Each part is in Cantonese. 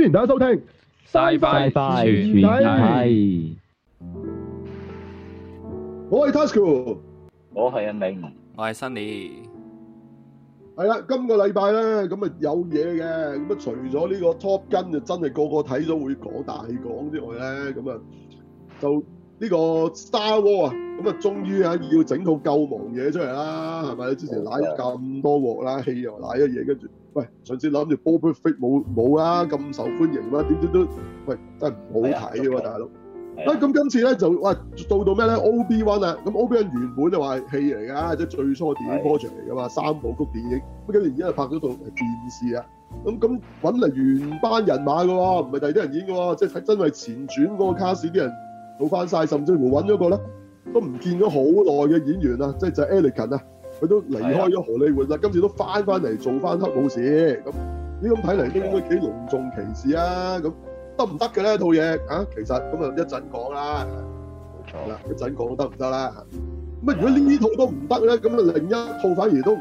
歡迎大家收聽，拜拜拜拜，我係 Tasuku，我係阿明，我係 Sunny，係啦，今個禮拜咧，咁啊有嘢嘅，咁啊除咗呢個 Top Gun 就真係個個睇都會講大講之外咧，咁啊就。呢、這個 Star Wars 啊，咁啊，終於啊要整套救亡嘢出嚟啦，係、嗯、咪之前瀨咗咁多鑊啦，戲又瀨咗嘢，跟住喂，上次諗住《Boba Fett 冇冇啊，咁受歡迎啦、啊，點點都喂真係唔好睇喎、啊，大佬。啊，咁今次咧就喂，做到咩咧？Obi-Wan 啊，咁 Obi-Wan 原本就話係戲嚟㗎，即係最初嘅電影播出嚟㗎嘛，三部曲電影。咁跟住然之後拍咗套電視啊，咁咁揾嚟原班人馬㗎喎、哦，唔係第二啲人演㗎喎、哦，即係睇真係前傳嗰個卡士啲人、嗯。好翻晒，甚至乎揾咗個咧都唔見咗好耐嘅演員啊，即係就係、Elegant 啊，佢都離開咗荷里活啦，今次都翻翻嚟做翻黑武士，咁呢咁睇嚟都應該幾隆重其事啊，咁得唔得嘅咧套嘢啊？其實咁啊一陣講啦，冇錯啦，一陣講得唔得啦？咁啊如果呢套都唔得咧，咁啊另一套反而都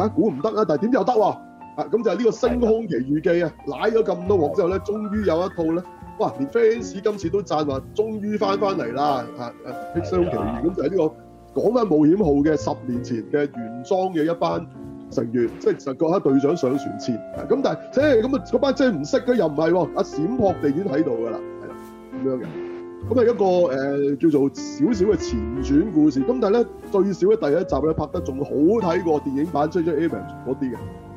啊估唔得啦，但係點又得喎？啊咁就係呢個星空奇遇記啊，瀨咗咁多鑊之後咧，終於有一套咧。哇！連 fans 今次都讚話，終於翻翻嚟啦！嚇、嗯、誒，出、啊、乎、啊、奇遇咁、啊、就係呢、呢個講翻冒險號嘅十年前嘅原裝嘅一班成員，即係就嗰、是、刻隊長上船前咁、啊。但係，即係咁啊，嗰班即係唔識嘅又唔係喎。阿閃殼哋已經喺度噶啦，係啦咁樣嘅。咁係一個誒、呃、叫做少少嘅前傳故事。咁但係咧，最少嘅第一集咧拍得仲好睇過電影版《JJ Abrams 嗰啲嘅。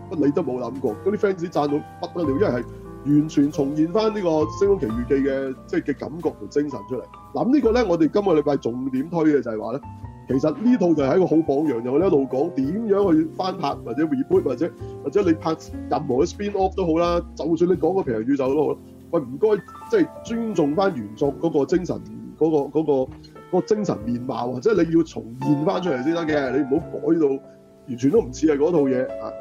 乜你都冇諗過嗰啲 fans 讚到不得了，因為係。完全重現翻呢個《星空奇遇記的》嘅即係嘅感覺同精神出嚟。嗱、啊呢個、呢個咧，我哋今個禮拜重點推嘅就係話咧，其實呢套就係一個好榜樣的，又一路講點樣去翻拍或者 reboot 或者或者你拍任何嘅 spin off 都好啦，就算你講個平行宇宙都好。喂，唔該，即係尊重翻原作嗰個精神，嗰、嗰個嗰、嗰個嗰個、精神面貌，或者你要重現翻出嚟先得嘅。你唔好改到完全都唔似係嗰套嘢嚇。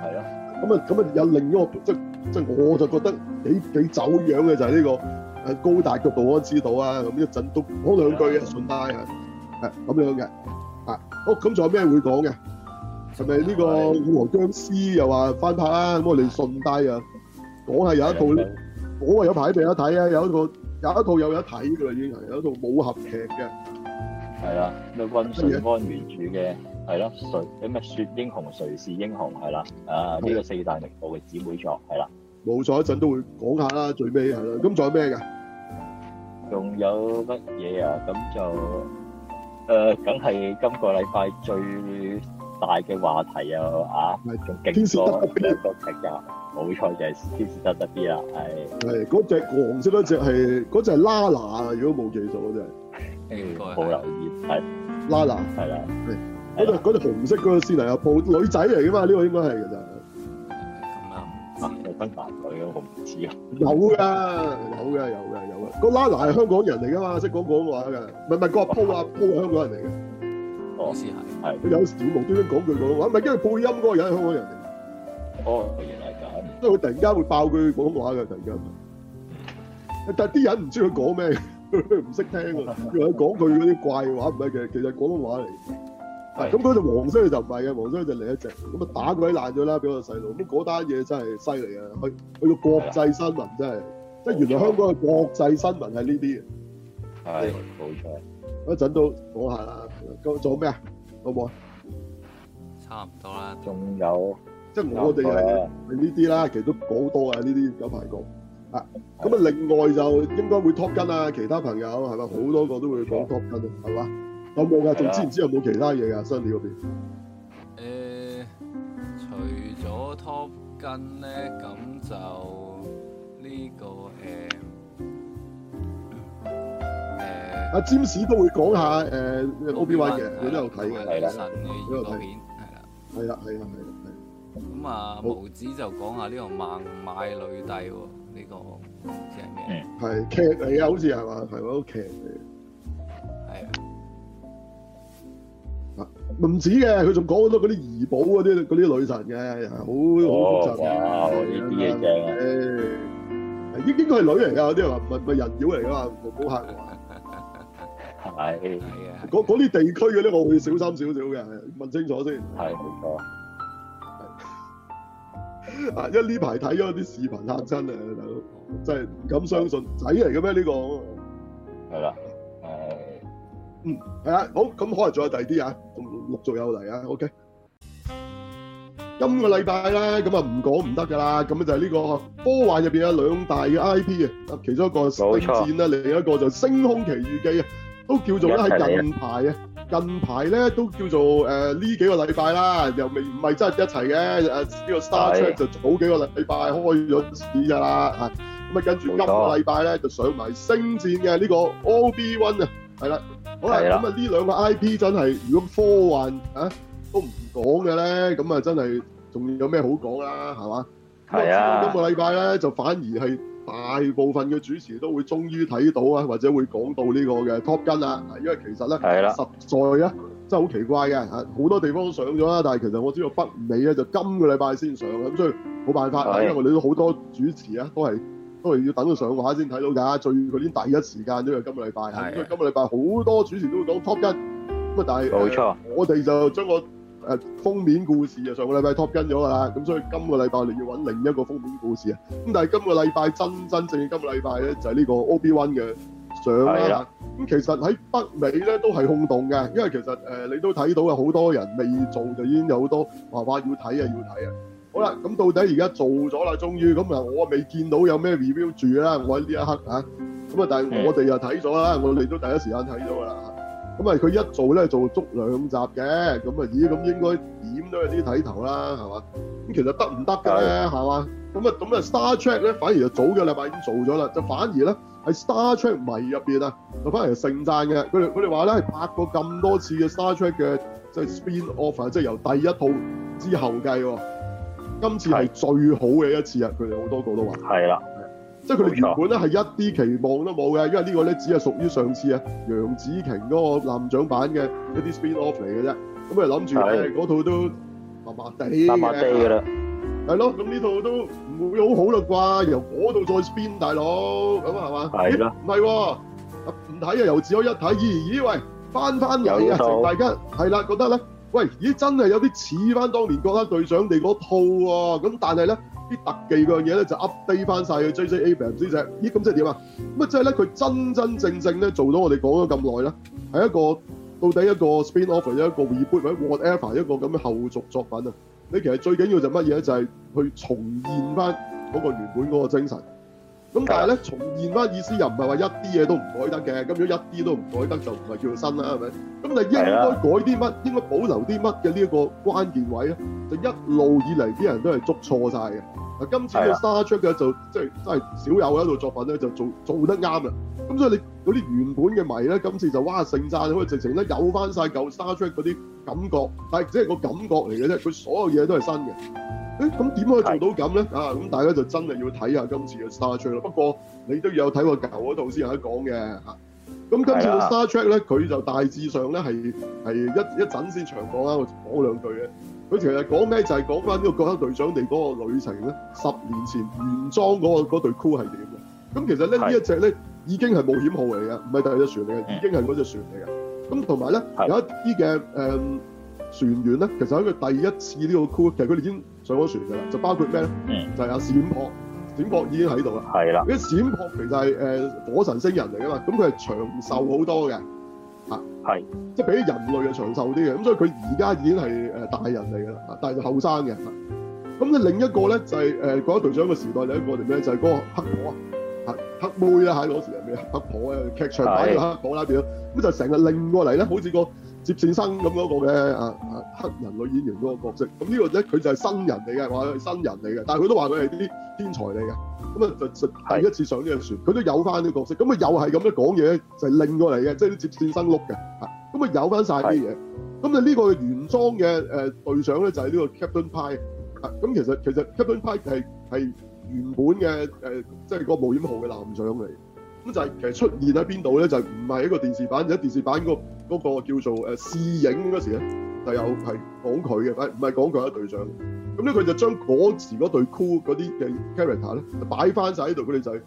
係啊，咁啊咁啊，有另一個即、即係即係我就覺得幾幾走樣嘅就係呢個誒高達嘅杜安之島啊，咁一陣都講兩句嘅順帶啊，係咁樣嘅，嚇，好咁仲有咩會講嘅？係咪呢個《午夜殭屍》又話翻拍啊？咁我哋順帶啊講下有一套，我係有排未有睇啊，有一套有一套又有得睇嘅啦，已經係有一套武俠劇嘅。係啊，咩溫水安眠處嘅？係咯誰咁啊？說英雄，誰是英雄？係啦，啊呢個四大名捕嘅姊妹作，係啦，冇錯，一陣都會講下啦，最尾係啦。咁仲有咩噶？仲有乜嘢啊？咁就誒，梗係今個禮拜最大嘅話題又啊，係仲勁多，勁多隻噶。冇錯，就係天線得得 B 啦，係係嗰隻黃色嗰隻係，嗰隻係拉拉啊！如果冇記錯，嗰隻誒冇留意，係拉拉，係啦。嗰隻嗰隻紅色嗰隻先嚟阿鋪女仔嚟噶嘛？呢個應該係㗎咋？咁啱，有分男女嘅紅子啊！有㗎，有㗎，有㗎，有㗎。個拉拉係香港人嚟噶嘛？識講廣東話㗎。唔係唔係，個阿鋪啊鋪係香港人嚟嘅。我先係係。有時無端端講句廣東話，唔係因為配音嗰個人係香港人嚟。哦，原來係咁。所以佢突然間會爆佢廣東話㗎，突然間。但係啲人唔知佢講咩，唔識聽啊！用佢講佢嗰啲怪話，唔係其其實廣東話嚟。啊！咁嗰隻黃色就唔係嘅，黃色就另一隻。咁啊打鬼爛咗啦，俾我個細路。咁嗰單嘢真係犀利啊！去去到國際新聞真係，即係原來香港嘅國際新聞係呢啲。係，冇錯。一陣都講下啦，講做咩啊？好冇啊？差唔多啦，仲有即係我哋係係呢啲啦，其實都講好多嘅呢啲有排講。啊，咁啊另外就應該會 Top Gun 啊，其他朋友係嘛，好多個都會講 Top Gun 啊，係嘛？有冇噶？仲知唔知有冇其他嘢噶？新片嗰邊，誒，除咗 Top Gun 咧，咁就呢個誒，誒，阿詹士都會講下誒，歐比王你都有睇嘅，其實嘅預告片係啦，係啦，係啦，係啦，咁啊，毛子就講下呢個孟買女帝呢個嘅，嗯，係劇嚟啊，啊啊說說嗯說說這個、好似係嘛，係咪都劇嚟？這個唔止嘅，佢仲講好多嗰啲怡保嗰啲啲女神嘅，好好複雜嘅。啲嘢真係應應該係女嚟㗎，啲人話唔係唔係人妖嚟㗎嘛，好、嗯、嚇！係係啊，嗰啲地區嘅咧，我會小心少少嘅，問清楚先。係冇錯。啊、嗯， 因為一呢排睇咗啲視頻嚇親啊，大佬真係唔敢相信，仔嚟嘅咩？呢、呢個係啦。嗯，係啊，好咁，可能仲有第二啲啊，陸續有嚟啊。OK，今個禮拜咧，咁啊唔講唔得噶啦。咁啊就呢個科幻入邊有兩大嘅 IP 啊，其中一個星戰啦，另一個就星空奇遇記啊，都叫做喺近排啊。近排咧都叫做誒呢幾個禮拜啦，又未唔係真係一齊嘅誒呢個 Star Trek 就早幾個禮拜開咗市噶啦吓咁啊，跟住今個禮拜咧就上埋星戰嘅呢個 Obi-Wan 啊，係啦。好啦，咁啊呢兩個 I P 真係，如果科幻啊都唔講嘅咧，咁啊真係仲有咩好講啦，係嘛？係啊，啊今個禮拜咧就反而係大部分嘅主持都會終於睇到啊，或者會講到呢個嘅 Top Gun 啊，因為其實咧、啊、實在啊真係好奇怪嘅，好多地方都上咗啦，但係其實我知道北美咧就今個禮拜先上，咁所以冇辦法啦，因為我哋都好多主持啊都係。都係要等佢上個下先睇到㗎，最佢啲第一時間都係今個禮拜，咁所以今個禮拜好多主持人都會講 Top Gun，咁啊但係冇錯，呃、我哋就將個、呃、封面故事啊，上個禮拜 Top Gun 咗㗎啦，咁所以今個禮拜我哋要揾另一個封面故事，就是、啊，咁但係今個禮拜真真正正今個禮拜咧就係呢個 Obi-Wan 嘅上啦，咁其實喺北美咧都係哄動嘅，因為其實、呃、你都睇到有好多人未做就已經有好多話話要睇啊要睇啊。好啦，咁到底而家做咗啦，終於咁啊，我未見到有咩 review 住啦。我喺呢一刻嚇，咁啊，但係我哋又睇咗啦，Okay. 我哋都第一時間睇咗噶啦。咁啊，佢一做咧做足兩集嘅，咁啊，咦，咁應該點都有啲睇頭啦，係嘛？咁其實得唔得㗎咧，係嘛？咁啊，咁啊，Star Trek 咧反而就早嘅禮拜已經做咗啦，就反而咧喺 Star Trek 迷入面啊，就反而盛讚嘅。佢哋佢哋話咧，拍過咁多次嘅 Star Trek 嘅，即係 Spin Off，er 即係由第一套之後計喎。今次係最好嘅一次啊！佢哋好多個都話係啦，即係佢哋原本咧係一啲期望都冇嘅，因為呢個咧只係屬於上次啊楊紫瓊嗰個艦長版嘅一啲 spin off 嚟嘅啫。咁佢諗住咧嗰套都麻麻地，麻麻地嘅啦。係咯，咁呢套都唔會好好啦啩？由嗰度再 spin，大佬咁啊，係嘛？係咯。唔係喎，唔睇啊！由自我一睇，咦咦喂，翻返嚟啊！大家係啦，覺得咧？喂，咦，真係有啲似翻當年國家隊長哋嗰套喎，啊，咁但係咧啲特技嗰樣嘢咧就 update 翻曬去 J.J. Abrams 知啫，咦咁即係點啊？咁啊即係咧佢真真正正咧做到我哋講咗咁耐咧，係一個到底一個 spin-off 或者一個 reboot 或者 whatever 一個咁嘅後續作品啊？你其實最緊要就乜嘢咧？就係、是、去重現翻嗰個原本嗰個精神。咁但係咧重現翻意思又唔係話一啲嘢都唔改得嘅，咁樣一啲都唔改得就唔係叫做新啦，係咪？咁就應該改啲乜，應該保留啲乜嘅呢一個關鍵位咧，就一路以嚟啲人都係捉錯晒嘅。嗱，今次嘅 s t a 嘅就即係真係少有嘅一套作品咧，就做就做得啱啦。咁所以你嗰啲原本嘅迷咧，今次就哇盛可以直情咧有翻晒舊沙 t 嗰啲感覺，但係只係個感覺嚟嘅啫，佢所有嘢都係新嘅。誒咁點可以做到咁咧？啊，咁大家就真係要睇下今次嘅 Star Trek 啦。不過你都有睇過舊嗰套先有得講嘅嚇。咁今次嘅 Star Trek 咧，佢就大致上咧係係一一陣先長講啦，我講兩句嘅。佢其實講咩？就係講翻呢個國家隊長哋嗰個旅程咧。十年前原裝嗰、嗰個隊 crew 係點嘅？咁其實咧呢一隻咧已經係冒險號嚟嘅，唔係第二隻船嚟嘅，已經係嗰隻船嚟嘅。咁同埋咧有一啲嘅誒船員咧，其實喺佢第一次呢個 crew，其實佢哋已經上咗船啦，就包括咩咧？嗯，就係、是、阿閃魄，閃魄已經喺度啦。係啦，因為閃魄其實係火神星人嚟噶嘛，咁佢係長壽好多嘅嚇，即係、就是、比人類係長壽啲嘅，咁所以佢而家已經係大人嚟噶啦，但係就後生嘅。咁咧另一個咧就係誒《果敢隊長》嘅時代，另一個就咩、是、就係嗰個黑婆啊，黑妹啊嚇嗰時係咩？黑婆劇場版嘅黑婆嗰邊咁就成日拎過嚟咧，好似個。接線生咁嗰個嘅啊啊黑人女演員嗰個角色，咁呢個咧佢就係新人嚟嘅，話係新人嚟嘅，但係佢都話佢係啲天才嚟嘅，咁啊就，就第一次上呢隻船，佢都有翻呢個角色，咁啊又係咁樣講嘢，就係、是、拎過嚟嘅，即係啲接線生碌嘅，嚇，咁啊有翻曬啲嘢，咁啊呢個原裝嘅誒隊長咧就係、是、呢個 Captain Pike 嚇，咁其實其實 Captain Pike 係原本嘅誒即係個冒險號嘅艦長嚟，咁就係、是、其實出現喺邊度咧就唔係一個電視版，而、就、有、是、電視版個。嗰、那個叫做誒、啊、試影嗰時咧，就有係講佢嘅，係唔係講佢啊？隊長咁咧，佢就將嗰時嗰隊 crew 嗰啲嘅 character 咧，就擺翻晒喺度。佢哋就係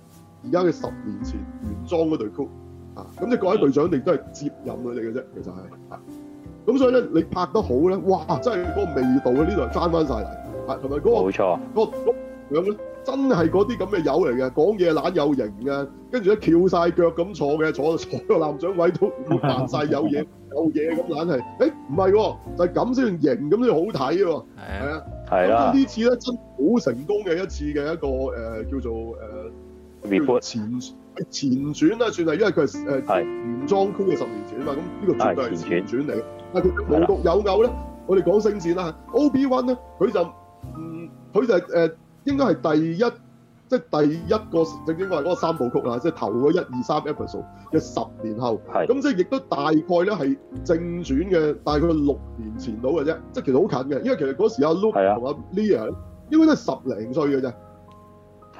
而家嘅十年前原裝嗰隊 crew 啊。咁即係各位隊長，你都係接任佢哋嘅啫，其實係。咁所以咧，你拍得好咧，哇！真係嗰個味道咧，呢度爭翻晒嚟，同埋嗰個，冇錯，嗰、那個咁樣咧。真係嗰啲咁嘅友嚟嘅，講嘢懶有型嘅，跟住咧翹晒腳咁坐嘅，坐坐個艦長位都扮晒 有嘢有嘢咁懶係，誒唔係喎，就係咁先型，咁先好睇喎，係啊，係啊，次呢次咧真好成功嘅一次嘅一個誒、呃、叫做誒、呃、前、Before? 前傳啦算係，因為佢係誒原裝區嘅十年前啊嘛，咁呢個絕對係前傳嚟嘅，但佢冇獨有偶咧，我哋講星戰啦，Obi-Wan 咧佢就唔佢、嗯、就誒。呃應該係第一，即係第一個，正正應該係嗰個三部曲啊，即係頭嗰一二三 episode。即十年後，咁即係亦都大概咧係正傳嘅，大概六年前到嘅啫，即係其實好近嘅。因為其實嗰時阿 Luke 同阿 Leia 應該都十零歲嘅啫，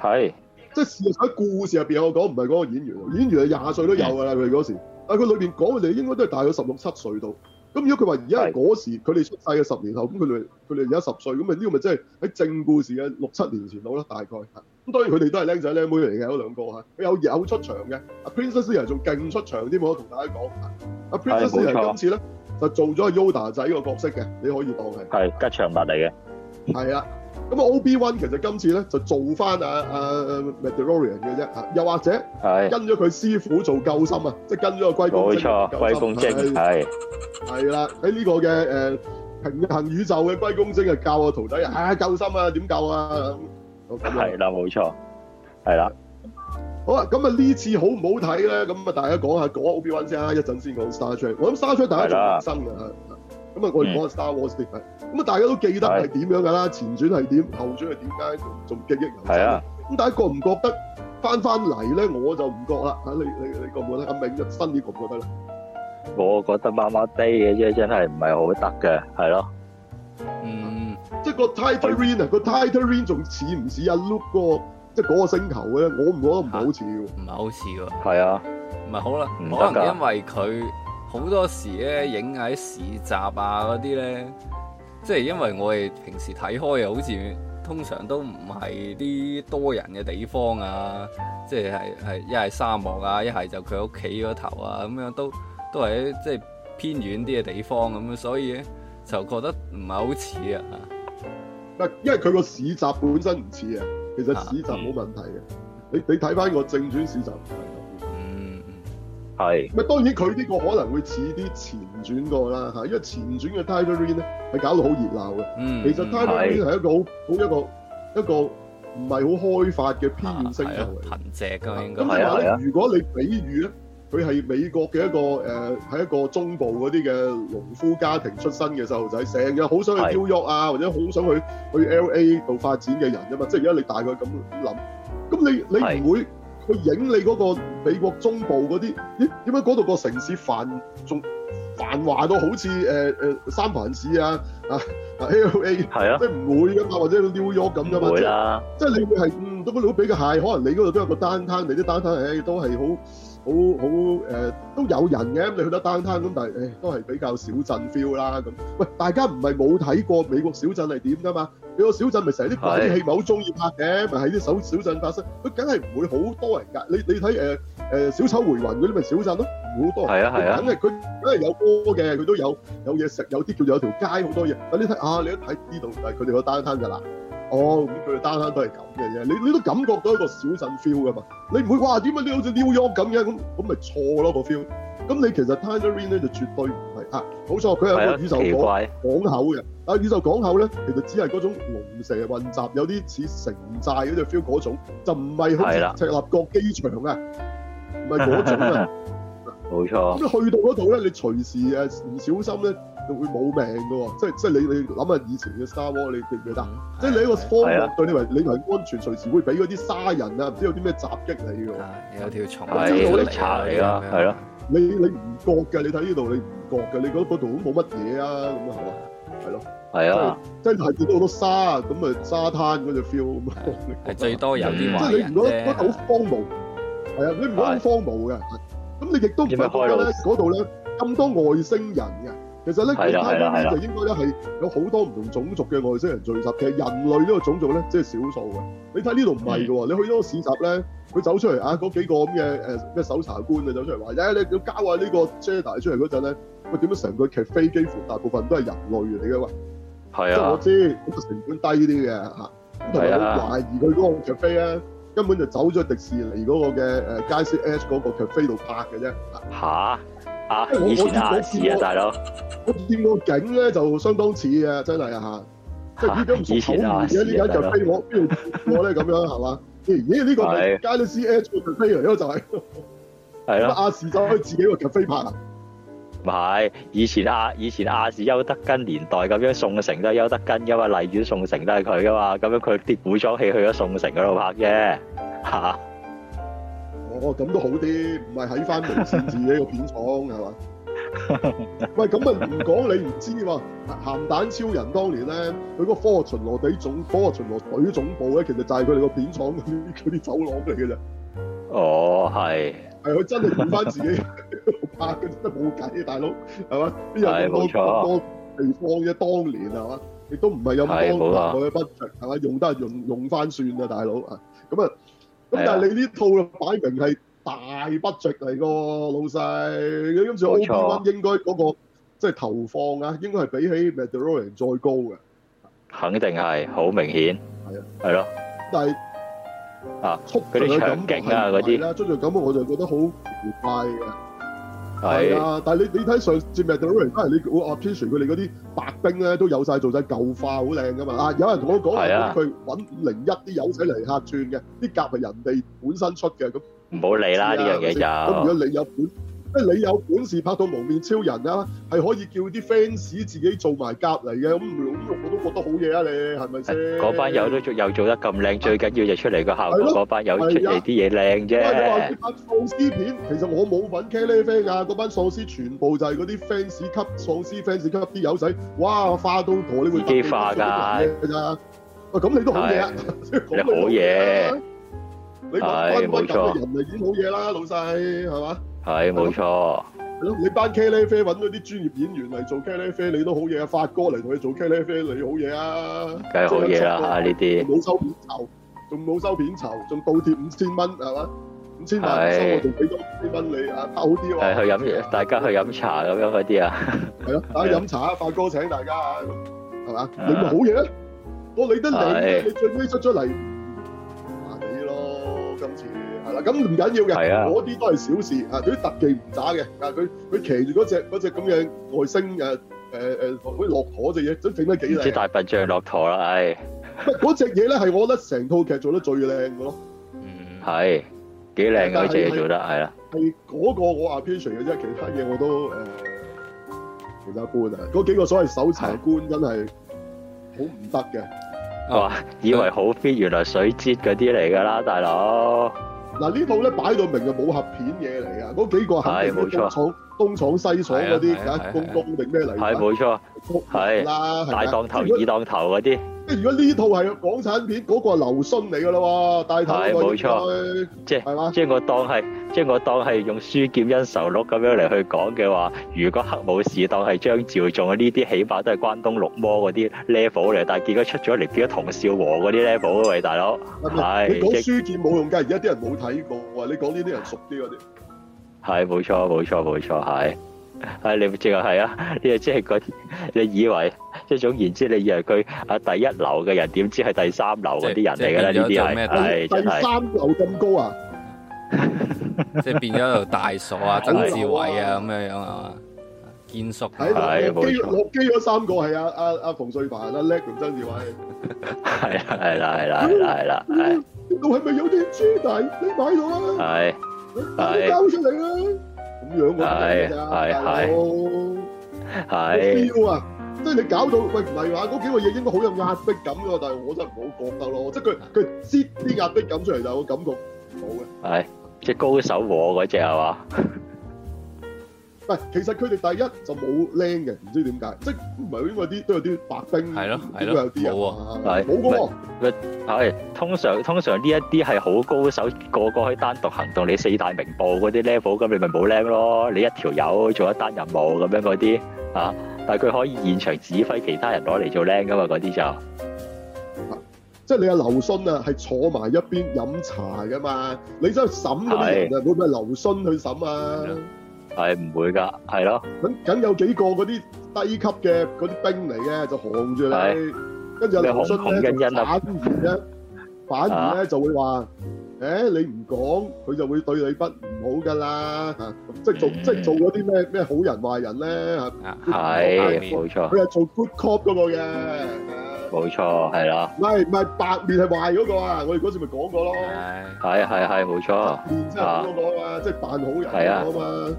係即係事實喺故事入邊我講唔係講個演員，演員係廿歲都有㗎啦，佢嗰時，但係佢裏邊講嘅你應該都係大概十六七歲到。咁如果佢話而家嗰時佢哋出世嘅十年後，咁佢哋佢哋而家十歲，咁咪呢個咪真係喺正故事嘅六七年前度啦，大概。咁當然佢哋都係僆仔僆妹嚟嘅，有兩個佢有有出場嘅。阿 Princess 人仲勁出場啲，我同大家講。阿、啊、Princess 人今次咧就做咗 Yoda 仔個角色嘅，你可以當係。係吉祥物嚟嘅。係啊。咁啊，Obi-Wan 其實今次咧就做翻阿阿 Mandalorian 嘅啫，嚇、啊、又或者跟咗佢師傅做救心啊，即係跟咗個龜公精。冇錯，龜公精係係啦，喺呢個嘅誒平行宇宙嘅龜公精啊，教我徒弟啊，救心啊，點救啊？咁係啦，冇錯，係啦。好啦，咁啊呢次好唔好睇咧？咁啊大家講下講，講 Obi-Wan 先啦，一陣先講 Star Trek。我諗 Star Trek 大家仲係新嘅。咁、嗯、啊，我哋講《Star Wars》嚟嘅，咁啊，大家都記得係點樣㗎啦？前傳係點，後傳係點解仲記憶猶新？係啊！咁大家覺唔覺得翻翻嚟咧？我就唔覺啦嚇。你你你覺唔覺得阿、啊、明日新啲覺唔覺得咧？我覺得麻麻地嘅啫，真係唔係好得嘅，係咯。嗯，即係個 Tatooine 啊，係個 Tatooine 仲似唔似啊 Look 個即係嗰個星球咧？我唔覺得唔係好似唔係好似喎。係啊。唔係好啦。可能因為佢。好多時咧影喺市集啊嗰啲咧，即係因為我哋平時睇開又好似通常都唔係啲多人嘅地方啊，即係係係一係沙漠啊，一係就佢屋企嗰頭啊，咁樣都係都係即係偏遠啲嘅地方咁啊，所以呢就覺得唔係好似啊。唔係，因為佢個市集本身唔似啊，其實市集冇問題嘅，啊嗯。你你睇翻個正傳市集。係，咪當然佢呢個可能會似啲前傳個啦嚇，因為前傳嘅塔圖因咧係搞到好熱鬧嘅。嗯，其實塔圖因係一個好好一個一個唔係好開發嘅偏遠星嘅貧姐㗎，應該。咁你話咧，啊就是、如果你比喻咧，佢係美國嘅一個誒，喺、啊呃、一個中部嗰啲嘅農夫家庭出身嘅細路仔，成日好想去紐約啊，或者好想去去 LA 度發展嘅人啊嘛，即係而家你大概咁諗，咁你你唔會？佢影你嗰個美國中部嗰啲點點解嗰度個城市繁仲繁華到好似、呃、三藩市啊啊 LA 係啊，啊，啊，啊，啊，即係唔會㗎嘛，或者 New York 咁㗎嘛，即係你會係嗯都嗰度都個可能你嗰度都有個單攤、哎，你啲單攤都係好。好好誒都有人嘅，咁你去得 downtown 咁，但係誒都係比較小鎮 feel 啦咁。喂，大家唔係冇睇過美國小鎮係點㗎嘛？美國小鎮咪成日啲鬼戲咪好中意拍嘅，咪喺啲小小鎮發生。佢梗係唔會好多人㗎。你你睇誒誒小丑回魂嗰啲，咪小鎮都唔會好多人。係啊係啊，梗係佢梗係有歌嘅，佢都有有嘢食，有啲叫做有條街好多嘢。但你睇啊，你一睇呢度就係佢哋個 downtown 㗎啦。哦，咁佢哋單單都係咁嘅嘢，你你都感覺到一個小鎮 feel 噶嘛？你唔會話點解你好似 New York 咁嘅咁咁咪錯咯個 feel？咁你其實 Tatooine 咧就絕對唔係嚇，冇錯，佢係一個宇宙港口嘅。啊，宇宙港，港口咧，其實只係嗰種龍蛇混雜，有啲似城寨嗰隻 feel 嗰種，就唔係好似赤鱲角機場啊，唔係嗰種啊，冇、 嗯、錯。咁你去到嗰度咧，你隨時啊唔小心咧。就會冇命噶喎！即係即係你你諗下以前嘅 Star Wars，你記唔記得？即係你喺個荒漠對你嚟，你唔安全，隨時會俾嗰啲沙人、哎、啊，唔知有啲咩襲擊你噶。有條蟲嚟嘅。知道啲柴啦，係咯。你你唔覺嘅，你睇呢度你唔覺嘅，你覺得嗰度都冇乜嘢啊？咁啊係嘛？係咯，係啊，真係見到好多沙啊！咁啊沙灘嗰隻 feel 咁嘛。係最多啲。即係你唔覺得嗰度好荒蕪。係啊，你唔覺得好荒蕪嘅。咁你亦都唔係覺得咧度咧咁多外星人嘅。其實咧，其他咧就應該咧係有好多唔同種族嘅外星人聚集，其實人類呢個種族咧即係少數嘅。你睇呢度唔係嘅喎，你去咗市集咧，佢走出嚟啊，嗰幾個咁嘅誒咩搜查官啊走出嚟話，呀、欸、你要交下個呢個 Jedi 出嚟嗰陣咧，喂，點樣成個劇飛幾乎大部分都係人類嚟嘅喎？係啊，即係我知，咁、嗰個成本低啲嘅咁，同埋好懷疑佢嗰個劇飛咧，根本就走咗迪士尼嗰個嘅誒、呃、街市 Edge 嗰個劇飛度拍嘅啫。嚇！啊！以前係我我大佬，我見過景咧就相當似嘅，真係啊,啊！即係、啊啊、呢張圖同而家呢間就飛我我咧咁樣係嘛？咦？呢個街都 C H 就飛嚟，因就係係啦。亞視就可以自己個腳飛拍唔係，以前阿、啊、以前亞視邱德根年代咁樣宋城都係邱德根噶嘛，荔園宋城都係佢噶嘛，咁樣佢啲古裝戲去咗宋城嗰度拍嘅吓。哦，咁都好啲，唔係喺翻完善自己個片廠係嘛？ 喂，咁啊唔講你唔知喎。鹹蛋超人當年咧，佢個科學巡邏隊總科學巡邏隊總部咧，其實就係佢哋個片廠嗰啲嗰啲走廊嚟嘅啫。哦，係。係佢真係換翻自己 拍嘅，真係冇計啊，大佬係嘛？呢有咁多地方嘅當年係嘛？亦都唔係咁多唔同嘅 budget 係嘛？用得用用翻算啊，大佬啊，咁啊。咁但係你呢套擺明係大 budget 嚟，個老細，你今次 Obi-Wan 應該嗰個即係投放啊，應該係比起 Maduro 嚟再高嘅，肯定係好明顯，係啊，係咯，但係啊，嗰啲場景啊嗰啲，速度感覺我就覺得好愉快嘅。係啊，但係你次的你睇上次咪到老嚟，有人你我話 Pierre 佢哋嗰啲白冰咧都有晒做晒舊化好靚㗎嘛啊！有人同我講話佢揾五零一啲友仔嚟客串嘅，啲甲係人哋本身出嘅咁，唔好理啦呢樣嘢就咁。如果你有本。即你有本事拍到蒙面超人啦，係可以叫啲 fans 自己做埋夾嚟嘅，咁用啲我都覺得好嘢啊！你係咪先？嗰 班友都做又做得咁靚， 最緊要就出嚟個效果。嗰 班友出嚟啲嘢靚啫。嗰拍喪屍片，其實我冇搵茄 e 啡 l 噶，嗰班喪屍全部就係嗰啲 fans 級喪屍 fans 級啲友仔，哇花你會都同我呢個特化噶咋？喂、啊，咁你都好嘢、啊， 你好嘢、啊， 你乖乖、啊、你嘅人你已經好嘢啦、啊哎，老細係嘛？係冇錯，你班茄喱啡揾嗰啲專業演員嚟做茄喱啡，你都好嘢。發哥嚟同你做茄喱啡，你好嘢啊，梗係好嘢啦呢啲，冇收，收片酬，仲冇收片酬，仲倒貼五千蚊係嘛，五千萬收我仲俾多五千蚊你啊，好啲喎。係去飲嘢，大家去飲茶咁樣嗰啲啊，係咯，大家飲茶啊，發哥請大家，係嘛、啊，你咪好嘢，我理得你，你最尾出出嚟，還你咯今次。係啦，咁唔緊要嘅，嗰啲、啊、都係小事。啊，啲特技唔渣嘅，啊佢佢騎住嗰隻隻咁嘅外星誒誒誒嗰啲駱駝隻嘢，真整得幾靚。唔知大笨象駱駝啦，誒、哎，嗰隻嘢咧，係我覺得成套劇做得最靚嘅咯。嗯，係幾靚嗰隻嘢做得，係啦，係嗰個我阿 Pierre 嘅啫，其他嘢我都誒、呃、其他官啊。嗰幾個所謂搜查官真係好唔得嘅、啊。哇，以為好 fit，原來水蛭嗰啲嚟㗎啦，大佬。嗱，呢套呢，擺到明嘅武俠片嘢嚟啊！嗰幾個肯定都東、東廠、東廠西廠嗰啲啊，公公定咩嚟？係冇係、哦、啦，大當頭、二當頭嗰啲。如果呢套係港產片，嗰、嗰個劉信嚟噶咯喎，大頭喎。係，冇錯。即係，係即係我當係，即係我當係用書劍恩仇錄咁樣嚟去講嘅話，如果黑武士當係張召重，呢啲起碼都係關東六魔嗰啲 level 嚟，但係結果出咗嚟變咗同少和嗰啲 level 喂，大佬。係。你講書劍冇用噶，而家啲人冇睇過，你講呢啲人熟啲嗰啲。係，冇錯，冇錯，冇錯，係。係你淨係係啊！你啊，即係嗰，你以為即係總言之，你以為佢啊第一流嘅人，點知係第三流嗰啲人嚟噶啦？呢啲有咩第三流咁高啊？即係變咗做大傻啊，曾志偉啊咁樣樣啊？見熟喺度，我基我基咗三個係阿阿阿馮淬帆阿叻同曾志偉，係啦係啦係啦係啦係，都係咪有啲豬弟你擺到啊？係，交出嚟啦！係係係，好，好彪啊！即係你搞到喂，唔係話嗰幾個嘢應該好有壓迫感噶，但係我真係唔好覺得咯，即係佢佢接啲壓迫感出嚟，但我感覺唔到嘅。係即係高手和嗰隻係嘛？ 唔其實佢哋第一就冇僆嘅，唔知點解，即係唔係邊個啲都有啲白兵，係咯，係咯，冇喎，冇嘅喎。通常，通常呢一啲係好高手，個個可以單獨行動。你四大名捕嗰啲 level，咁你咪冇僆咯。你一條友做一單任務咁樣嗰啲啊，但係佢可以現場指揮其他人攞嚟做僆噶嘛嗰啲就，即係你阿劉信啊，係坐埋一邊飲茶噶嘛，你想去審嗰啲人啊，冇咩劉信去審啊。係唔會噶，係咯。咁有幾個嗰啲低級嘅嗰啲兵嚟嘅，就航住你，跟住又嚟個信就反而啫， 反而咧、啊、就會話，誒、欸、你唔講，佢就會對你不唔好噶啦、嗯。即係做即係做啲咩咩好人壞人咧係。冇、啊、錯。佢、啊、係、啊、做 good cop 嗰個嘅，冇錯係咯。係唔係白面係壞嗰個啊？我哋嗰次咪講過咯。係係係冇錯。白面真係咁講啊，即係扮好人嗰個嘛。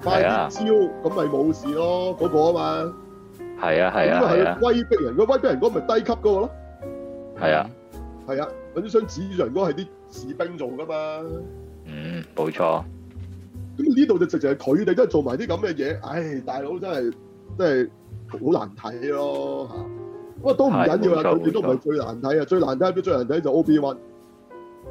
快啲招咁咪冇事咯，嗰、那個啊嘛，係啊係啊，咁啊係威逼人，個、啊、威逼人嗰咪低級嗰個咯，係啊係啊，想指住人嗰係啲士兵做噶嘛，嗯，冇錯，咁呢度就直情係佢哋都係做埋啲咁嘅嘢，唉、哎，大佬真係真係好難睇咯吓，不過都唔緊要啊，佢哋都唔係最難睇啊，最難睇最最難睇就 Obi-Wan，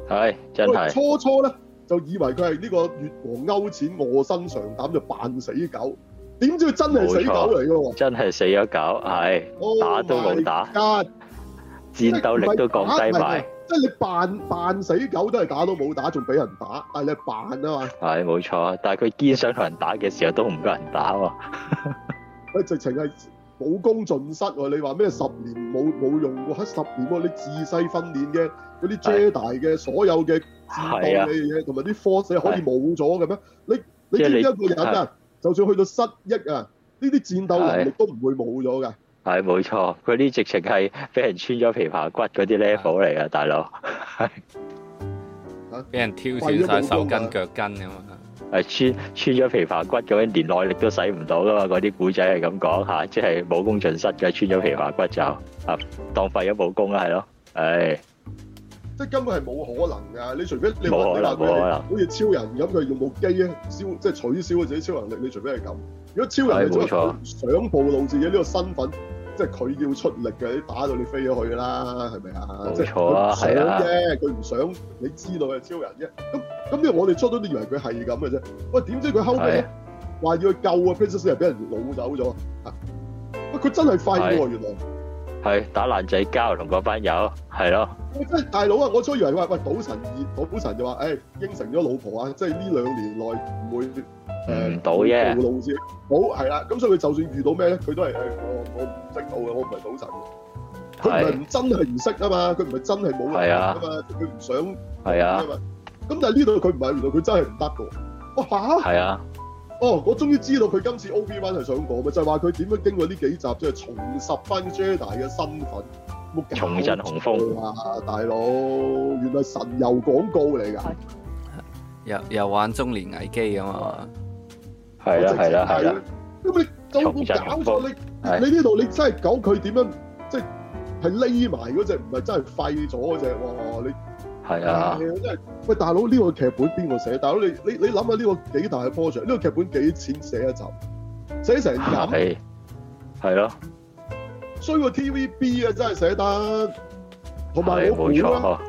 係真係，初初咧。就以為佢係呢個越王勾踐，卧薪嘗膽就扮死狗，點知佢真係死狗嚟㗎喎！真係死咗狗，係、哎 oh、打都冇打，God. 戰鬥力都降低埋。即係你扮扮死狗都係打都冇打，仲俾人打，但係你扮啊嘛。係冇錯，但係佢堅想同人打嘅時候都唔夠人打喎、啊。佢、 哎、直情係武功盡失喎、啊！你話咩十年冇冇用過？十年喎、啊！你自細訓練嘅嗰啲 Jedi 嘅所有嘅。戰啊，同埋啲 force 可以冇咗嘅咩？你你知一個人啊，啊？就算去到失憶啊，呢啲戰鬥能力都唔會冇咗嘅。係冇錯，佢啲直情係俾人穿咗琵琶骨嗰啲 level 嚟噶，啊，大佬。係 俾人挑少晒手筋腳筋啊嘛。係穿穿咗琵琶骨咁樣，連耐力都使唔到噶嘛？嗰啲古仔係咁講吓，即係武功盡失嘅穿咗琵琶骨就，啊，當廢咗武功啊，係、哎、咯，唉。即係根本係冇可能㗎！你除非你話你話佢好似超人咁，佢用部機咧消，即係取消佢自己超能力。你除非係咁。如果超人係真係唔想暴露自己呢個身份，即係佢要出力嘅，你打到你飛咗去啦，係咪啊？冇錯啊，係啦。佢唔想你知道係超人啫。咁咁，因為我哋初初都以為佢係咁嘅啫。喂，點知佢後尾話要去救啊 p r e s s o 又俾人擄走咗啊！呃、啊，佢真係快喎，原來。係打爛仔交同嗰班友，係咯、欸。即大佬啊！我初以為話，喂，賭神二，賭神就話誒應承咗老婆啊，即係呢兩年內唔會誒賭嘢。賭係啦，咁所以佢就算遇到咩咧，佢都係誒我我唔識到嘅，我唔係賭神。佢唔係唔真係唔識啊嘛，佢唔係真係冇能力啊嘛，佢唔想係啊。咁但係呢度佢唔係，原來佢真係唔得噶。哇！吓！係啊。啊哦，我終於知道佢今次 Obi-Wan 係想講咩，就係話佢點樣經過呢幾集，即係重拾翻 Jedi 嘅身份，重振雄風啊！大佬，原來神油廣告嚟㗎，又又玩中年危機啊嘛，係啊係啊，因為你做搞錯你你呢度你真係講佢點樣即係匿埋嗰隻，唔係真係廢咗嗰隻喎你。係啊,啊！喂，大佬呢、呢個劇本邊個寫？大佬你你你諗下呢個幾大嘅 project？呢、呢個劇本幾錢寫一集？寫成咁係咯。衰以、啊、個 TVB 啊，真係寫得同埋好古啊。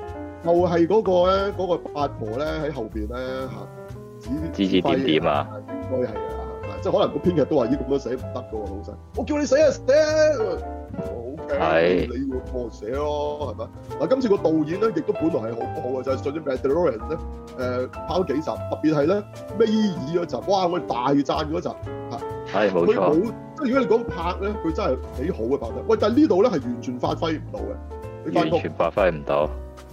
又係嗰個咧，嗰、嗰個八婆咧喺後邊咧，指指點點啊。應該係啊，即係可能個編劇都話：依咁樣寫唔得噶喎，老實。我叫你寫,寫啊，Sir！、啊係、嗯、你要破寫咯，係咪嗱，今次個導演咧，亦都本來係好好嘅，就係、是《信、呃、使》Madeline 咧，誒，拍咗幾集，特別係咧，威爾嗰集，哇，我大讚嗰集，係冇錯。佢冇、啊、即係，如果你講拍咧，佢真係幾好嘅拍得。喂，但係呢度咧係完全發揮唔到嘅，完全發揮唔到，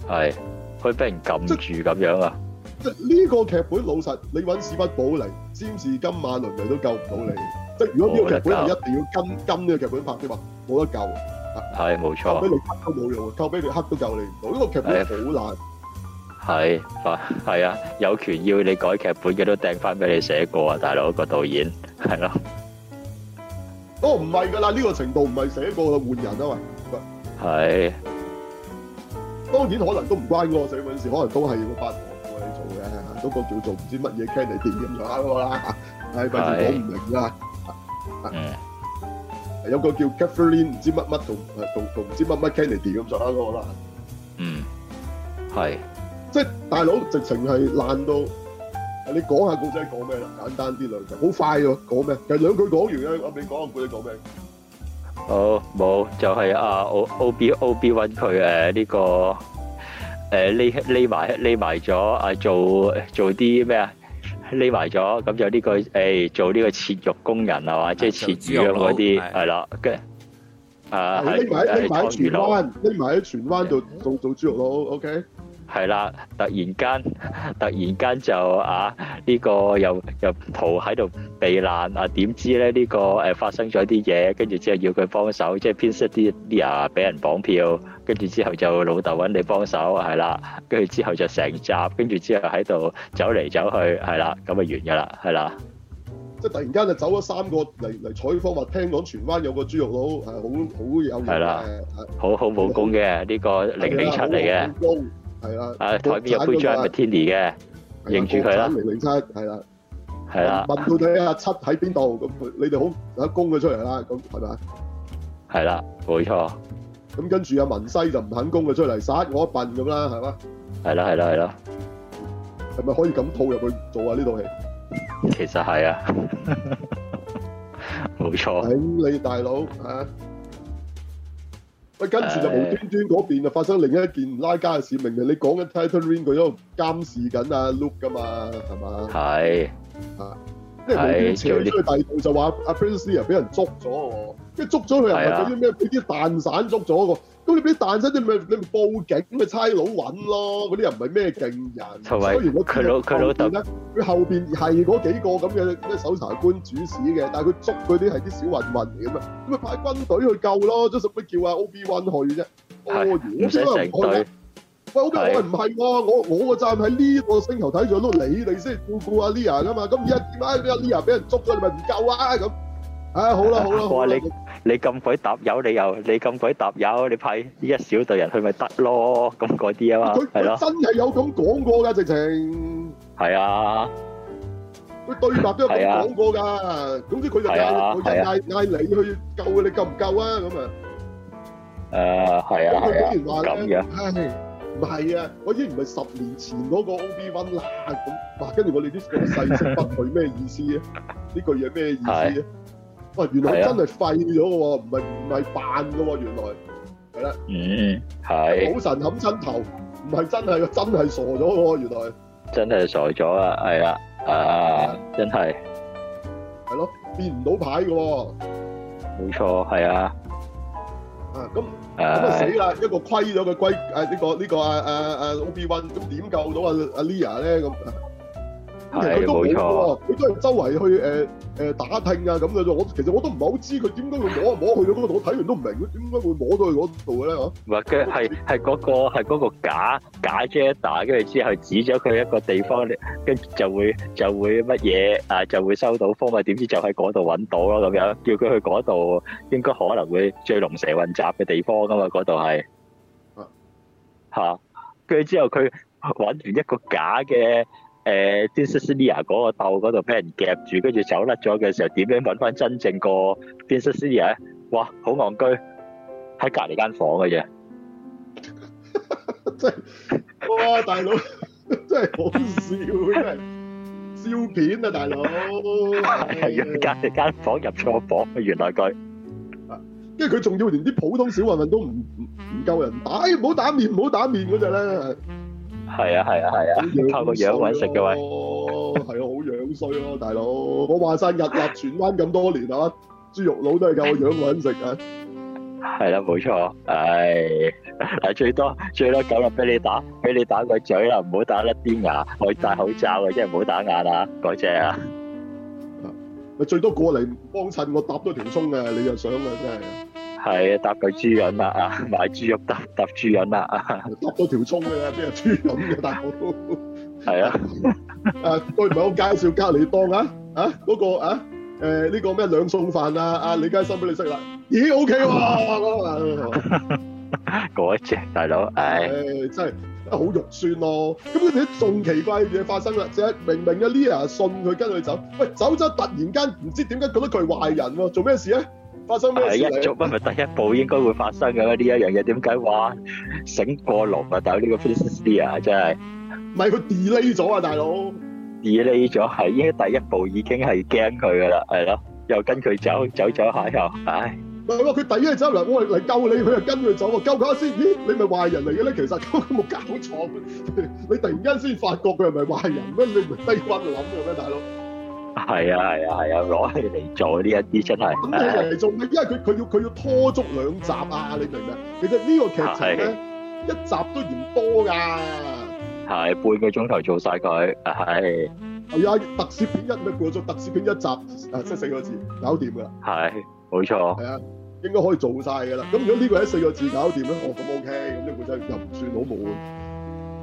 係佢俾人撳住咁樣啊！即係呢個劇本老實，你揾屎忽寶嚟，詹姆士金馬倫都救唔到你。即係如果呢個劇本係一定要跟跟呢個劇本拍嘅話，冇得救。係冇錯，偷俾你黑都冇用啊！偷俾你黑都救你唔到，呢個劇本好難。係，係啊，有權要你改劇本嘅都掟翻俾你寫過啊！大佬，個導演係咯。哦，唔係噶啦，呢個程度唔係寫過嘅換人啊嘛。係。當然可能都唔關嗰個寫本事，可能都係嗰班人做嘅，都個叫做唔知乜嘢 candy 點咁上下啦。係，反正講唔明啊。嗯。有個叫 Kathleen 唔知乜乜同誒同同唔知乜乜 Kennedy 咁上下個啦，嗯，係，即係大佬直情係爛到，係你講下古仔講咩啦，簡單啲兩句，好快喎講咩？就兩句講完嘅，我未講，我估你講咩？好，冇就係阿 O O B O B one 佢誒呢個誒匿匿埋匿埋咗啊，做做啲咩？匿埋咗，咁就呢、這個誒、欸，做呢個切肉工人係嘛，即係切魚嗰啲係啦，跟啊係喺喺荃灣匿埋喺荃灣度做做豬肉佬 OK？係啦，突然間突然間就啊呢、這個又又蒲喺度避難啊，點知咧呢、這個誒、啊、發生咗啲嘢，跟住之後要佢幫手，即係編識啲啲人俾人綁票。跟住之後就老豆揾你幫手係啦，跟住之後就成集，跟住之後喺度走嚟走去係啦，咁啊完噶啦，係啦。即係突然間就走咗三個嚟嚟採訪，話聽講荃灣有個豬肉佬係、啊、好好有係啦、啊，好好武功嘅呢、這個零零七嚟嘅。武功係啦、那個，啊台邊有杯係天尼嘅，認住佢零零七係啦，係啦，問佢睇下七喺邊度，咁你哋好啊，攻佢、嗯、出嚟啦，咁係咪？係啦，冇錯。咁跟住阿文西就唔肯供佢出嚟，殺我一笨咁啦，係嘛？係啦，係啦，係啦。係咪可以咁套入去做啊？呢套戲其實係啊，冇 錯。頂你大佬吓！喂、啊，跟住就無端端嗰邊就發生另一件唔拉家嘅事。明明你講緊《Titan Ring》，佢喺度監視緊阿 Luke 噶嘛，係嘛？係。即係無端端扯佢出去第二度，就話阿 Princess 又俾人捉咗我。即係捉咗佢，又唔係嗰啲咩？俾啲蛋散捉咗一個，咁你俾蛋散，你咪你咪報警，咪差佬揾咯。嗰啲人唔係咩勁人，所以然我見後邊咧，佢後邊係嗰幾個咁嘅，即係搜查官主使嘅。但係佢捉嗰啲係啲小混混嚟㗎嘛，咁咪派軍隊去救咯。即係使乜叫阿 Obi-Wan 去啫？我完全唔係你。喂，Obi-Wan 唔係喎，我我個站喺呢個星球睇住，攞你嚟先照顧阿 Lia 㗎嘛。咁而家點解？而家 Lia 俾人捉咗，你咪唔救啊咁。唉，好啦好啦，我話你你咁鬼搭友，你又你咁鬼搭友，你派呢一小隊人去咪得咯？咁嗰啲啊嘛，係咯，真係有咁講過噶直情。係啊，佢對白都有咁講過噶，總之佢就嗌嗌嗌你去救嘅，你夠唔夠啊？咁啊，誒係啊，咁樣係，唔係啊？我依唔係十年前嗰個歐比王啦，咁哇，跟住我哋啲咁細聲問，佢咩意思啊？呢句嘢咩意思啊？喂，原來真係廢咗嘅喎，唔係唔係扮嘅喎，原來係啦。嗯，係。好神冚親頭，唔係真係，真係傻咗喎，原來。真係傻咗啊！係啊，啊，真係。係咯，變唔到牌嘅喎。冇錯，係啊。啊，咁咁啊死啦！一個虧咗嘅龜，誒呢個呢個啊啊啊 Obi-Wan，咁點救到啊啊 Leia 咧咁？佢都冇錯，佢都係周圍去誒誒打聽啊咁嘅啫。我其實我都唔係好知佢點解會摸一摸去到嗰度。我睇完都唔明，佢點解會摸到去嗰度咧？唔係佢係係嗰個係嗰個假假 Jeter，跟住之後指咗佢一個地方，跟住就會就會乜嘢啊，就會收到封。但係點知就喺嗰度揾到咯，咁樣叫佢去嗰度，應該可能會最龍蛇混雜嘅地方噶嘛？嗰度係啊嚇，跟住之後佢揾完一個假嘅。誒，Dionysia 嗰個竇嗰度俾人夾住，跟住走甩咗嘅時候，點樣揾翻真正個 Dionysia 咧？哇，好戇居，喺隔離間房嘅啫。真係哇，大佬，真係好笑，真係笑片啊，大佬。係啊，隔離間房入錯房，原來佢。因為佢仲要連啲普通小混混都唔唔唔夠人打，唔好打面，唔好打面嗰陣咧。係啊係啊係啊，靠個樣揾食嘅喎，係啊好樣衰咯，大佬，我話晒日日荃灣咁多年啊，豬肉佬都係靠個樣揾食啊。係啦，冇錯，唉，嗱，最多最多今日俾你打，俾你打個嘴啦，唔好打甩啲牙，可以戴口罩嘅，即係唔好打眼啦，嗰隻啊。啊，你最多過嚟幫襯我搭多條葱啊，你就想啊，真係。係啊，搭佢豬引啦啊，買豬肉搭搭豬引啦啊，剁咗條蔥啊，邊有豬引嘅大佬？係啊，誒，佢唔係好介紹隔離檔啊，啊，嗰個啊，誒、那個，呢、啊欸這個咩兩餸飯啊，阿李嘉森俾你食啦，咦，O K 喎，嗰大佬，誒、那個 那個 哎，真係好肉酸咯、啊，咁佢哋仲奇怪嘅嘢發生啦，即明明阿、啊、Lia 信佢跟佢走，喂，走咗突然間唔知點解覺得佢壞人喎、啊，做咩事咧、啊？係、啊、一足不咪第一步應該會發生嘅。為什麼啊？呢一樣嘢點解話醒過龍啊？大佬呢個粉絲 t 啊，真係唔係佢 delay 咗啊，大佬 delay 咗係因為第一步已經係驚佢噶啦，係咯，又跟佢走走走下又唉，佢第一走嚟，我嚟救你，佢又跟佢走啊，救佢先，咦？你咪壞人嚟嘅咧？其實根本冇搞錯， 你突然間先發覺佢係咪壞人咩？你唔低返就諗嘅咩，大佬？係啊係啊係啊，攞、啊、起嚟做呢一啲真係。咁你嚟做咩、啊？因為佢佢要佢要拖足兩集啊！你明唔明？其實呢個劇情咧、啊、一集都嫌多噶。係、啊、半個鐘頭做晒佢。係、啊。係啊，特攝片一咩？過咗特攝片一集即係、啊、四個字搞掂噶啦。係、啊，冇錯。係啊，應該可以做晒噶啦。咁如果呢個喺四個字搞掂咧，我咁 OK，咁呢部就又唔算好慢。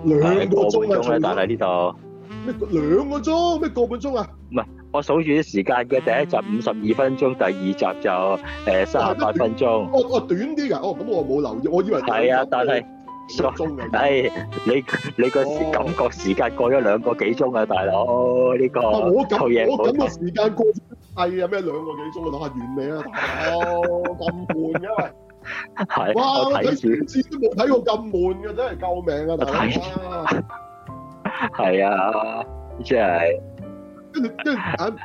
兩個鐘啊！鐘但係呢度咩？兩個鐘咩？個半鐘啊？唔係。我數住啲時間嘅第一集五十二分鐘，第二集就誒三十八分鐘。哦，短啲㗎，哦咁我冇留意，我以為係啊，但係縮鐘嘅。係、哎、你你個感覺時間過咗兩個幾鐘啊，大佬呢、這個做嘢好慢。我咁個時間過係啊咩兩個幾鐘我諗下完美啊，大佬咁悶嘅喂。係。哇！睇電視都冇睇過咁悶嘅，真係救命啊大佬！係啊，即 係。就是跟住，跟住，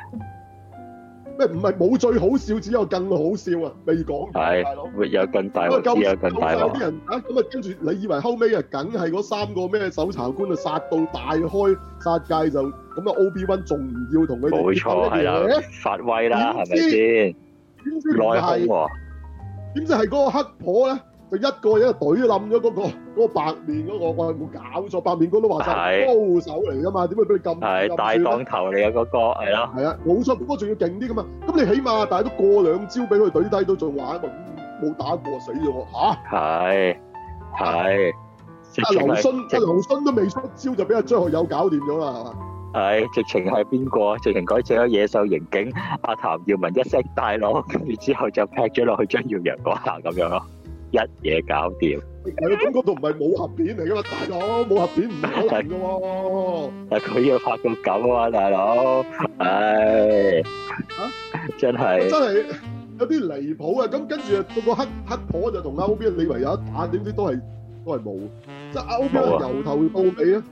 咩唔係冇最好笑，只有更好笑啊！未講完，大佬，有更大佬，有更大佬，啲人啊，咁啊，跟住你以為後尾啊，梗係嗰三個咩搜查官啊，殺到大開殺戒就咁啊？Obi-Wan 仲唔要同佢哋冇錯，發威啦？係咪先？點知內功喎？點知係嗰個黑婆咧？就一個一個懟冧咗嗰個嗰、嗰個嗰個白面嗰、嗰個，我、那、冇、個、搞錯，白面哥都話曬係高手嚟㗎、嗰個嗰個、嘛，點解俾你咁大檔頭嚟啊嗰個？係咯，係啊，冇錯，嗰個仲要勁啲㗎嘛，咁你起碼大家都過兩招俾佢懟低到，仲玩，冇打過死咗吓？係、啊、係，阿劉信，阿劉信都未出招就俾阿張學友搞掂咗啦，係直情係邊個啊？直情嗰咗野獸刑警阿、啊、譚耀文一聲大佬，跟住之後就劈咗落去張耀揚嗰下咁樣咯。一嘢搞掂，係啊！咁嗰度唔係武俠片嚟噶嘛，大佬武俠片唔可能噶喎。但佢要拍咁咁啊，大佬，唉，真係真係有啲離譜啊！咁跟住個個黑黑婆就同阿 O B 李維有得打，點知都係都係冇，即係阿 O B 由頭到尾啊！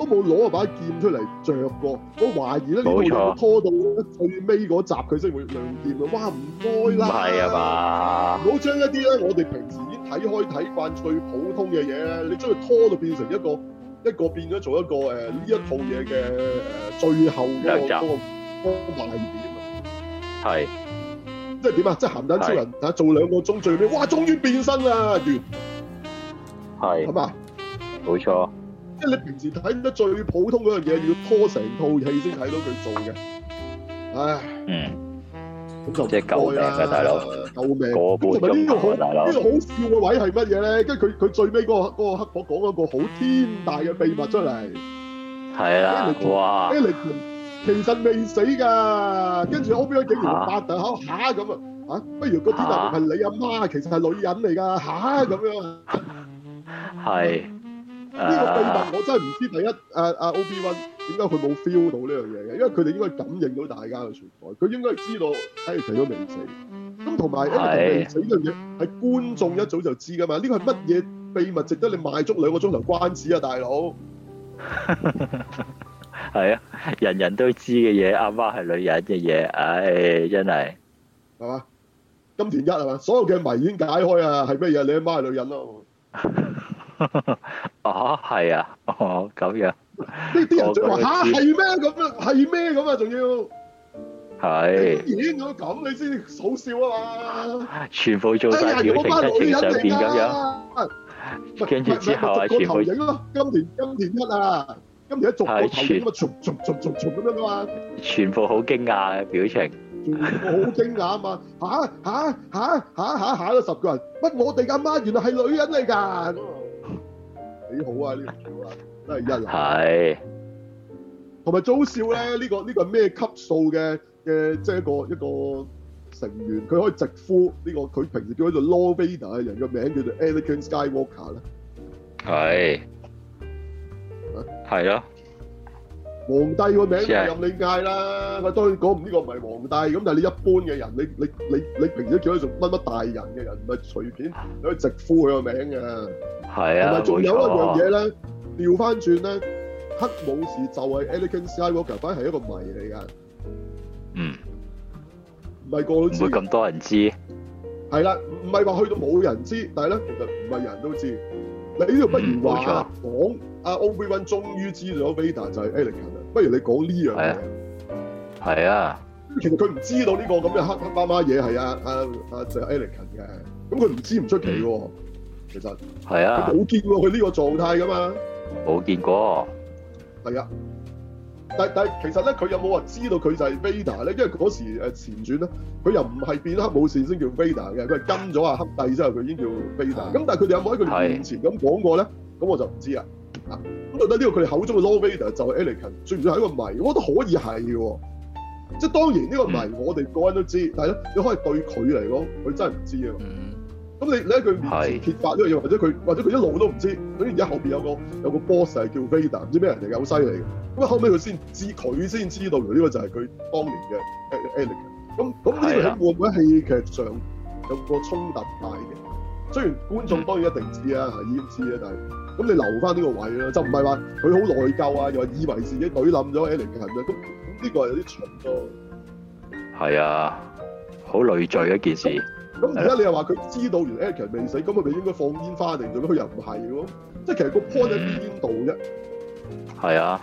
都冇攞把劍出嚟着過，我懷疑咧，如果拖到最尾嗰集，佢先會亮劍啊！哇，唔該啦，唔係啊嘛，唔好將一啲咧，我哋平時已經睇開睇慣最普通嘅嘢咧，你將佢拖到變成一個一個變咗做一個誒呢一套嘢嘅最後嗰個賣點啊，係，即係點啊？即係鹹蛋超人啊，做兩個鐘最尾，哇，終於變身啦！完係，係嘛？冇錯。即係你平時睇得最普通嗰樣嘢，要拖成套戲先睇到佢做嘅。唉，嗯，咁就即係救命啦，救命！同埋呢個好呢、呢個好笑嘅位係乜嘢咧？跟住佢佢最尾嗰、嗰個黑幫講一個好、嗰個嗰個嗰個、天大嘅秘密出嚟。係啊，哇、啊！比利其實未死㗎，跟住歐巴警員八大口嚇咁啊嚇，不如個天大龍係你阿媽、啊，其實係女人嚟㗎嚇咁樣啊。係。呢個秘密我真係唔知，第一，阿阿 Obi-Wan 點解佢冇 feel 到呢樣嘢嘅？因為佢哋應該係感應到大家嘅存在，佢應該係知道，哎，其實未死，咁同埋，哎，未死呢樣嘢係觀眾一早就知㗎嘛？呢個係乜嘢秘密？值得你賣足兩個鐘頭關子啊，大佬！係啊，人人都知嘅嘢，阿媽係女人嘅嘢，唉，真係係嘛？金田一係嘛？所有嘅謎已經解開啊，係咩嘢？你阿媽係女人咯。哦，係啊，哦，咁樣呢啲人仲話吓係咩咁啊？係咩咁啊？仲要係咁，你先好笑啊嘛！全部做曬表情出上邊咁樣，跟住之後啊，全部影咯。今年今年一啊，今年一逐個頭影咪逐逐逐逐逐咁樣噶嘛？全部好驚訝嘅表情，全部好驚訝啊嘛！嚇嚇嚇嚇嚇嚇都十個人，乜我哋阿媽原來係女人嚟㗎！幾好啊！呢、這個組啊，都係一係，同埋最少咧！呢個呢個係咩級數嘅嘅，即係、就是、一個一個成員，佢可以直呼呢、這個佢平時叫做 Lord Vader 嘅人嘅名叫做 Elegant Skywalker 咧，係係啊。皇帝個名就係任你嗌啦，佢當然講唔呢個唔係皇帝，咁但係你一般嘅人，你你你你平時都叫佢做乜乜大人嘅人，唔係隨便你可以直呼佢個名嘅。係啊，同埋仲有一樣嘢咧，調翻轉咧，黑武士就係 Anakin Skywalker，反而係一個謎嚟噶。嗯，唔係個個都知。唔會咁多人知。係啦，唔係話去到冇人知，但係咧，其實唔係人都知。你呢度不如話講。阿 Obi-Wan 終於知道 Vader 就係 Anakin 啦。不如你講呢樣嘢，係啊、嗯、啊。其實佢唔知道呢個咁嘅黑黑媽媽嘢係啊，阿、啊、阿、啊、就 Anakin 嘅。咁佢唔知唔出奇嘅、嗯，其實係啊。佢冇見喎，佢呢個狀態噶嘛冇見過係啊。但但其實咧，佢有冇話知道佢就係 Vader 咧？因為嗰時、呃、前傳咧，佢又唔係變黑武士先叫 Vader 嘅，佢係跟咗阿黑帝之後，佢已經叫 Vader 咁 但係佢哋有冇喺佢面前咁講過咧？咁我就唔知啊。咁覺得呢個佢哋口中嘅 Lord Vader 就係 Anakin，算唔算係一個謎？我覺得可以係嘅，即係當然呢個謎我哋個人都知道，但係咧你可以對佢嚟講，佢真係唔知啊。咁、嗯、你你喺佢面前揭發呢樣嘢，或者佢或者佢一路都唔知道，好似而家後邊有個有個 boss 係叫 Vader，唔知咩人嚟，好犀利。咁啊後屘佢先知，佢先知道，呢個就係佢當年嘅 Anakin。咁咁呢個喺喺戲劇上有個衝突大嘅，雖然觀眾當然一定知啊，已、嗯、經知啦，但係。咁你留翻呢個位咯，就唔係話佢好內疚啊，又話以為自己懟冧咗艾靈頓啊，咁咁呢個係有啲蠢咯。係啊，好累贅一件事。咁而家你又話佢知道原來艾靈 a 未死，咁佢咪應該放煙花嚟做，咩、啊？佢又唔係喎，即係其實個 point 喺邊度啫？係、嗯、啊。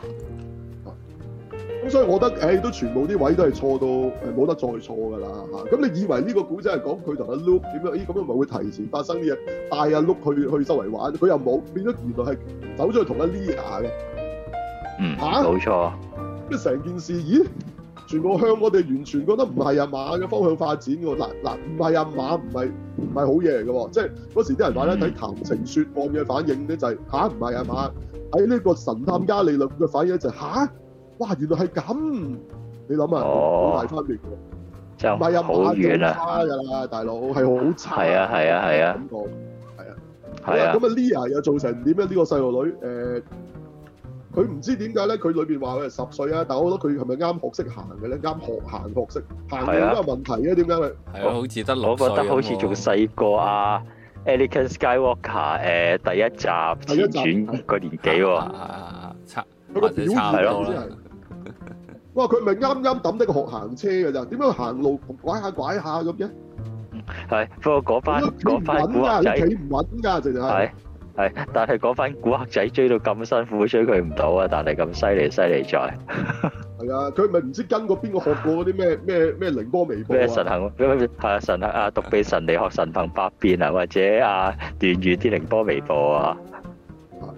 咁所以我覺得，我得誒都全部啲位都係錯到誒冇得再錯噶啦嚇！咁、啊、你以為呢個古仔係講佢同阿 Luke 點樣？咦咁又咪會提前發生啲嘢？帶阿碌去去周圍玩，佢又冇變咗，原來係走咗去同阿 Lia 嘅。嗯、啊、嚇，冇錯。咁啊成件事，咦？全部向我哋完全覺得唔係人馬嘅方向發展喎！嗱、啊、嗱，唔、啊、係、啊就是、人馬，唔係唔係好嘢嚟㗎喎！即係嗰時啲人話咧，睇談情説案嘅反應咧、就是，就係吓，唔係人馬喺呢個神探加利略嘅反應就吓、是啊。哇，原來係咁！你諗、哦、啊、啊、啊、啊、啊，好大分別嘅，就唔係又冇中差㗎啦，大佬係好差，係啊係啊係啊咁講，係啊係啊咁啊，Lia 又做成點啊？這個呃、呢個細路女誒，佢唔知點解咧？佢裏邊話佢係十歲啊，但我覺得佢係咪啱學識行嘅咧？啱學行學、學識行嘢都有問題嘅，點解佢係好似得六，我覺得好似仲細過啊。Anakin Skywalker、啊、誒、啊、第一集前傳一個年紀喎、啊啊，差嗰個、啊啊、表係咯。哇！佢咪啱啱揼得個學行車㗎咋？點樣行路拐下拐下咁啫？係，不過嗰班嗰班古惑仔企唔穩㗎，係係，但係嗰班古惑仔追到咁辛苦，追佢唔到啊！但係咁犀利，犀利在係啊！佢咪唔知跟過邊個學過嗰啲咩咩咩凌波微步啊？神行咩咩係啊！神行啊，獨臂神尼學神行百變啊，或者啊段譽啲凌波微步啊？係啊，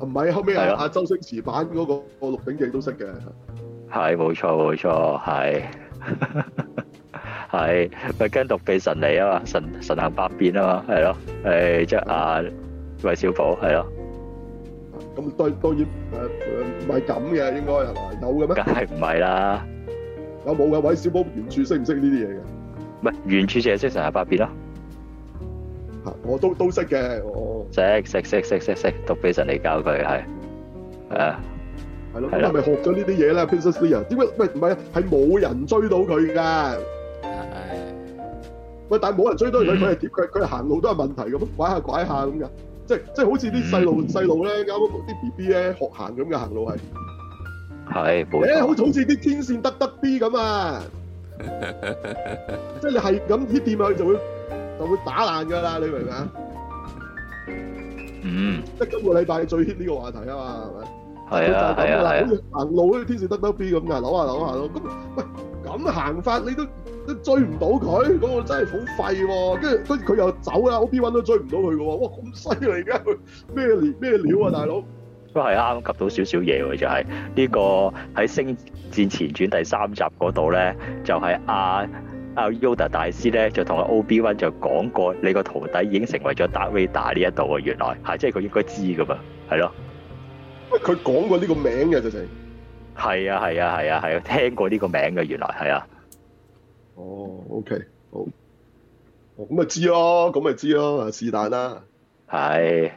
唔係後尾係啊周星馳版嗰個鹿鼎記都識嘅。係，冇錯冇錯，係係咪驚讀秘神嚟，啊嘛，神神行百變嘛，啊嘛係咯。誒，即係阿韋小寶係咯。咁對，當然唔係咁嘅，應該係嘛。有嘅咩？梗係唔係啦！有冇嘅韋小寶原著識唔識呢啲嘢嘅？唔係原著淨係識神行百變啦。我都都識嘅，我識識識識識識讀秘神嚟教佢係 係咯，咁係咪學咗呢啲嘢咧？Business leader，點解？喂，唔係啊，係冇人追到佢噶。係，喂，但係冇人追到佢，佢係點？佢佢行路都係問題咁，拐下拐下咁噶，即係即係好似啲細路細路咧，啱啱啲 B B 咧學行咁嘅行路係。係，冇。誒、欸，好好似啲天線得得 B 咁啊！ 即係你係咁，掂佢啊，就會就會打爛噶啦，你明嘛？嗯，即係今個禮拜最 hit 呢個話題啊嘛，係咪？係啊係啊係，行路好似、啊、天線得得 B 咁嘅，扭下扭下咯。咁喂，咁行法你都都追唔到佢，咁、那、我、個、真係好廢喎。跟住跟佢又走啦，Obi-Wan 都追唔到佢嘅喎。哇，咁犀利而家佢咩料咩料啊，大佬。都係啱，啱、嗯、及、 啊、到少少嘢喎，就係、是、呢個喺《星戰前傳》第三集嗰度咧，就係阿阿 Yoda 大師咧就同阿 Obi-Wan 就講過，你個徒弟已經成為咗達維達呢一度啊。原來嚇，即係佢應該知噶嘛，係咯。佢講過呢個名嘅就係，係啊，係啊，係啊，係啊，聽過呢個名嘅原來係啊、oh。哦，OK，好。咁咪知咯，咁咪知咯，是但啦。係。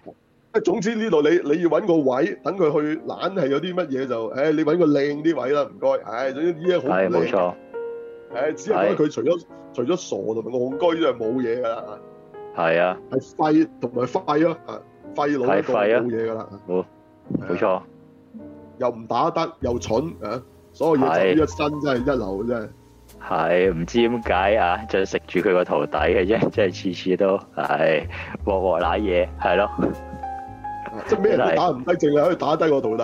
誒，總之呢度你你要揾個位，等佢去懶係有啲乜嘢就，誒、哎，你揾個靚啲位啦，唔該。唉、哎，總之依家好。係、啊，冇錯。誒，只係覺得佢除咗除咗傻同埋戇居，就冇嘢㗎啦。係啊，啊。係廢同埋廢啊，係廢佬一個冇嘢㗎啦。好、啊。冇錯，啊，又唔打得，又蠢啊！所有嘢集於一身，真係一流真係。係唔知點解啊？就食住佢個徒弟嘅啫，即係次次都係鑊鑊賴嘢，係咯。即係咩人都打唔低，淨係可以打低個徒弟。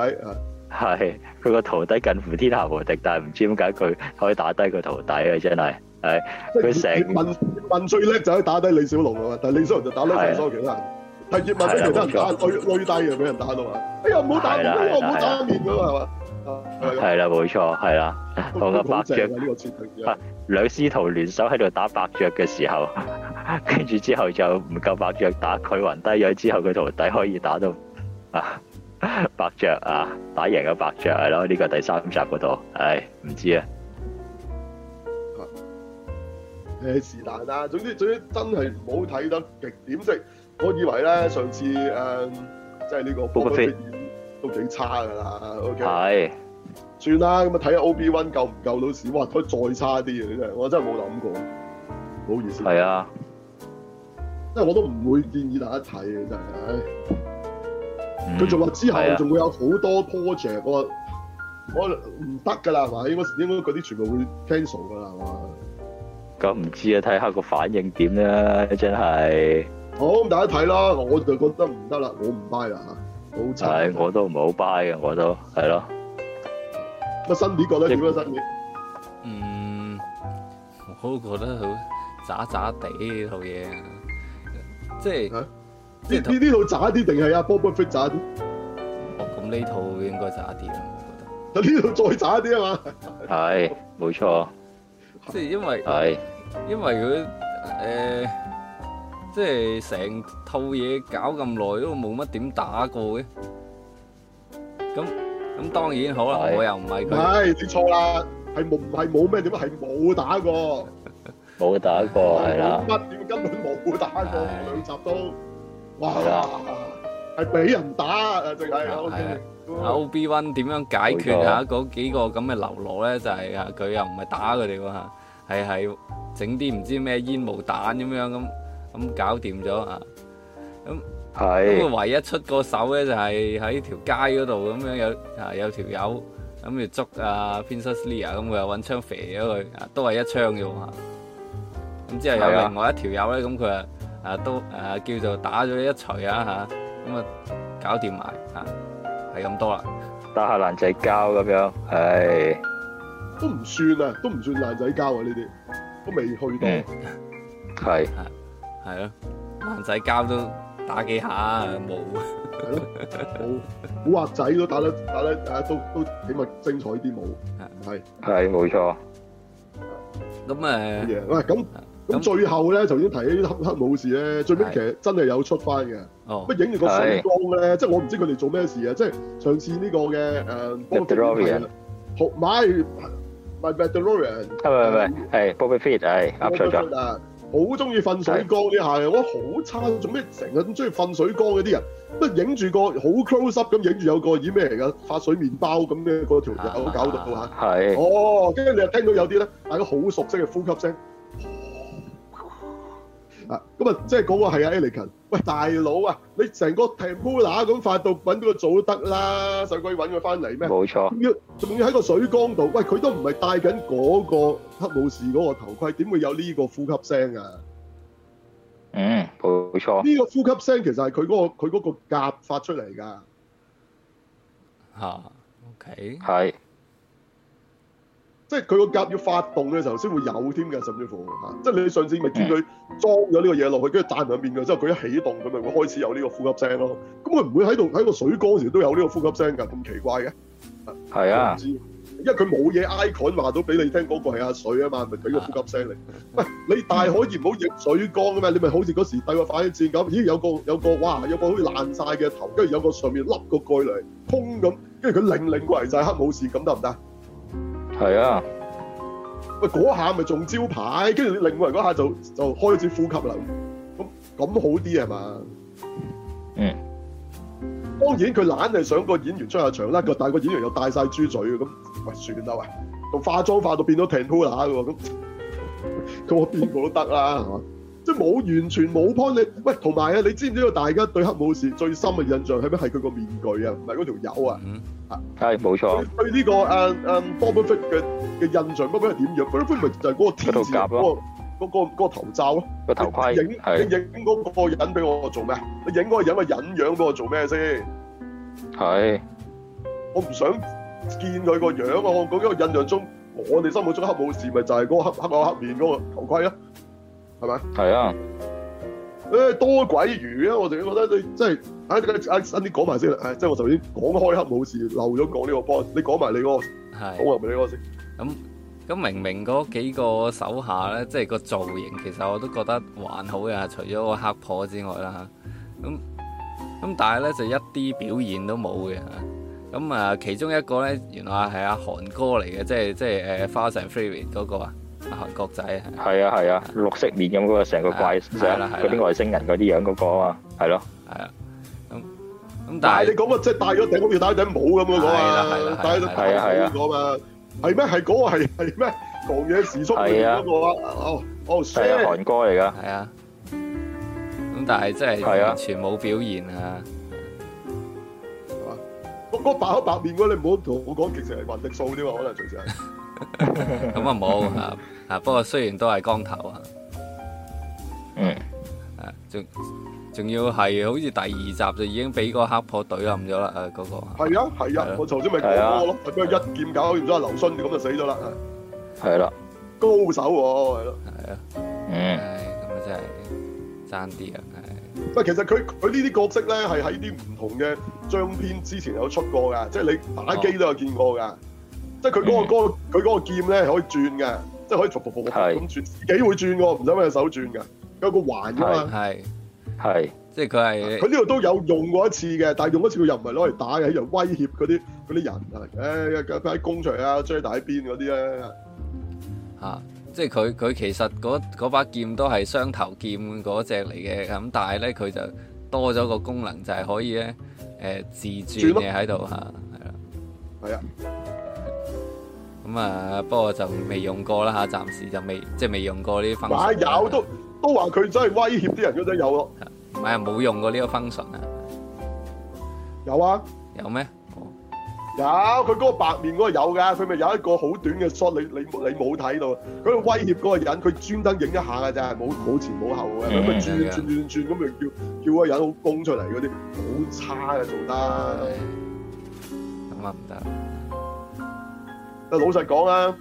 係佢個徒弟近乎天下無敵，但係唔知點解佢可以打低個徒弟嘅，真係係佢成文文最叻就可以打低李小龍啊，但係李小龍就打低成少琪啦。係葉問出嚟都打，我我要打俾人打到，哎，打打會會啊！哎呀，唔好打唔好，我唔打面咁啊，係嘛？係啦，冇錯，係啦。講個白雀啊，呢個兩師徒聯手喺度打白雀嘅時候，跟 住之後就唔夠白雀打佢暈低咗，之後佢徒弟可以打到啊白雀啊，打贏個白雀係咯，呢、這個第三集嗰度，唉，唔知啊。誒，是但啦，總之總之真係唔好睇得極點的。我以為咧上次誒、嗯，即係呢、呢個波低都幾差噶啦。O K，係算啦，咁啊睇 O B One 夠唔夠到市？哇，可以再差啲嘅，你真係我真係冇諗過。唔好意思。係啊，即係我都唔會建議大家睇嘅，真係。佢仲話之後仲會有好多 project、啊、我我唔得噶啦，係嘛？應該應該嗰啲全部會 cancel 噶啦，係嘛？咁唔知啊，睇下個反應點啦，真係。好、哦、大家睇啦，我就覺得唔得啦，我唔 buy 啊吓，冇錯。係我都唔好 buy 嘅，我都係咯。乜新片覺得點啊？新片，嗯，我覺得好渣渣地呢套嘢，即係呢，呢套渣啲定係阿波波 fit 渣啲？哦、咁呢、啊、套應該渣啲啊，我覺得。呢 套再渣啲啊嘛？係，冇錯。 即係因為係，因為佢誒。即係成套嘢搞咁耐都冇乜點打過嘅，咁咁當然好啦，我又唔係佢，唔係你錯啦，係冇係冇咩點，係冇打過，冇打過係啦，乜點根本冇打過兩集都，哇哇係俾人打啊！仲係 Obi-Wan 點樣解決下嗰幾個咁嘅流落咧？就係啊，佢又唔係打佢哋喎嚇，係係整啲唔知咩煙霧彈咁樣咁。咁搞掂咗啊！咁咁佢唯一出個手咧就係喺條街嗰度咁樣有，有啊有條友咁就捉啊 Princess Leia 咁佢又揾槍射咗佢，都係一槍嘅。咁、啊啊、之後有另外一條友咧，咁佢啊啊都啊叫做打咗一錘啊吓，咁啊搞掂埋啊，係咁、啊、多啦。打下爛仔交咁樣，係都唔算，都唔算啊，都唔算爛仔交啊呢啲，都未去到。係。係咯，男仔交都打幾下，冇係咯，冇，好古惑仔都打得打得誒，都都起碼精彩啲冇，係係冇錯。咁誒，喂，咁咁、嗯嗯、最後咧，頭先提啲黑黑武士咧，最尾其實真係有出翻嘅，乜影住個水缸咧，即係我唔知佢哋做咩事啊、哦，即係上次呢個嘅誒，好、嗯，拜拜，拜拜，係，波比費，係，阿卓卓。好中意瞓水缸呢下我好差，做咩成日咁中意瞓水缸嘅啲人？乜影住個好 closeup 咁影住有個咦咩嚟㗎？發水麵包咁嘅嗰條友搞到嚇，係、啊啊，哦，跟住你又聽到有啲咧，係個好熟悉嘅呼吸聲。咁啊，即係嗰個係啊，e l 艾利勤。喂，大佬啊，你成個停布乸咁發到，揾到個做都得啦，使鬼揾佢翻嚟咩？冇錯。仲要喺個水缸度，喂，佢都唔係戴緊嗰個黑武士嗰個頭盔，點會有呢個呼吸聲啊？嗯，冇錯。呢、呢個呼吸聲其實係佢嗰個佢嗰個夾發出嚟噶。吓、啊、，OK，係。即係佢個甲要發動嘅時候，先會有添㗎，甚至乎嚇。即係你上次咪見佢裝咗呢個嘢落去，跟住戴埋面㗎，之後佢一起動，咁咪會開始有呢個呼吸聲咯。咁佢唔會喺度喺個水缸時都有呢個呼吸聲㗎，咁奇怪嘅？係啊，唔知，因為佢冇嘢 icon 話到俾你聽嗰、嗰個係啊水啊嘛，咪、那、佢個呼吸聲嚟。喂、啊， 你大可以唔好影水缸㗎嘛，你咪好似嗰時第一個反應戰咁，咦，有個有個哇有個好似爛晒嘅頭，跟住有個上面甩個蓋嚟，空咁，跟住佢擰擰過嚟就黑武士咁得唔得？係啊，喂，嗰下咪仲招牌，跟住另外人嗰下就就開始呼吸啦，咁咁好啲係嘛？嗯，當然佢懶係想個演員出下場啦，但個演員又戴晒豬嘴咁，喂，算啦喂，做化妝化到變咗 Tentula 喎，咁咁我邊個都得啦，嗯，即係冇完全冇 point 你，喂，同埋啊，你知唔知道大家對黑武士最深嘅印象係咩？係佢個面具啊，唔係嗰條友啊。嗯.係冇錯。對呢個誒誒，Boba Fett 嘅嘅印象，Boba Fett 係點樣？Boba Fett 咪就係嗰個鐵甲，嗰個嗰個嗰個頭罩咯。個頭盔。影你影嗰個人俾我做咩？你影嗰個人咪人樣俾我做咩先？係。我唔想見佢個樣啊！我我印象中，我哋心目中黑武士咪就係嗰個黑黑眼黑面嗰個頭盔咯，係咪？係啊。誒，多鬼魚啊！我哋覺得你真係。啊啊先講埋先啦，即係我頭先講開黑武士漏咗講呢個波，你講埋你嗰個，好講埋你嗰個先。咁咁明明嗰幾個手下咧，即係個造型其實我都覺得還好嘅，除咗個黑婆之外啦，咁咁但係咧就一啲表現都冇嘅。咁啊，其中一個咧，原來係阿韓哥嚟嘅，即係即係誒花神 Freddie 嗰個啊，韓國仔。係啊係啊，綠色面咁嗰個，成個怪，成嗰啲外星人啲樣嗰個啊嘛，係咯，係啊。但係你講、嗯嗰個即係戴咗頂好似戴頂帽咁樣講啊，戴咗頂帽咁講啊，係咩？係嗰、嗰個係咩？狂野時速嗰、嗰個啊、嗰個，哦哦，係啊，韓哥嚟噶，係啊。咁但係真係完全冇表現啊。啊，我、那、我、個、白口白面喎，你唔好同我講，其實係雲迪素添喎，可能隨時。咁啊冇嚇，不過雖然都係光頭啊。嗯啊，就。仲要係好似第二集就已經俾個黑破隊冧咗啦！誒、嗰個，嗰個係啊係啊，啊，我頭先咪講過咯，咁啊我就一劍搞掂咗阿劉迅，咁就死咗啦。係啦、啊啊，高手係咯，係咯、啊啊啊，嗯，咁啊真係爭啲啊，係。唔其實佢佢呢啲角色咧，係喺啲唔同嘅章篇之前有出過噶、嗯，即係你打機都有見過噶、哦。即係佢嗰個嗰、嗯、個佢個劍咧可以轉噶、啊，即係可以逐逐步咁轉，自己會轉噶，唔使乜嘢手轉噶，有個環啫嘛。係啊係啊係，即係佢係佢呢度都有用過一次嘅，但係用一次佢又唔係攞嚟打嘅，係用威脅嗰啲啲人啊，誒、哎，佢喺工場啊，追打邊嗰啲咧。吓、啊，即係佢佢其實嗰把劍都係雙頭劍嗰隻嚟嘅，咁但係咧佢就多咗個功能，就係、是、可以咧誒自轉嘅喺度吓，係啦，係啊。咁啊，不過就未用過啦吓，暫時就未即係未用過呢啲。買、啊、有都都話佢真係威脅啲人，佢真係有咯。唔係冇用過呢個 function 啊！有啊，有咩、哦？有佢嗰個白面嗰個有㗎。佢咪有一個好短嘅 shot。你你你冇睇到，佢威脅嗰個人，佢專登影一下嘅咋，冇冇前冇後嘅，佢咪轉轉轉轉咁，咪、嗯、叫叫個人好供出嚟嗰啲，好差嘅做得咁啊，唔得。但老實講啊，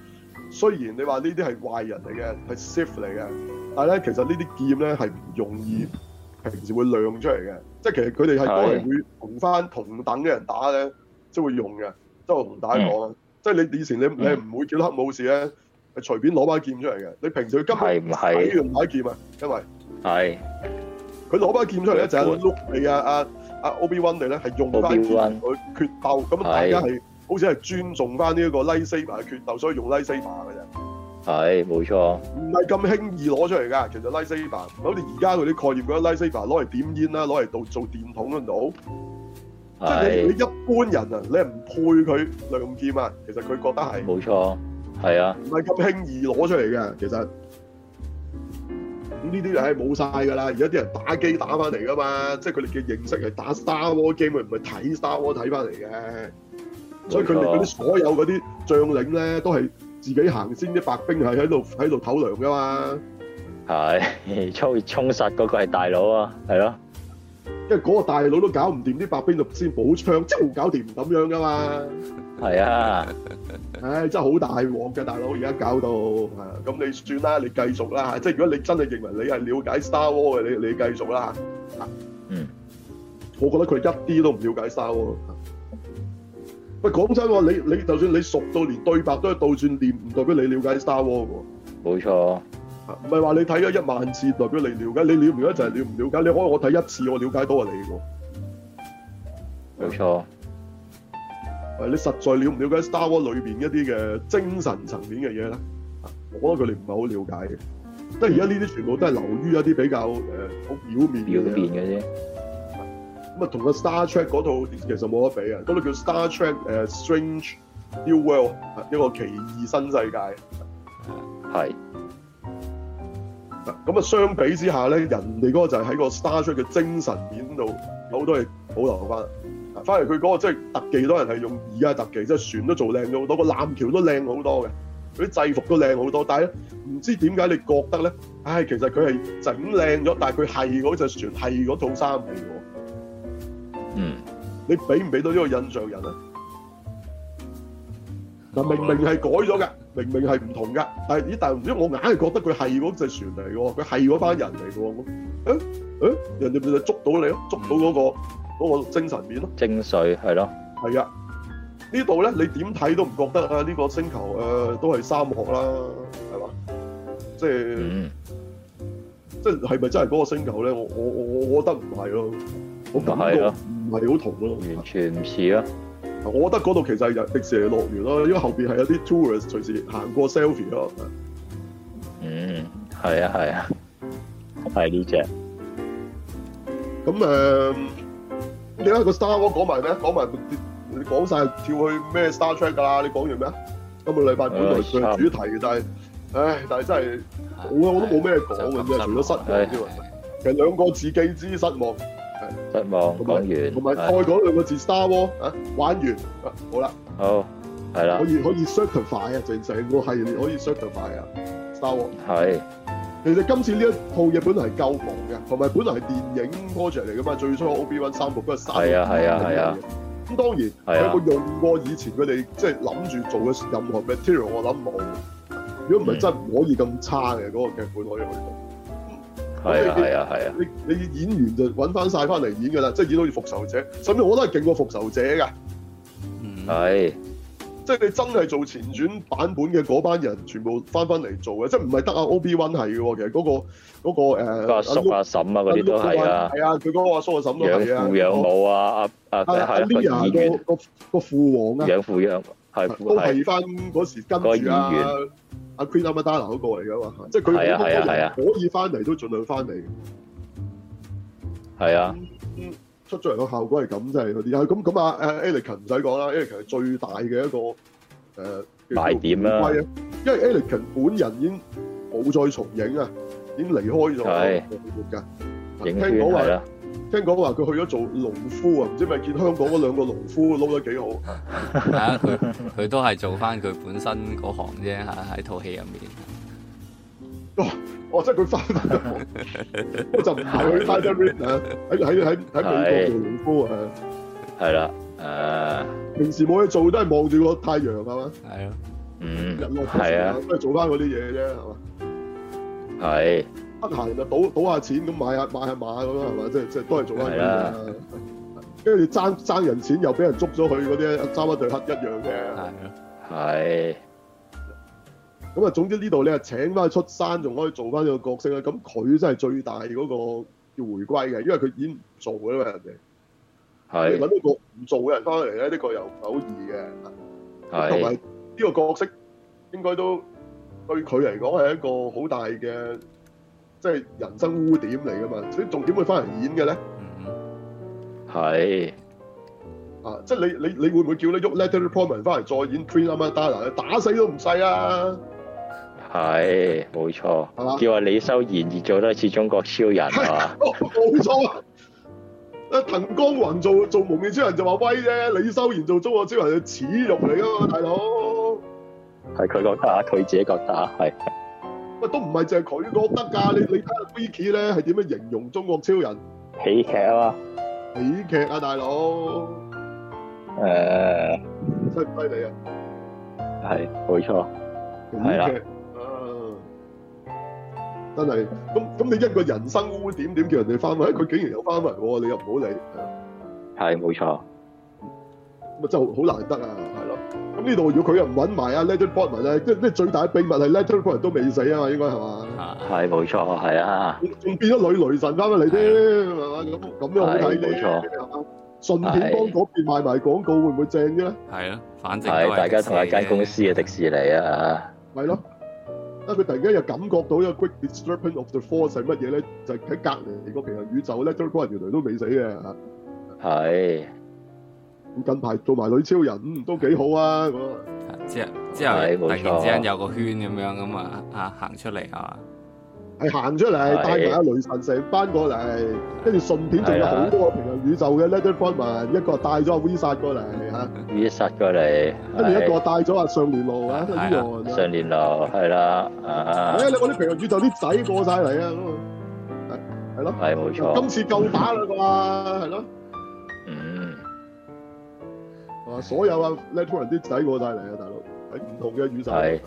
雖然你話呢啲係壞人嚟嘅，係 Sith 嚟嘅，但係咧，其實劍呢啲劍咧係唔容易。平時會亮出嚟嘅，即係其實佢哋係嗰啲人會同翻同等嘅人打咧，即係會用嘅，即係同大家講啊，嗯、即係你以前你你唔會叫黑武士咧，係隨便攞把劍出嚟嘅。你平時佢根本唔使用把劍啊，因為係佢攞把劍出嚟咧就係碌你啊啊啊 Obi-Wan 你咧係用翻佢決鬥，咁大家係好似係尊重翻呢一個 lightsaber 嘅決鬥，所以用 lightsaber 嘅啫。係，冇錯。唔係咁輕易攞出嚟噶，其實 lightsaber 唔係好似而家嗰啲概念嗰啲 lightsaber，攞嚟點煙啦，攞嚟做做電筒都好。即係你你一般人啊，你唔配佢亮劍啊，其實佢覺得係。冇錯，係啊。唔係咁輕易攞出嚟噶，其實呢啲就係冇晒噶啦，而家啲人打機打翻嚟噶嘛，即係佢哋嘅認識係打 Star War game，佢唔係睇 Star War 睇翻嚟嘅，所以佢哋嗰啲所有嗰啲將領咧都係。自己行先，啲白兵係喺度喺度偷糧噶嘛。係沖沖實嗰個係大佬啊，係咯。因為嗰個大佬都搞唔掂，啲白兵就先補槍，即係唔搞掂咁樣噶嘛。係啊，唉，真係好大鑊嘅大佬，而家搞到，咁你算啦，你繼續啦，即係如果你真係認為你係了解沙窩嘅，你你繼續啦。嗯，我覺得佢一啲都唔了解沙窩。喂，講真話，你你就算你熟到連對白都係倒轉念，唔代表你了解 Star Wars 喎。冇錯，唔係話你睇咗一萬次代表你了解，你了唔了解就係了唔了解？你可以我睇一次我了解到啊你，冇錯。誒、嗯，你實在了唔了解 Star Wars 裏邊一啲嘅精神層面嘅嘢咧？我覺得佢哋唔係好了解嘅，即係而家呢啲全部都係流於一啲比較誒好表面嘅嘢。咁啊，同個 Star Trek 嗰套其實冇得比啊。嗰度叫 Star Trek 誒、uh, Strange New World，一個奇異新世界。係咁啊，相比之下咧，人哋嗰個就係喺個 Star Trek 嘅精神面度有好多嘢保留翻。翻嚟佢嗰個即係、就是、特技，多人係用而家特技，即、就、係、是、船都做靚咗好多，個艦橋都靚好多嘅，嗰啲制服都靚好多。但係咧，唔知點解你覺得咧？唉、哎，其實佢係整靚咗，但係佢係嗰隻船係嗰套衫嚟㗎。嗯，你俾唔俾到呢個印象人啊？嗱，明明係改咗嘅，明明係唔同嘅，係呢但係唔知我硬係覺得佢係嗰隻船嚟嘅，佢係嗰班人嚟嘅，誒、欸、誒、欸，人哋咪就捉到你咯，捉唔到嗰、嗰個、嗯嗰個精神面咯，精髓係咯，係啊，呢度咧你點睇都唔覺得啊，呢個星球誒、呃、都係三角啦，係嘛，即、就、係、係，即係係咪真係嗰個星球咧？我我我我覺得唔係咯，好感。係唔係好同度，完全唔似啊！我覺得嗰度其實日迪士尼樂園咯，因為後邊係有啲 tourists 隨時行過 selfie 咯。嗯，係啊，係啊，係呢隻。咁誒、呃，你一個 star 講埋咩？講埋你講晒跳去咩 Star Trek 㗎啦？你講完咩啊？今個禮拜本來最主題嘅，但係，唉，但係真係我我都冇咩講嘅啫，除咗失望之外，其實兩個自己之失望。係，失望。同埋，同埋、啊，再講兩個字，Star Wars 啊！玩完，好啦。好，係啦、啊。可以可以 certify 啊，正正個系列可以 certify Star Wars，啊，Star Wars。係。其實今次呢一套嘢本來係夠忙嘅，同埋本來係電影 project 嚟㗎嘛，最初 Obi-Wan 三部都係三啊係啊係啊。咁、啊啊、當然，啊、有冇用過以前佢哋即係諗住做嘅任何 material？我諗冇。如果唔係真係唔可以咁差嘅嗰、嗯那個劇本可以去到。係啊係啊係啊！你你演員就揾翻晒翻嚟演噶啦，即係演到好似復仇者，甚至我都係勁過復仇者噶。係、啊，即係你真係做前傳版本嘅嗰班人，全部翻翻嚟做嘅，即係唔係得阿 Obi-Wan 係嘅。其實嗰、那個嗰、那個誒阿叔阿嬸啊嗰啲都係啊。係啊，佢嗰個阿叔阿嬸都係啊。養、啊啊啊啊啊啊、父養母啊，阿阿阿個、那個父王啊，養父養、啊。係都係翻嗰時候跟住啊，阿、啊、Queen Madonna 嗰個嚟嘅嘛，即係佢嗰個可以翻嚟都儘量翻嚟。係、就是、啊，出咗嚟個效果係咁，就係嗰啲。咁咁 Elican 唔使講啦 Elican 係最大嘅一個誒、呃、賣點啦、啊，因為 Elican 本人已經冇再重影啊，已經離開咗，冇聽講話佢去咗做農夫，是是農夫做 啊，唔知咪見香港嗰兩個農夫撈得幾好？係啊，佢佢都係做翻佢本身嗰行啫吓，喺套戲入面。哇、哦！我、哦、即係佢翻翻嗰行，我就唔係去翻喺喺喺美國做農夫啊！係啦，誒，平時冇嘢做都係望住個太陽係嘛，係咯，嗯，係啊，都係做翻嗰啲嘢啫，係嘛，係。得閒就賭賭下錢咁買下買下馬咁咯，係嘛？即係即係都係做翻嘢。係跟住爭爭人錢又俾人捉咗佢嗰啲，爭一對黑一樣嘅。係啊，係。咁啊，總之呢度你啊請翻佢出山，仲可以做翻呢個角色咧。咁佢真係最大嗰個要回歸嘅，因為佢已經唔做嘅嘛，人哋係揾到個唔做嘅人翻嚟咧，呢個又唔係好易嘅。係同埋呢個角色應該都對佢嚟講係一個好大嘅。即係人生污點嚟噶嘛，所以仲點會翻嚟演嘅咧？嗯，係。啊，即係你你你會唔會叫你喐？Letterman 翻嚟再演 Three Amateurs，打死都唔使啊！係，冇錯。叫阿李修賢而做多一次中國超人啊！冇錯啊！啊，滕光雲做做蒙面超人就話威啫，李修賢做中國超人就恥辱嚟咯，大佬。係佢覺得啊，佢自己覺得係。喂，都唔係淨係佢覺得㗎，你，你睇下 Vicky 咧，係點樣形容中國超人？喜劇啊，喜劇啊，大佬。誒、呃。犀唔犀利啊？係，冇錯。喜劇啊！真係，咁，咁你一個人生污點，點叫人哋翻去？佢竟然有翻嚟喎，你又唔好理。係，冇錯。咁啊，就好難得啊！呢度如果佢又唔揾埋阿 Letterman 咧，即係最大秘密係 Letterman 都未死啊嘛，應該係嘛？係冇錯，係啊。仲變咗女雷神咁嚟添，係嘛？咁咁都好睇啲。冇錯。順便幫嗰邊賣埋廣告，會唔會正啲咧？係咯，反正都係。係大家同一間公司啊，迪士尼啊。係咯，因為佢突然間又感覺到有 Quick Disturbance of the Force 係乜嘢咧？就喺隔離個平行宇宙，Letterman 原來都未死嘅。係。咁近排做埋女超人都幾好啊！即係即係突然之間有個圈咁樣咁啊， 啊，啊，啊行出嚟係嘛？係行出嚟帶埋阿雷神成班過嚟，跟住順便仲有好多個平行宇宙嘅 Lethal Weapon，一個帶咗 Visa 過嚟吓，Visa 過嚟，跟住一個帶咗阿上年路啊呢個、啊啊啊，上年羅係啦，誒你、啊啊啊啊啊、我啲平行宇宙啲仔過晒嚟啊，係係咯，係冇錯，今次夠打啦啩，係 咯、啊。所有啊 Latin 啲洗過晒嚟啊，大佬，喺唔同嘅語勢，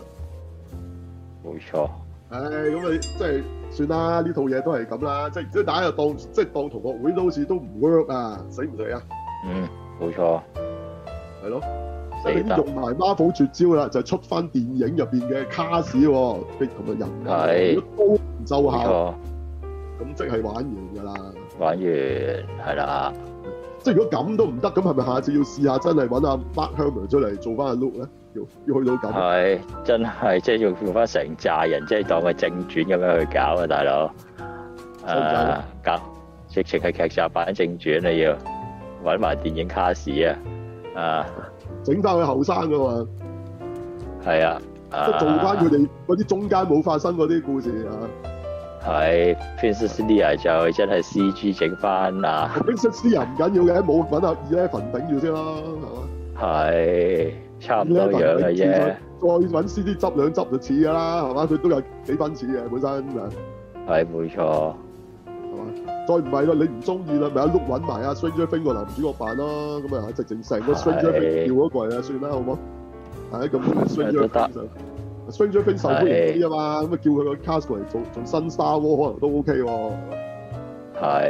冇錯。唉、哎，咁你即係算啦，呢套嘢都係咁啦，即係即係大家又當，即係當同學會好都好似都唔 work 啊，死唔死啊？嗯，冇錯，係咯。你用埋 Marvel 絕招啦，就是、出翻電影入邊嘅卡士喎，啲咁嘅人，係都唔奏效。咁即係玩完㗎啦，玩完係啦。即係如果咁都唔得，咁係咪下次要試下真係揾阿 b 香 a c k h 出嚟做翻阿碌 o 咧？要要去到咁係真係，即係用用翻成炸人，即係當佢正傳咁樣去搞啊，大佬啊，搞，直情係劇集版正傳啊。要揾埋電影卡士啊，啊，整翻佢後生噶嘛，係啊，啊，即係做翻佢哋嗰啲中間冇發生嗰啲故事啊。係 Princess Leia 就真係 CG 整翻啦。Princess Leia 唔緊要嘅，冇搵 Eleven 頂住先啦，係嘛。係差唔多樣嘅嘢。再搵 CG 執兩執就似噶啦，係嘛，佢都有幾分似嘅本身啊。係冇錯，係嘛。再唔係啦，你唔中意啦，咪一碌搵埋阿 Stranger Things 個男主角扮咯，咁啊直情成個 Stranger Things 調咗過嚟啦，算啦好冇？係咁，Stranger Things。Stranger Things 受歡迎啲啊嘛，咁咪叫佢個 cast 嚟做做新 star、War、可能都 OK 喎、啊。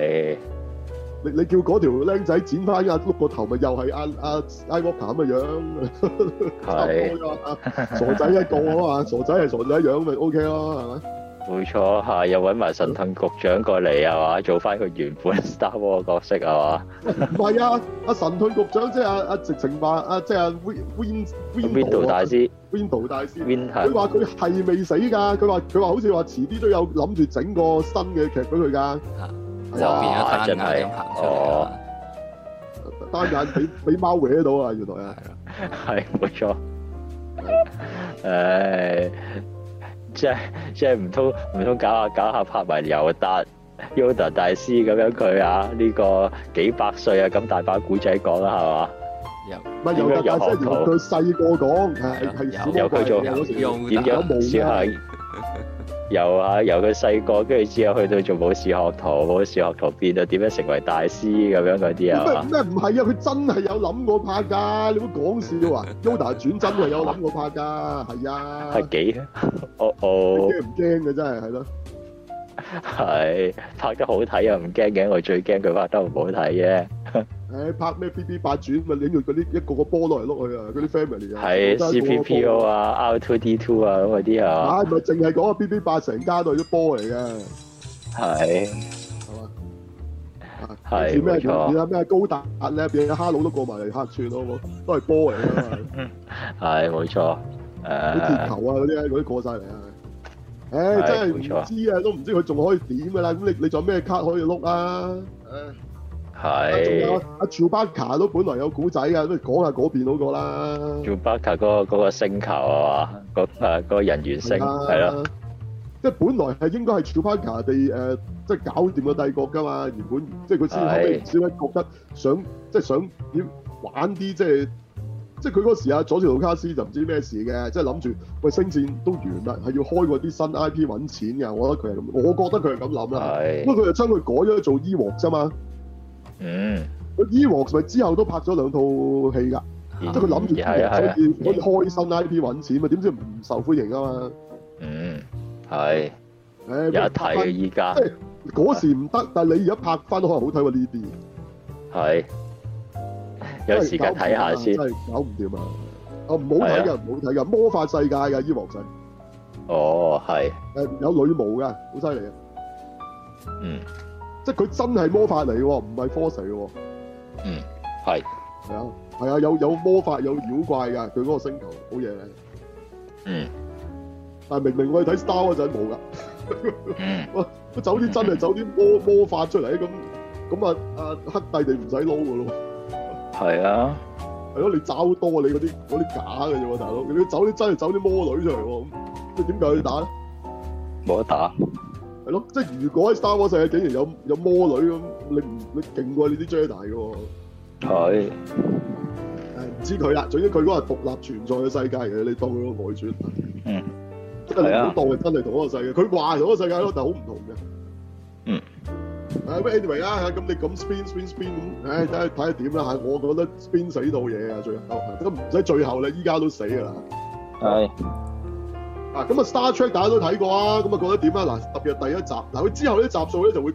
你你叫嗰條僆仔剪翻阿碌個頭咪又係阿阿 Ivanka 咁嘅樣，係。 傻仔一個啊嘛， 傻仔係傻仔樣咪 OK 咯、啊，係咪？冇錯，係、啊、又搵埋神盾局長過嚟，係嘛，做翻佢原本 Star Wars 角色，係嘛？唔係啊，阿、 啊、神盾局長即係阿阿直情話，阿即係阿 Win Win Windu 大師，Windu 大師，佢話佢係未死噶，佢話佢話好似話遲啲都有諗住整個新嘅劇俾佢噶，又變咗單眼咁行出嚟、就是啊，單眼俾俾貓搲到啊！原來係啊，係冇錯，誒。 即係即係唔通唔通搞下搞下拍埋尤達，尤達大師咁樣佢啊呢個幾百歲啊咁大把古仔講啦係嘛？有他，係有，達有，師同佢細個講，係提示佢我點有啊，由佢細個跟住之後去到做武士學徒，武士學徒變到點樣成為大師咁樣嗰啲啊？咩唔係啊？佢真係有諗過拍㗎、啊啊啊啊啊，你會講笑啊？Yoda 轉真係有諗過拍㗎，係啊，係幾？哦哦，驚唔驚㗎真係係咯。係拍得好睇又唔驚嘅，我最驚佢拍得唔好睇啫。誒 、欸，拍咩 B B 八轉咪領略嗰啲一個個波落嚟碌去啊，嗰啲 family 啊，係 C P P O 啊 R two D two 啊，咁嗰啲啊。咪淨係講個 B B 八成家都係啲波嚟噶。係係嘛？係冇錯。咩？啊啊、高達、獵人、哈魯都過埋嚟客串，好都係波嚟噶，係冇錯。誒， 啲鐵球啊，啲啲過晒嚟啊。誒、欸、真係唔知啊，都唔知佢仲可以點㗎啦！咁你你仲咩卡可以碌啊？係。仲有阿 Chewbacca 都本來有古仔㗎，不如講下嗰邊嗰個啦。Chewbacca 嗰個星球、嗰個嗰個、人星啊，嘛？嗰個人猿星係即係本來係應該係 Chewbacca 地即係搞掂個帝國㗎嘛？原本即係佢先後尾唔知覺得想即係想玩啲即係。就是即係佢嗰時啊，佐治盧卡斯就唔知咩事嘅，即係諗住喂，星戰都完啦，係要開過啲新 I P 搵錢噶，我覺得佢係，我覺得佢係咁諗啦。係，不過佢就將佢改咗去做伊王啫嘛。嗯。個伊皇係咪之後都拍咗兩套戲噶、嗯，即係佢諗住可以可以開新 I P 搵錢嘛，點知唔受歡迎啊嘛。嗯，係。誒、欸，有得睇嘅依家。即係嗰時唔得，但係你而家拍翻都可能好睇喎呢啲。係。有啲時睇下先，係搞唔掂啊！哦，唔好睇噶，唔好睇噶，魔法世界噶《醫王仔！哦，係。誒，有女巫嘅，好犀利啊！嗯，即係佢真係魔法嚟嘅，唔係 Force 嘅。嗯，係。係啊，係啊，有有魔法，有妖怪嘅，佢嗰個星球好嘢。嗯。但係明明我哋睇 Star 嗰陣冇噶，嗯，不 走啲真係走啲魔、嗯、魔法出嚟，咁咁啊，阿黑帝就唔使撈噶咯。係啊，係咯、啊，你找好多你，你嗰啲啲假嘅啫喎，大佬，你走啲真係走啲魔女出嚟喎，咁你點解去打咧？冇得打。係咯、啊，即係如果喺 Star Wars 世界竟然有有魔女咁，你你勁過你啲 Jedi 嘅。佢誒唔知佢啦，總之佢嗰個獨立存在嘅世界嘅，你當佢個外傳。嗯。啊、即係你唔好當佢真係同一個世界，佢掛係同一個世界咯，但係好唔同嘅。嗯。a n y、anyway, w a y 啊，咁你咁 spin spin spin 咁、哎，誒睇下睇下點啦吓，我覺得 spin 死到嘢啊，最都要咁唔使最後咧，依家都死啦。係。啊，咁啊 Star Trek 大家都睇過啊，咁啊覺得點啊？嗱，特別係第一集，嗱佢之後呢集數咧就會。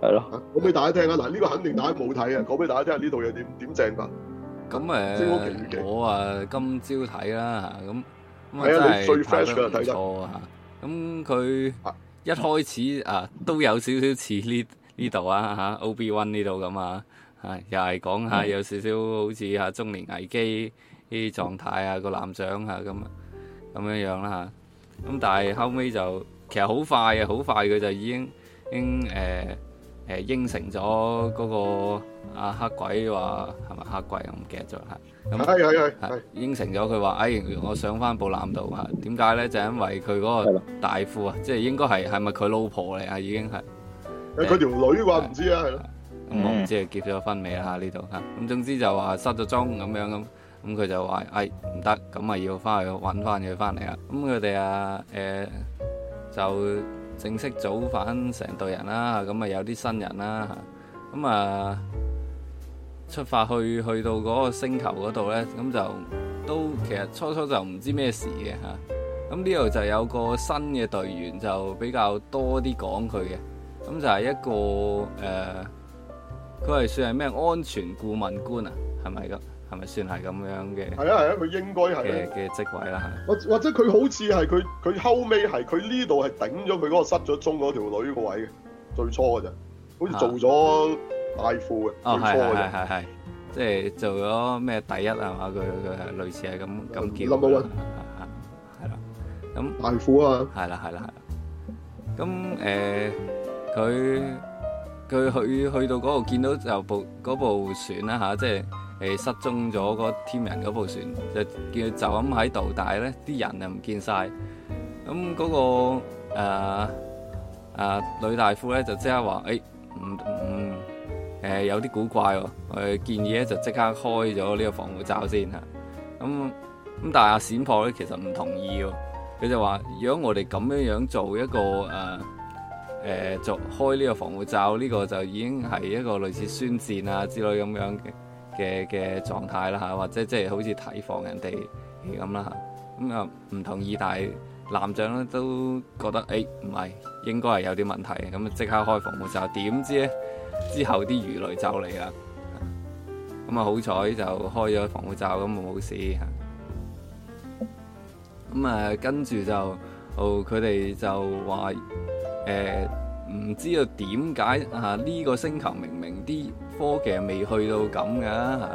係咯，講俾大家聽啊！嗱，呢個肯定大家冇睇啊，講俾大家聽呢度又點點正噶。咁、嗯、誒，我啊今朝睇啦，咁咁啊就係唔錯啊。咁佢、嗯嗯啊、一開始啊都有少少似呢呢度啊吓，Obi-Wan 呢度咁啊吓，又係講下有少少好似吓、啊、中年危機啲狀態啊，個男長吓咁咁樣樣啦吓。咁、啊嗯嗯、但係後尾就其實好快啊，好快佢就已經，已經誒。呃誒應承咗嗰個阿黑鬼，話係咪黑鬼我唔記得咗啦。咁應承咗佢話，是是哎，我上翻部蘭度啊。點解咧？就因為佢嗰個大夫啊，即係應該係係咪佢老婆嚟啊？已經係誒佢條女啩，唔知道啊。係咯。咁我唔知係結咗婚未啦？呢度嚇。咁、嗯嗯嗯、總之就話失咗蹤咁樣咁，咁佢就話，哎，唔得，咁咪要翻去揾翻佢翻嚟啊。咁佢哋啊誒就。正式組返成隊人啦，咁咪有啲新人啦，咁啊出發去去到嗰個星球嗰度呢，咁就都其實初初就唔知咩事嘅嚇，咁呢度就有個新嘅隊員就比較多啲講佢嘅，咁就係一個誒，佢、呃、係算係咩安全顧問官啊，係咪咁？係咪算係咁樣嘅？係啊係啊，佢應該係嘅嘅職位啦。或或者佢好似係佢佢後尾係佢呢度係頂咗佢嗰個失咗蹤嗰條女個位嘅，最初嘅啫。好似做咗大副嘅，啊嗯。哦，係係係係，即係做咗咩第一啊嘛？佢佢類似係咁咁叫。諗啊，運，係啦，咁大副啊！係啦係啦係啦，咁誒，佢佢去去到嗰度見到就部嗰部船啦吓，即係。誒失蹤咗嗰天人嗰部船，就見佢就咁喺度，但係咧啲人又唔見晒。咁嗰個誒誒呂大夫咧就即刻話：誒唔唔誒有啲古怪喎，我建議咧就即刻開咗呢個防護罩先啊。咁咁但係阿冼破咧其實唔同意喎，佢就話：如果我哋咁樣樣做一個誒誒，就開呢個防護罩呢個就已經係一個類似宣戰啊之類咁樣嘅。嘅嘅狀態啦嚇，或者即係好似提防人哋咁啦嚇，咁啊唔同意，但係艦長咧都覺得誒唔係應該係有啲問題，咁啊即刻開防護罩，點知咧之後啲魚雷就嚟啦，咁啊好彩就開咗防護罩，咁啊冇事嚇，咁啊跟住就佢哋、哦、就話誒唔知道點解啊呢個星球明明啲科技係未去到咁㗎，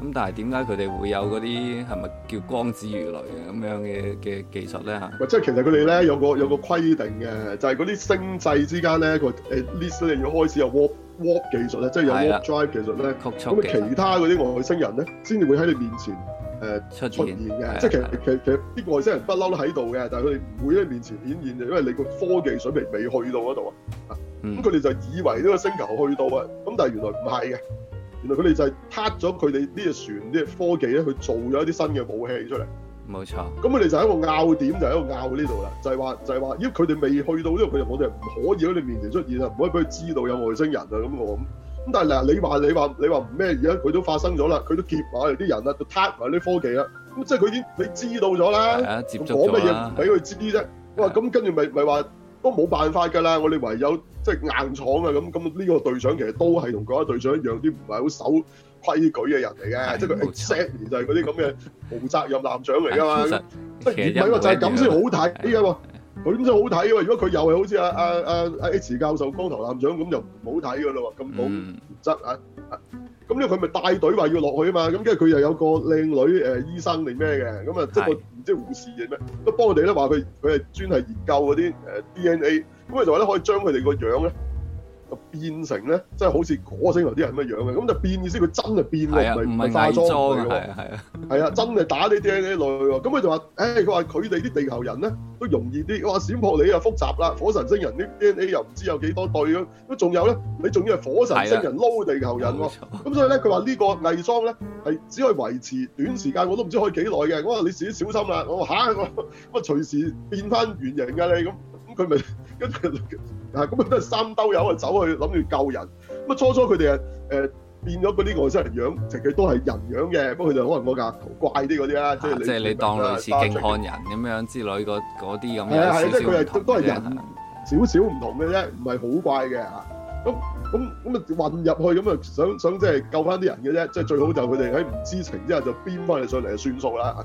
咁但係點解佢哋會有嗰啲係咪叫光子魚雷咁樣嘅嘅技術咧？即係其實佢哋咧有個有個規定嘅，就係嗰啲星際之間咧，至少要開始有 Warp Warp 技術咧，即係有 Warp drive 技術咧。咁其他嗰啲外星人咧，先至會喺你面前誒出現嘅。即係其實其實其實啲外星人不嬲都喺度嘅，但係佢哋唔會喺面前顯現嘅，因為你個科技水平未去到嗰度啊。咁佢哋就以為呢個星球去到啊，咁但係原來唔係嘅，原來佢哋就係撻咗佢哋呢隻船啲科技咧，去做咗一啲新嘅武器出嚟。冇錯。咁佢哋就喺個拗點，就喺個拗呢度啦，就係話就係話，咦？佢哋未去到，因為佢哋我哋唔可以喺你面前出現啊，唔可以俾佢知道有外星人啊咁喎咁。咁但係嗱，你話你話你話唔咩？而家佢都發生咗啦，佢都劫埋啲人啦，都撻埋啲科技啦。咁即係佢已經你知道咗啦，我講乜嘢唔俾佢知啲啫。我話咁跟住咪咪話。都冇辦法㗎啦！我哋唯有即係硬闖啊！咁咁呢個隊長其實都係同嗰個隊長一樣，啲唔係好守規矩嘅人嚟嘅，即係佢 exactly 就係嗰啲咁嘅無責任艦長嚟㗎嘛。其實唔係喎，就係咁先好睇啊嘛！佢咁先好睇喎，如果佢又係好似阿阿阿阿 H 教授光頭艦長咁，就唔好睇㗎啦喎！咁好。得啊，咁咧佢咪帶隊話要落去啊嘛。咁跟住佢又有個靚女誒，醫生嚟咩嘅？咁啊即係唔知護士嘅咩，都幫我哋咧話佢佢係專係研究嗰啲誒 DNA，咁佢就話咧可以將佢哋個樣咧。就變成咧，即、就、係、是、好似火星人啲人咁嘅樣嘅，咁就變意思佢真係變落嚟，唔係化妝嚟嘅喎。係啊，係啊，係 啊，真係打啲 DNA 落去喎。咁佢就話：誒、欸，佢話佢哋啲地球人咧都容易啲。我話閃破你又複雜啦！火神星人啲 DNA 又唔知道有幾多對咁，咁仲有咧，你仲要係火神星人撈地球人喎。咁、啊、所以咧，佢 話呢個偽裝咧係只可以維持短時間，我都唔知道可以幾耐嘅。我話你自己小心啦。我話嚇，咁啊，啊隨時變翻原形㗎你咁，咁佢咪。跟住啊，咁啊都係三兜友啊，走去諗住救人。咁啊，初初佢哋誒變咗嗰啲外星人樣，其實都係人樣嘅，不過佢哋可能個額頭怪啲嗰啲啦。即係即係你當類似勁漢人咁樣之類嗰啲咁。係啊，即係佢係都係人，少少唔同嘅啫，唔係好怪嘅嚇。咁咁咁啊混入去咁啊，想想即係救翻啲人嘅啫，即係最好就佢哋喺唔知情之下就編翻佢上嚟就算數啦。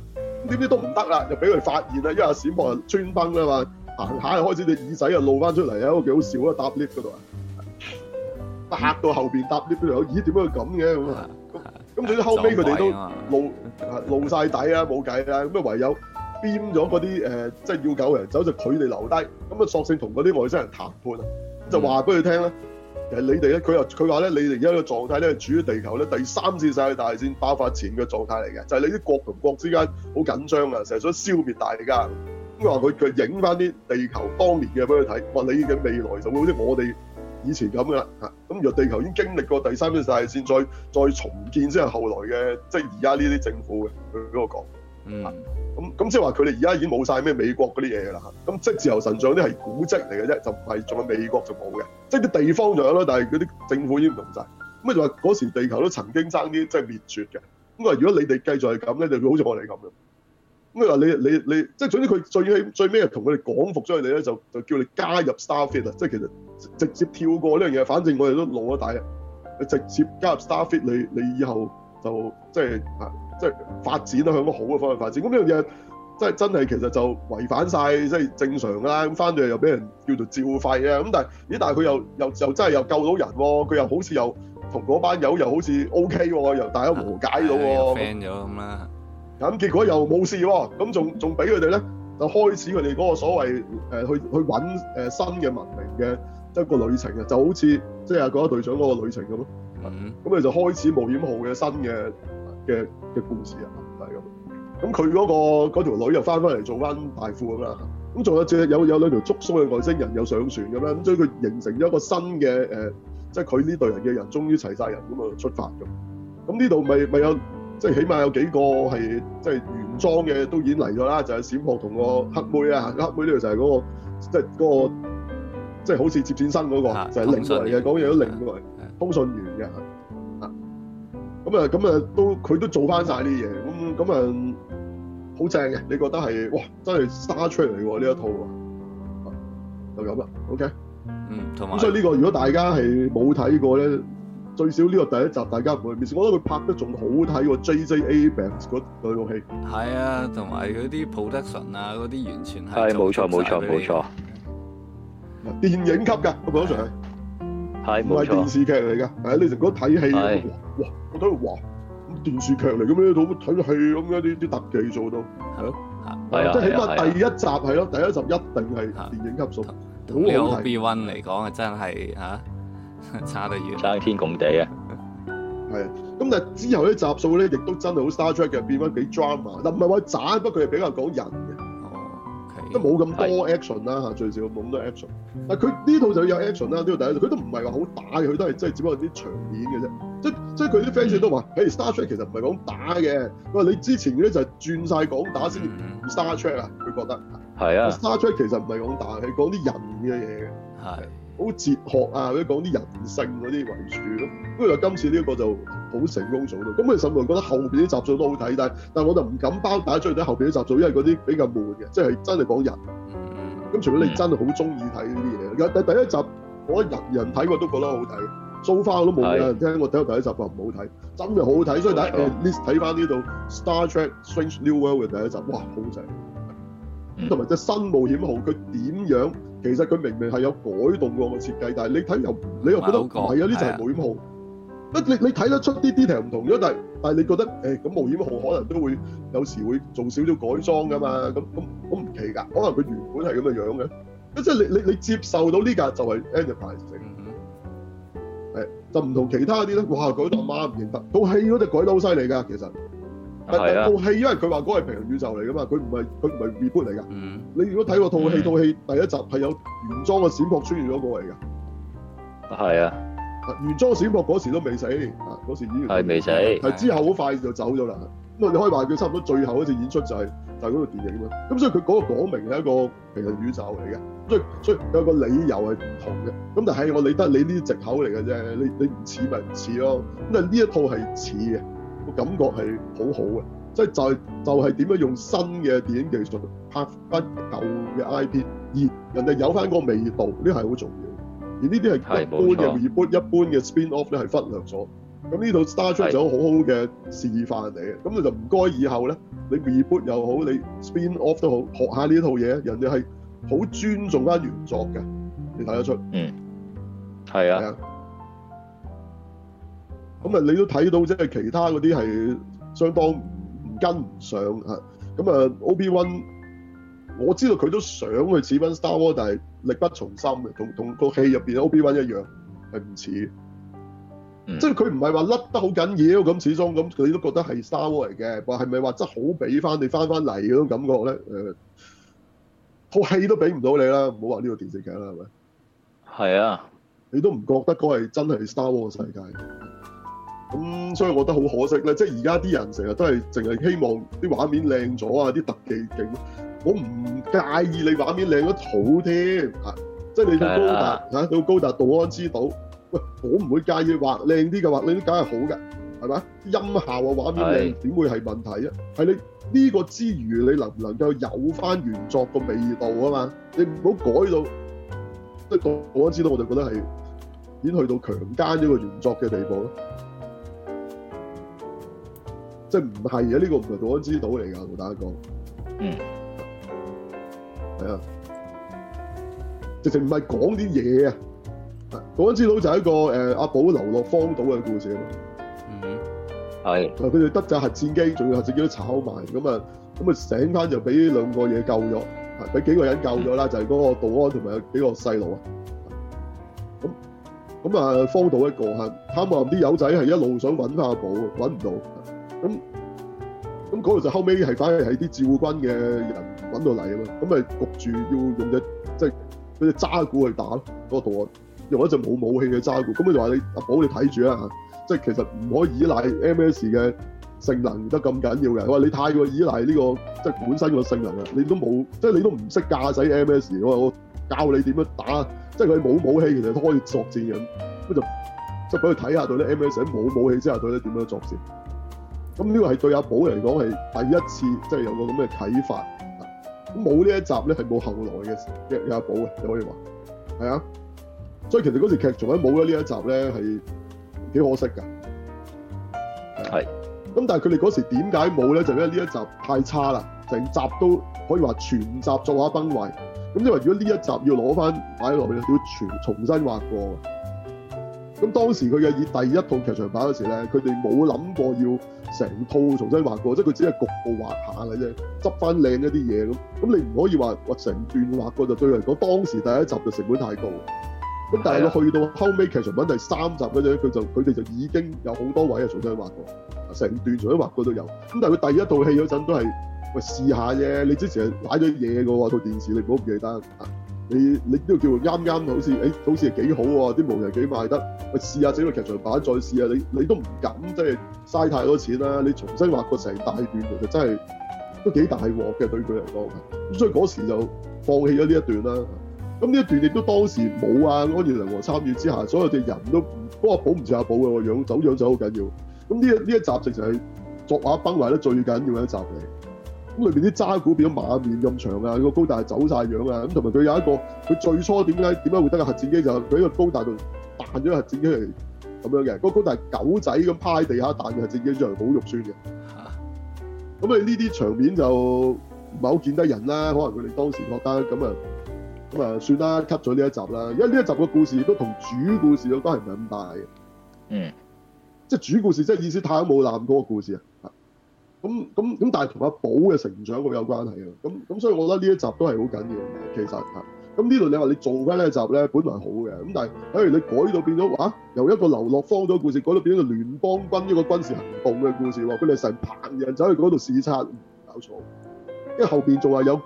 咁點知都唔得啦，就俾佢發現啦，因為閃播人穿崩啦嘛。行下就開始你耳仔就露翻出嚟啊！個幾好笑啊！搭 lift 度啊，嚇到後邊搭 lift 度，咦？點解會咁嘅咁啊？咁最屘後尾，佢哋都露、啊、露曬底啊，冇計啦！咁啊，啊唯有編咗嗰啲誒，即係要狗人走就佢哋留低，咁啊索性同嗰啲外星人談判啊，就話俾佢聽咧，係你哋咧，佢又佢話咧，你哋而家嘅狀態咧，係處於地球咧第三次世界大戰爆發前嘅狀態嚟嘅，就係、是、你啲國同國之間好緊張啊，成日想消滅大家。佢佢佢影翻啲地球當年嘅嘢俾佢睇，話你嘅未來就會好似我哋以前咁噶啦嚇。咁如果地球已經經歷過第三次大戰，再再重建，先係後來嘅，即係而家呢啲政府嘅。佢俾我講，嗯，咁、啊、咁即係話佢哋而家已經冇晒咩美國嗰啲嘢啦嚇。咁即係自由神像啲係古蹟嚟嘅啫，就唔係仲有美國就冇嘅。即係啲地方就有啦，但係嗰啲政府已經唔同晒。咁啊，就話嗰時地球都曾經爭啲即係滅絕嘅。咁佢如果你哋繼續係咁咧，就會好似我哋咁嘅。咁啊！你你你，即係總之佢最起最尾啊，同佢哋講服咗你咧，就就叫你加入 Star Fit 啊！即係其實直接跳過呢樣嘢，反正我哋都老咗大，你直接加入 Star Fit，你你以後就即係啊，即係發展都向一個好嘅方向發展。咁呢樣嘢真係真係其實就違反晒，即係正常啦。咁翻到嚟又俾人叫做照費啊！咁但係咦？但係佢又又又，又真係又救到人喎！佢又好似又同嗰班友又好似 OK 喎，又大家和解到咗咁啦。啊啊啊啊啊啊啊咁結果又冇事喎，咁仲仲俾佢哋咧就開始佢哋嗰個所謂誒去去揾誒新嘅文明嘅一個旅程啊，就好似即係《怪獸隊長》嗰個旅程咁咯。嗯。咁佢就開始冒險號嘅新嘅嘅嘅故事啊，係咁。咁佢嗰個條女又翻返嚟做翻大副咁啊，咁仲有隻有有兩條竹鬚嘅外星人又上船咁啦，咁所以佢形成咗一個新嘅誒，即係佢呢隊人嘅人終於齊晒人咁啊出發咁。咁呢度咪咪有？即係起碼有幾個係即係原裝嘅都已經嚟咗啦，就係小學同個黑妹啊、嗯，黑妹呢度就係嗰、那個即係嗰個即係、就是那個就是、好似接線生嗰、那個，就係領嚟嘅講嘢都領嚟，通訊員嘅嚇。咁啊咁啊都佢、嗯嗯嗯嗯、都，都做翻晒啲嘢，咁咁啊好正嘅，你覺得係哇真係 Star 出嚟喎呢一套就咁啦，OK。嗯，同埋。咁所以呢個如果大家係冇睇過咧。最少呢個第一集大家唔會面試，我覺得佢拍得仲好睇過。JJ Abrams 嗰套戲，係啊，同埋嗰啲普德純啊，嗰啲完全係，係冇錯冇錯冇錯，電影級㗎，嗰部戲係冇錯，電視劇嚟㗎，你成日睇戲，哇，我睇到哇，咁電視劇嚟咁咩？睇乜睇戲咁樣啲啲特技做到係咯，係啊，即係、啊啊、起碼第一集係咯、啊啊，第一集、啊、一定係電影級數。你好 Obi-Wan 嚟講啊，真係嚇。啊 差得遠，差天共地啊 ！係啊，咁但係之後啲集數咧，亦都真係好 Star Trek 嘅，變翻幾 drama 嗱唔係話渣，不過佢係比較講人嘅，哦，即係冇咁多 action 啦嚇，最少冇咁多 action 但。但佢呢套就有 action 啦，呢度第一套，佢都唔係話好打，佢都係即係只不過啲場面嘅啫。即即係佢啲 fans 都話，誒、嗯欸、Star Trek 其實唔係講打嘅，佢話你之前咧就係轉晒講打先叫 Star Trek 啊、嗯？佢覺得係啊，Star Trek 其實唔係講打，係講啲人嘅嘢嘅，係。好哲學啊！或者講啲人性嗰啲為主咯。不過就今次呢一個就好成功咗到。咁佢甚至覺得後面啲集數都好睇，但但我就唔敢包打出去睇後邊啲集數，因為嗰啲比較悶嘅，即係真係講人。咁除非你真係好中意睇呢啲嘢。第第一集我人人睇過都覺得好睇，so far 我都冇人聽我睇到第一集話唔好睇，真係好睇。所以睇 at least 睇翻呢度 Star Trek Strange New World 嘅第一集，哇好正！同埋即係新冒險號佢點樣？其實佢明明係有改動過個設計，但係你睇又你又覺得唔係啊！呢就係冒險號。乜你你睇得出啲 detail 唔同咗？但係但係你覺得誒咁冒險號可能都會有時會做少少改裝噶嘛？咁咁好唔奇㗎？可能佢原本係咁嘅樣嘅。乜即係你你你接受到呢架就係 Enterprise。誒就唔同其他嗰啲咧。哇！改到阿媽唔認得，套戲嗰隻改得好犀利㗎，其實。但係套戲，因為佢話嗰個係平行宇宙嚟噶嘛，佢唔係佢唔係 reboot 嚟噶。你如果睇過套戲，套、嗯、戲第一集係有原裝嘅閃殼穿越咗過嚟嘅。係、嗯、啊，原裝閃殼嗰時都未死，嗰時演員係未死，係之後好快就走咗啦。咁啊，你可以話佢差唔多最後一次演出就係、是、就係嗰套電影嘛。咁所以佢嗰個講明係一個平行宇宙嚟嘅，所以所以有個理由係唔同嘅。咁但係我理得你呢啲藉口嚟嘅啫，你你唔似咪唔似咯。咁但係呢一套係似嘅。感覺係好好嘅，即係就係、是、就係、是、點樣用新嘅電影技術拍翻舊嘅 IP，而人哋有翻嗰個味道，呢係好重要嘅。而呢啲係一般嘅 reboot、一般嘅 spin-off 咧係忽略咗。咁呢套 Star Trek 就好好嘅示範嚟嘅，咁你就唔該以後咧，你 reboot 又好，你 spin-off 都好，學下呢套嘢，人哋係好尊重翻原作嘅，你睇得出。嗯，係啊。係啊。咁、嗯嗯、啊，你都睇到即係其他嗰啲係相當唔跟唔上咁啊，Obi-Wan，我知道佢都想去似翻 Star Wars，但係力不從心嘅，同同個戲入邊 Obi-Wan 一樣係唔似即係佢唔係話甩得好緊要咁，始終咁佢都覺得係 Star Wars 嚟嘅。話係咪話質好比翻你翻翻嚟嗰種感覺咧？誒，套戲都比唔到你啦，唔好話呢個電視劇啦，係咪？係啊，你都唔覺得嗰係真係 Star Wars 嘅世界？咁、嗯、所以我覺得好可惜咧，即係而家啲人成日都係淨係希望啲畫面靚咗啊，啲特技勁。我唔介意你畫面靚得好添，嚇！即係你到高達嚇、啊，到高達杜安之島，喂，我唔會介意畫靚啲嘅話，你都梗係好㗎，係嘛？音效啊，畫面靚點會係問題啊？係你呢個之餘，你能唔能夠有翻原作個味道啊嘛？你唔好改到即係杜安之島，我就覺得係已經去到強姦呢個原作嘅地步咯。即係唔係嘅，呢、這個唔係、嗯啊《杜安之島》嚟、啊、㗎，同大家講。嗯。係啊。直情唔係講啲嘢啊，《杜安之島》就係一個誒阿寶流落荒島嘅故事啊嘛。嗯。係。佢哋得隻核戰機，仲要核戰機都炒埋，咁啊，咁啊醒翻就俾兩個嘢救咗，俾幾個人救咗啦、嗯，就係、是、嗰個杜安同埋幾個細路、嗯、啊。咁咁啊，荒島一個嚇，慘啊！啲友仔係一路想揾翻阿寶，揾唔到。咁咁嗰度就後尾係反而係啲啲自護軍嘅人揾到嚟啊嘛，咁咪焗住要用隻即係佢隻渣古去打咯。嗰度同用一隻冇武，武器嘅渣古，咁佢就話你阿寶，你睇住啦，即係其實唔可以依賴 M.S. 嘅性能得咁緊要嘅。佢話你太過依賴呢個即係本身個性能啦，你都冇即係你都唔識駕駛 M.S. 我話我教你點樣打，即係佢冇武器其實都可以作戰嘅。咁就執俾佢睇下對啲 M.S. 喺冇武，武器之下對啲點樣作戰，咁呢個係對阿寶嚟講係第一次，即係有個咁嘅啟發。咁冇呢一集咧，係冇後來嘅，有阿寶嘅，你可以話係啊。所以其實嗰時劇仲係冇咗呢一集咧，係幾可惜㗎。係。咁但係佢哋嗰時點解冇咧？就因為呢一集太差啦，成集都可以話全集作畫崩壞。咁因為如果呢一集要攞翻擺落去，要全重新畫過。咁當時佢嘅以第一套劇場版嗰時咧，佢哋冇諗過要。成套重新畫過，即係佢只係局部畫下嘅啫，執翻靚一啲嘢咁。咁你唔可以話喂，成段畫過，就對佢嚟講當時第一集就成本太高。咁但係佢去到後尾劇場版第三集嗰陣，佢就佢哋就已經有好多位係重新畫過，成段重新畫過都有。咁但係佢第一套戲嗰陣都係喂，試下啫，你之前擺咗嘢嘅喎套電視，你唔好唔記得。你你都叫啱啱，好似誒、哎，好似係幾好喎，啲模型幾賣得，咪試下整個劇場版再試下。你你都唔敢，即係嘥太多錢啦。你重新畫過成大段，其實真係都幾大鑊嘅對佢嚟講。咁所以嗰時就放棄咗呢一段啦。咁呢一段亦都當時冇啊，安彥良和參與之下，所有隻人都不，嗰個保唔住阿寶嘅個樣，走樣就好緊要。咁呢呢一集其實係作畫崩壞得最緊要嘅一集嚟。咁裏邊啲渣古變咗馬面咁長啊！個高達係走晒樣啊！咁同埋佢有一個，佢最初點解點解會得核戰個核戰機？就佢喺個高達度彈咗核戰機嚟咁樣嘅。個高達狗仔咁趴地下彈個核戰機出嚟，好肉酸嘅。嚇！咁啊，呢啲場面就唔係好見得人啦。可能佢哋當時覺得咁啊，咁啊算啦，cut 咗呢一集啦。因為呢一集嘅故事都同主故事嗰個關係唔係咁大嘅。嗯。即係主故事，即係意思太冇諗嗰個故事啊。咁咁咁，但係同阿寶嘅成長會有關係啊。咁咁，所以我覺得呢一集都係好緊要嘅。其實嚇，咁呢度你話你做翻呢一集咧，本嚟好嘅。咁但係，等如你改到變咗，話、啊、由一個流落荒島故事改到變咗個聯邦軍一個軍事行動嘅故事喎，佢哋成棚人走去嗰度視察，嗯、搞錯。因為後面仲話有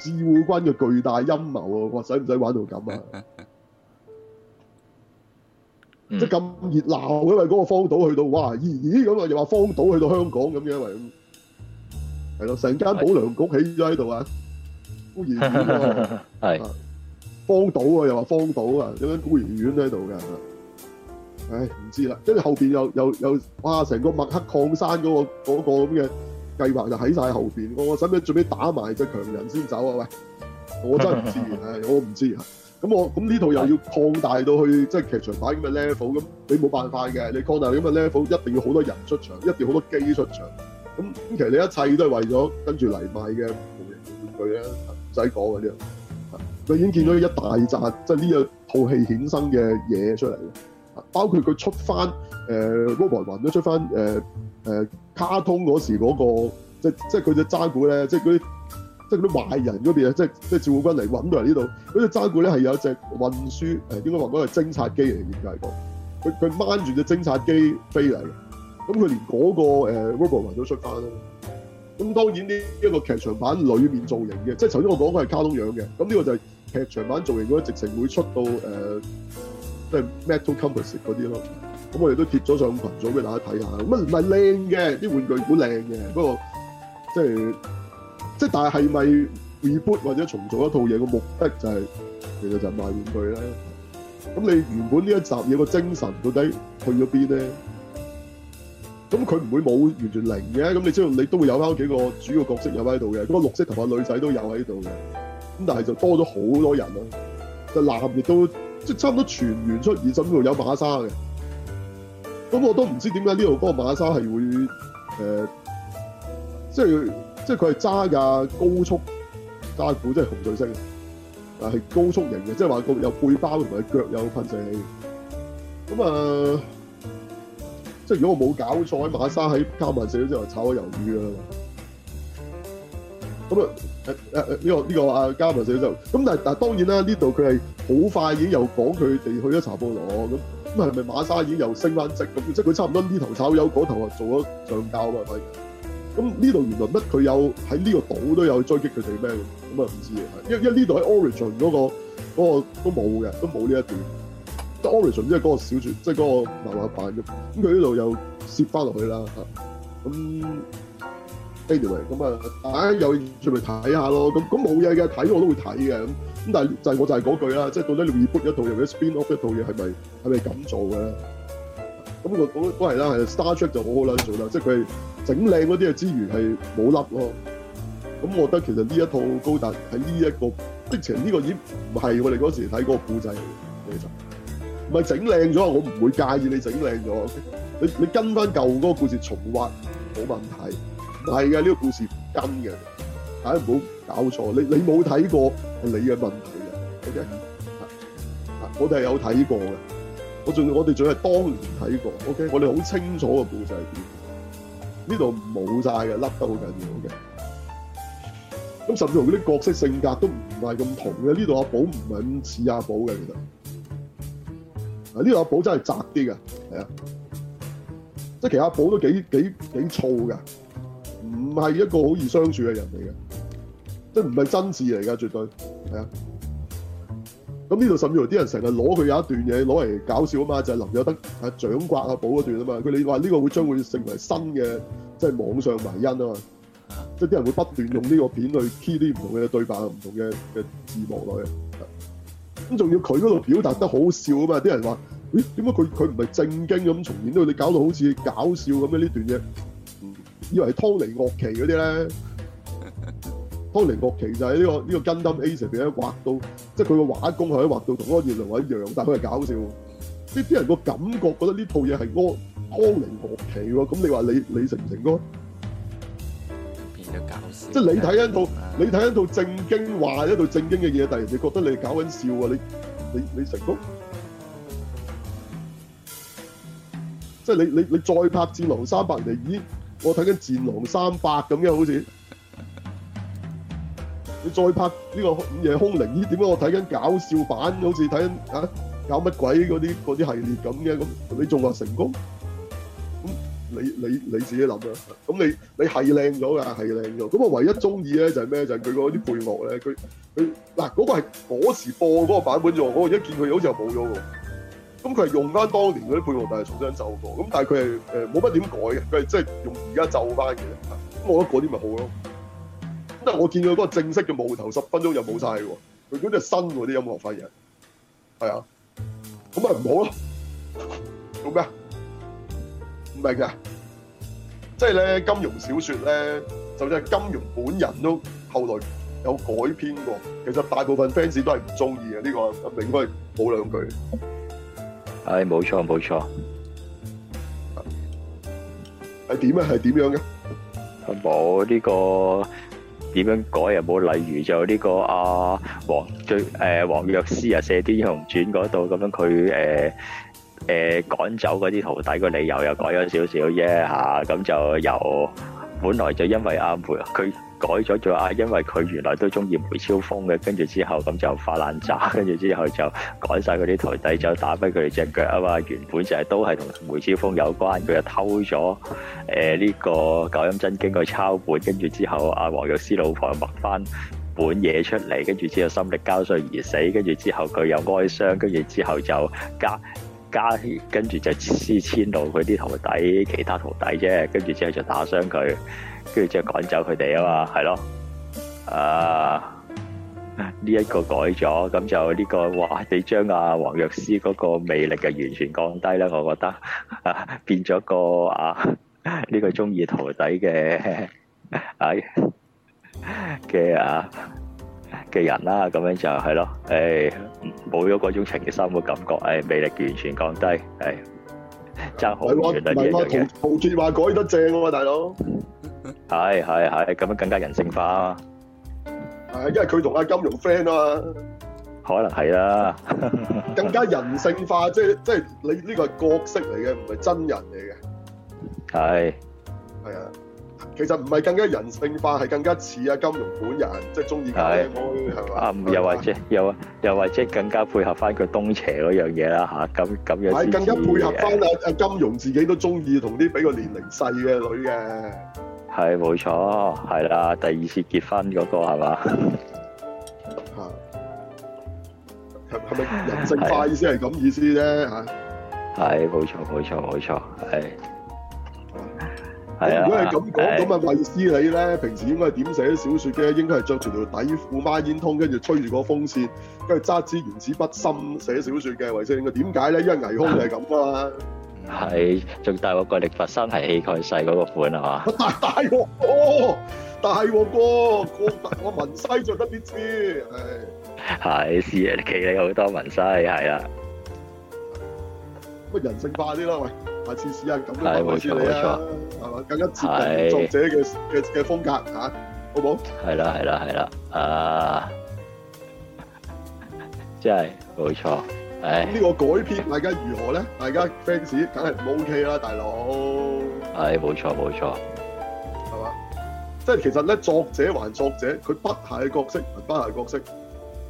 自護軍嘅巨大陰謀啊。話使唔使玩到咁啊？ 即咁熱鬧，因為嗰個荒島去到，哇，咦咦咁啊，又話荒島去到香港咁嘅，咁。係咯，成間保良局起咗喺度啊，孤兒院 啊，係，荒島啊，又話荒島啊，有間孤兒院喺度噶，唉、哎，唔知啦，跟住後邊又又又，哇，成個麥克礦山嗰、嗰個、嗰個咁嘅計劃就喺晒後邊，我我使唔使最屘打埋隻強人先走啊？喂，我真係唔知，唉，我唔知啊，咁 我咁呢度又要擴大到去即係劇場版咁嘅 level，咁你冇辦法嘅，你擴大咁嘅 level，一定要好多人出場，一定要好多機出場。咁其實你一切都係為咗跟住嚟賣嘅模型玩具咧，唔使講嗰啲啊。佢已經見到一大扎，即係呢個套戲衍生嘅嘢出嚟嘅。包括佢出翻誒《烏雲雲》都出翻誒、呃呃、卡通嗰時嗰個，即係即係佢隻揸鼓咧，即係嗰啲即係嗰啲壞人嗰邊啊、就是，即係即係自護軍嚟揾到嚟呢度。嗰隻揸鼓咧係有一隻運輸誒，應該話講係偵察機嚟嘅，點解講？佢佢掹住隻偵察機飛嚟嘅。咁佢連嗰、那個誒 Robo-Man 都出翻啦。咁當然呢一個劇場版裏面造型嘅，即係頭先我講佢係卡通樣嘅。咁呢個就係劇場版造型嗰啲直情會出到誒、呃，即係 Metal Compass 嗰啲咯。咁我哋都貼咗上群組俾大家睇下。咁啊唔係靚嘅，啲玩具本靚嘅。不過即係即係，但係係咪 Reboot 或者重做一套嘢嘅目的就係、係、其實就係賣玩具咧？咁你原本呢一集嘢個精神到底去咗邊咧？咁佢唔會冇完全零嘅，咁你知，係你都會有翻幾個主要角色有喺度嘅，咁、嗰個綠色同埋女仔都有喺度嘅，咁但係就多咗好多人咯，就男亦都即係差唔多全員出現，甚至乎有馬沙嘅，咁我都唔知點解呢度嗰個馬沙係會誒，即係即係佢係揸架高速渣古，即係紅彗星，但係高速型嘅，即係話個有背包同埋腳有噴射器，咁啊、呃。如果我冇搞錯，喺馬沙喺加文社之後炒咗魷魚了、嗯、啊！咁啊誒誒呢個呢、啊、個啊加文史都就咁，但係但當然啦，呢度佢係好快已經又講佢哋去咗查布羅咁，咁係咪馬沙已經又升翻職咁？即係佢差唔多呢頭炒魷嗰頭啊做咗上校㗎啦，咁呢度原來乜佢有喺呢個島都有追擊佢哋咩？咁啊唔知啊，因為因為呢度喺 Origin 嗰、嗰個嗰、嗰個都冇嘅，都冇呢一段。Orange 即係嗰個小說，即係嗰個漫畫版咁。咁佢呢度又攝翻落去啦，嚇咁。Anyway，咁啊，大家有興趣咪睇下咯。咁咁冇嘢嘅睇我都會睇嘅。咁咁但係就係、是、我就係嗰句啦，即、就、係、是、到底你 rebook 一套，又或者 spin off 一套嘢係咪係咪咁做嘅？咁我都都係啦，係 Star Trek 就很好、就是、好啦，做啦，即係佢整靚嗰啲嘅資源係冇粒咯。咁我覺得其實呢一套高達喺呢一個激情呢個已經唔係我哋嗰時睇嗰個故仔其實。唔係整靚咗我唔會介意你整靚咗。你你跟翻舊嗰個故事重挖冇問題，唔係嘅呢個故事唔跟嘅，大家唔好搞錯。你你冇睇過係你嘅問題嘅，O K。我哋係有睇過嘅，我仲我哋仲係當年睇過。O K，我哋好清楚個故事係點。呢度冇晒嘅，凹得好緊要嘅。咁甚至乎嗰啲角色性格都唔係咁同嘅。呢度阿寶唔係咁似阿寶嘅，其實。啊！呢個阿寶真係宅啲㗎，係啊，即係其實阿寶都幾幾幾燥㗎，唔係一個好易相處嘅人嚟嘅，即係唔係真摯嚟㗎，絕對係啊。咁呢度甚至乎啲人成日攞佢有一段嘢攞嚟搞笑啊嘛，就係、是、林有德啊掌摑阿寶嗰段啊嘛，佢哋話呢個會將會成為新嘅即係網上迷因啊嘛，即係啲人會不斷用呢個片去 key 啲唔同嘅對白唔同嘅嘅字幕落去。咁仲要佢嗰度表達得好笑啊嘛！啲人話：咦，點解佢佢唔係正經咁重現到，你搞到好似搞笑咁嘅呢段嘢、嗯，以為係湯尼樂奇嗰啲咧。湯尼樂奇就喺呢個呢個《Gundam Ace》上邊咧畫到，即係佢個畫功係喺畫到同柯賢龍一樣，但係佢係搞笑。呢啲人個感覺覺得呢套嘢係柯湯尼樂奇喎。咁你話你你承唔承擔？即係你睇一套，嗯、你睇一套正經話一套正經嘅嘢，突然人哋覺得你搞緊笑啊！你你你成功？即係你你你再拍《戰狼三》百零，咦？我睇緊《戰狼三》百咁樣好似，你再拍呢個《午夜凶鈴》，咦？點解我睇緊搞笑版？好似睇緊搞乜鬼嗰啲啲系列咁嘅咁，你仲話成功？你你你自己諗啦，咁你你係靚咗㗎，係靚咗。咁我唯一中意咧就係咩？就係佢嗰啲配樂咧，佢佢嗱嗰個係嗰時播嗰個版本仲好，我而家見佢好似又冇咗喎。咁佢係用翻當年嗰啲配樂，但係重新奏過。咁但係佢係誒冇乜點改嘅，佢係即係用而家奏翻嘅。咁我覺得嗰啲咪好咯。但係我見到嗰個正式嘅冒頭十分鐘又冇晒喎，佢嗰啲係新喎，啲音樂翻嚟，係啊，咁咪唔好咯。做咩啊？明噶，即係咧，金庸小說咧，就至係金庸本人都後來有改編過。其實大部分 fans 都係唔中意嘅呢個，唔應該補兩句。係冇錯冇錯，係點啊？係點樣嘅？冇呢個點樣改啊？冇例如就呢個阿黃最誒黃藥師啊，啲《英、呃、雄傳》嗰度咁樣，佢誒。呃誒、呃，趕走嗰啲徒弟個理由又改咗少少啫，咁就由本來就因為阿、啊、梅，佢改咗做話，啊，因為佢原來都中意梅超風嘅，跟住之後咁就發爛渣，跟住之後就趕晒嗰啲徒弟就打跛佢哋隻腳啊嘛，原本就係都係同梅超風有關，佢又偷咗誒呢個《九陰真經》嘅抄本，跟住之後阿、啊、黃藥師老婆又掹翻本嘢出嚟，跟住之後心力交瘁而死，跟住之後佢又哀傷，跟住之後就加。加跟住就施千到佢啲徒弟，其他徒弟啫，跟住之後就打傷佢，跟住之後趕走佢哋啊嘛，係咯，啊呢一、這個改咗，咁就呢、這個哇，你將阿、啊、黃藥師嗰個魅力就完全降低啦，我覺得啊變咗個啊呢、這個中意徒弟嘅阿嘅啊。嘅人啦、啊，咁樣就係咯，誒，冇咗嗰種情嘅生活感覺，誒、哎，魅力完全降低，係爭好少啦呢樣嘢。唔係話改得正啊嘛，大佬。係係係，咁樣更加人性化。係，因為佢同阿金融 friend 啊嘛，可能係啦。更加人性化，即係即係你呢、這個係角色嚟嘅，唔係真人嚟嘅。係。係啊。其實唔係更加人性化，係更加似阿金融本人，即係中意佢。係嘛？啊，又或者又啊，又或者更加配合翻佢東邪嗰樣嘢啦，吓，咁咁樣。係更加配合翻阿阿金融自己都中意同啲比個年齡細嘅女嘅。係冇錯，係啦，第二次結婚嗰個係嘛？係，係咪人性化意思係咁意思啫？係，係冇錯冇錯冇錯，係。如果係咁講，咁啊衛斯理你咧？平時應該係點寫小説嘅？應該係着住條底褲孖煙通，跟住吹住個風扇，跟住揸支原子筆心寫小説嘅，衛斯理！點解咧？因為倪匡就係咁啊。嘛。係，仲大我個力拔山，係氣蓋世嗰個款係嘛？大大鑊，大鑊大我文西做得啲知。係， 係啊，企你好多文西，係啦、啊。乜人性化啲啦？喂，下次試下咁嘅方式冇錯，冇錯。係嘛，更加接近作者嘅嘅嘅風格嚇，好唔好？係啦，係啦，係啦，啊，即係冇錯，誒，呢個改編大家如何咧？大家 fans 梗係唔 OK 啦，大佬。係冇錯，冇錯，係嘛？即係其實咧，作者還作者，佢不係角色唔不係角色，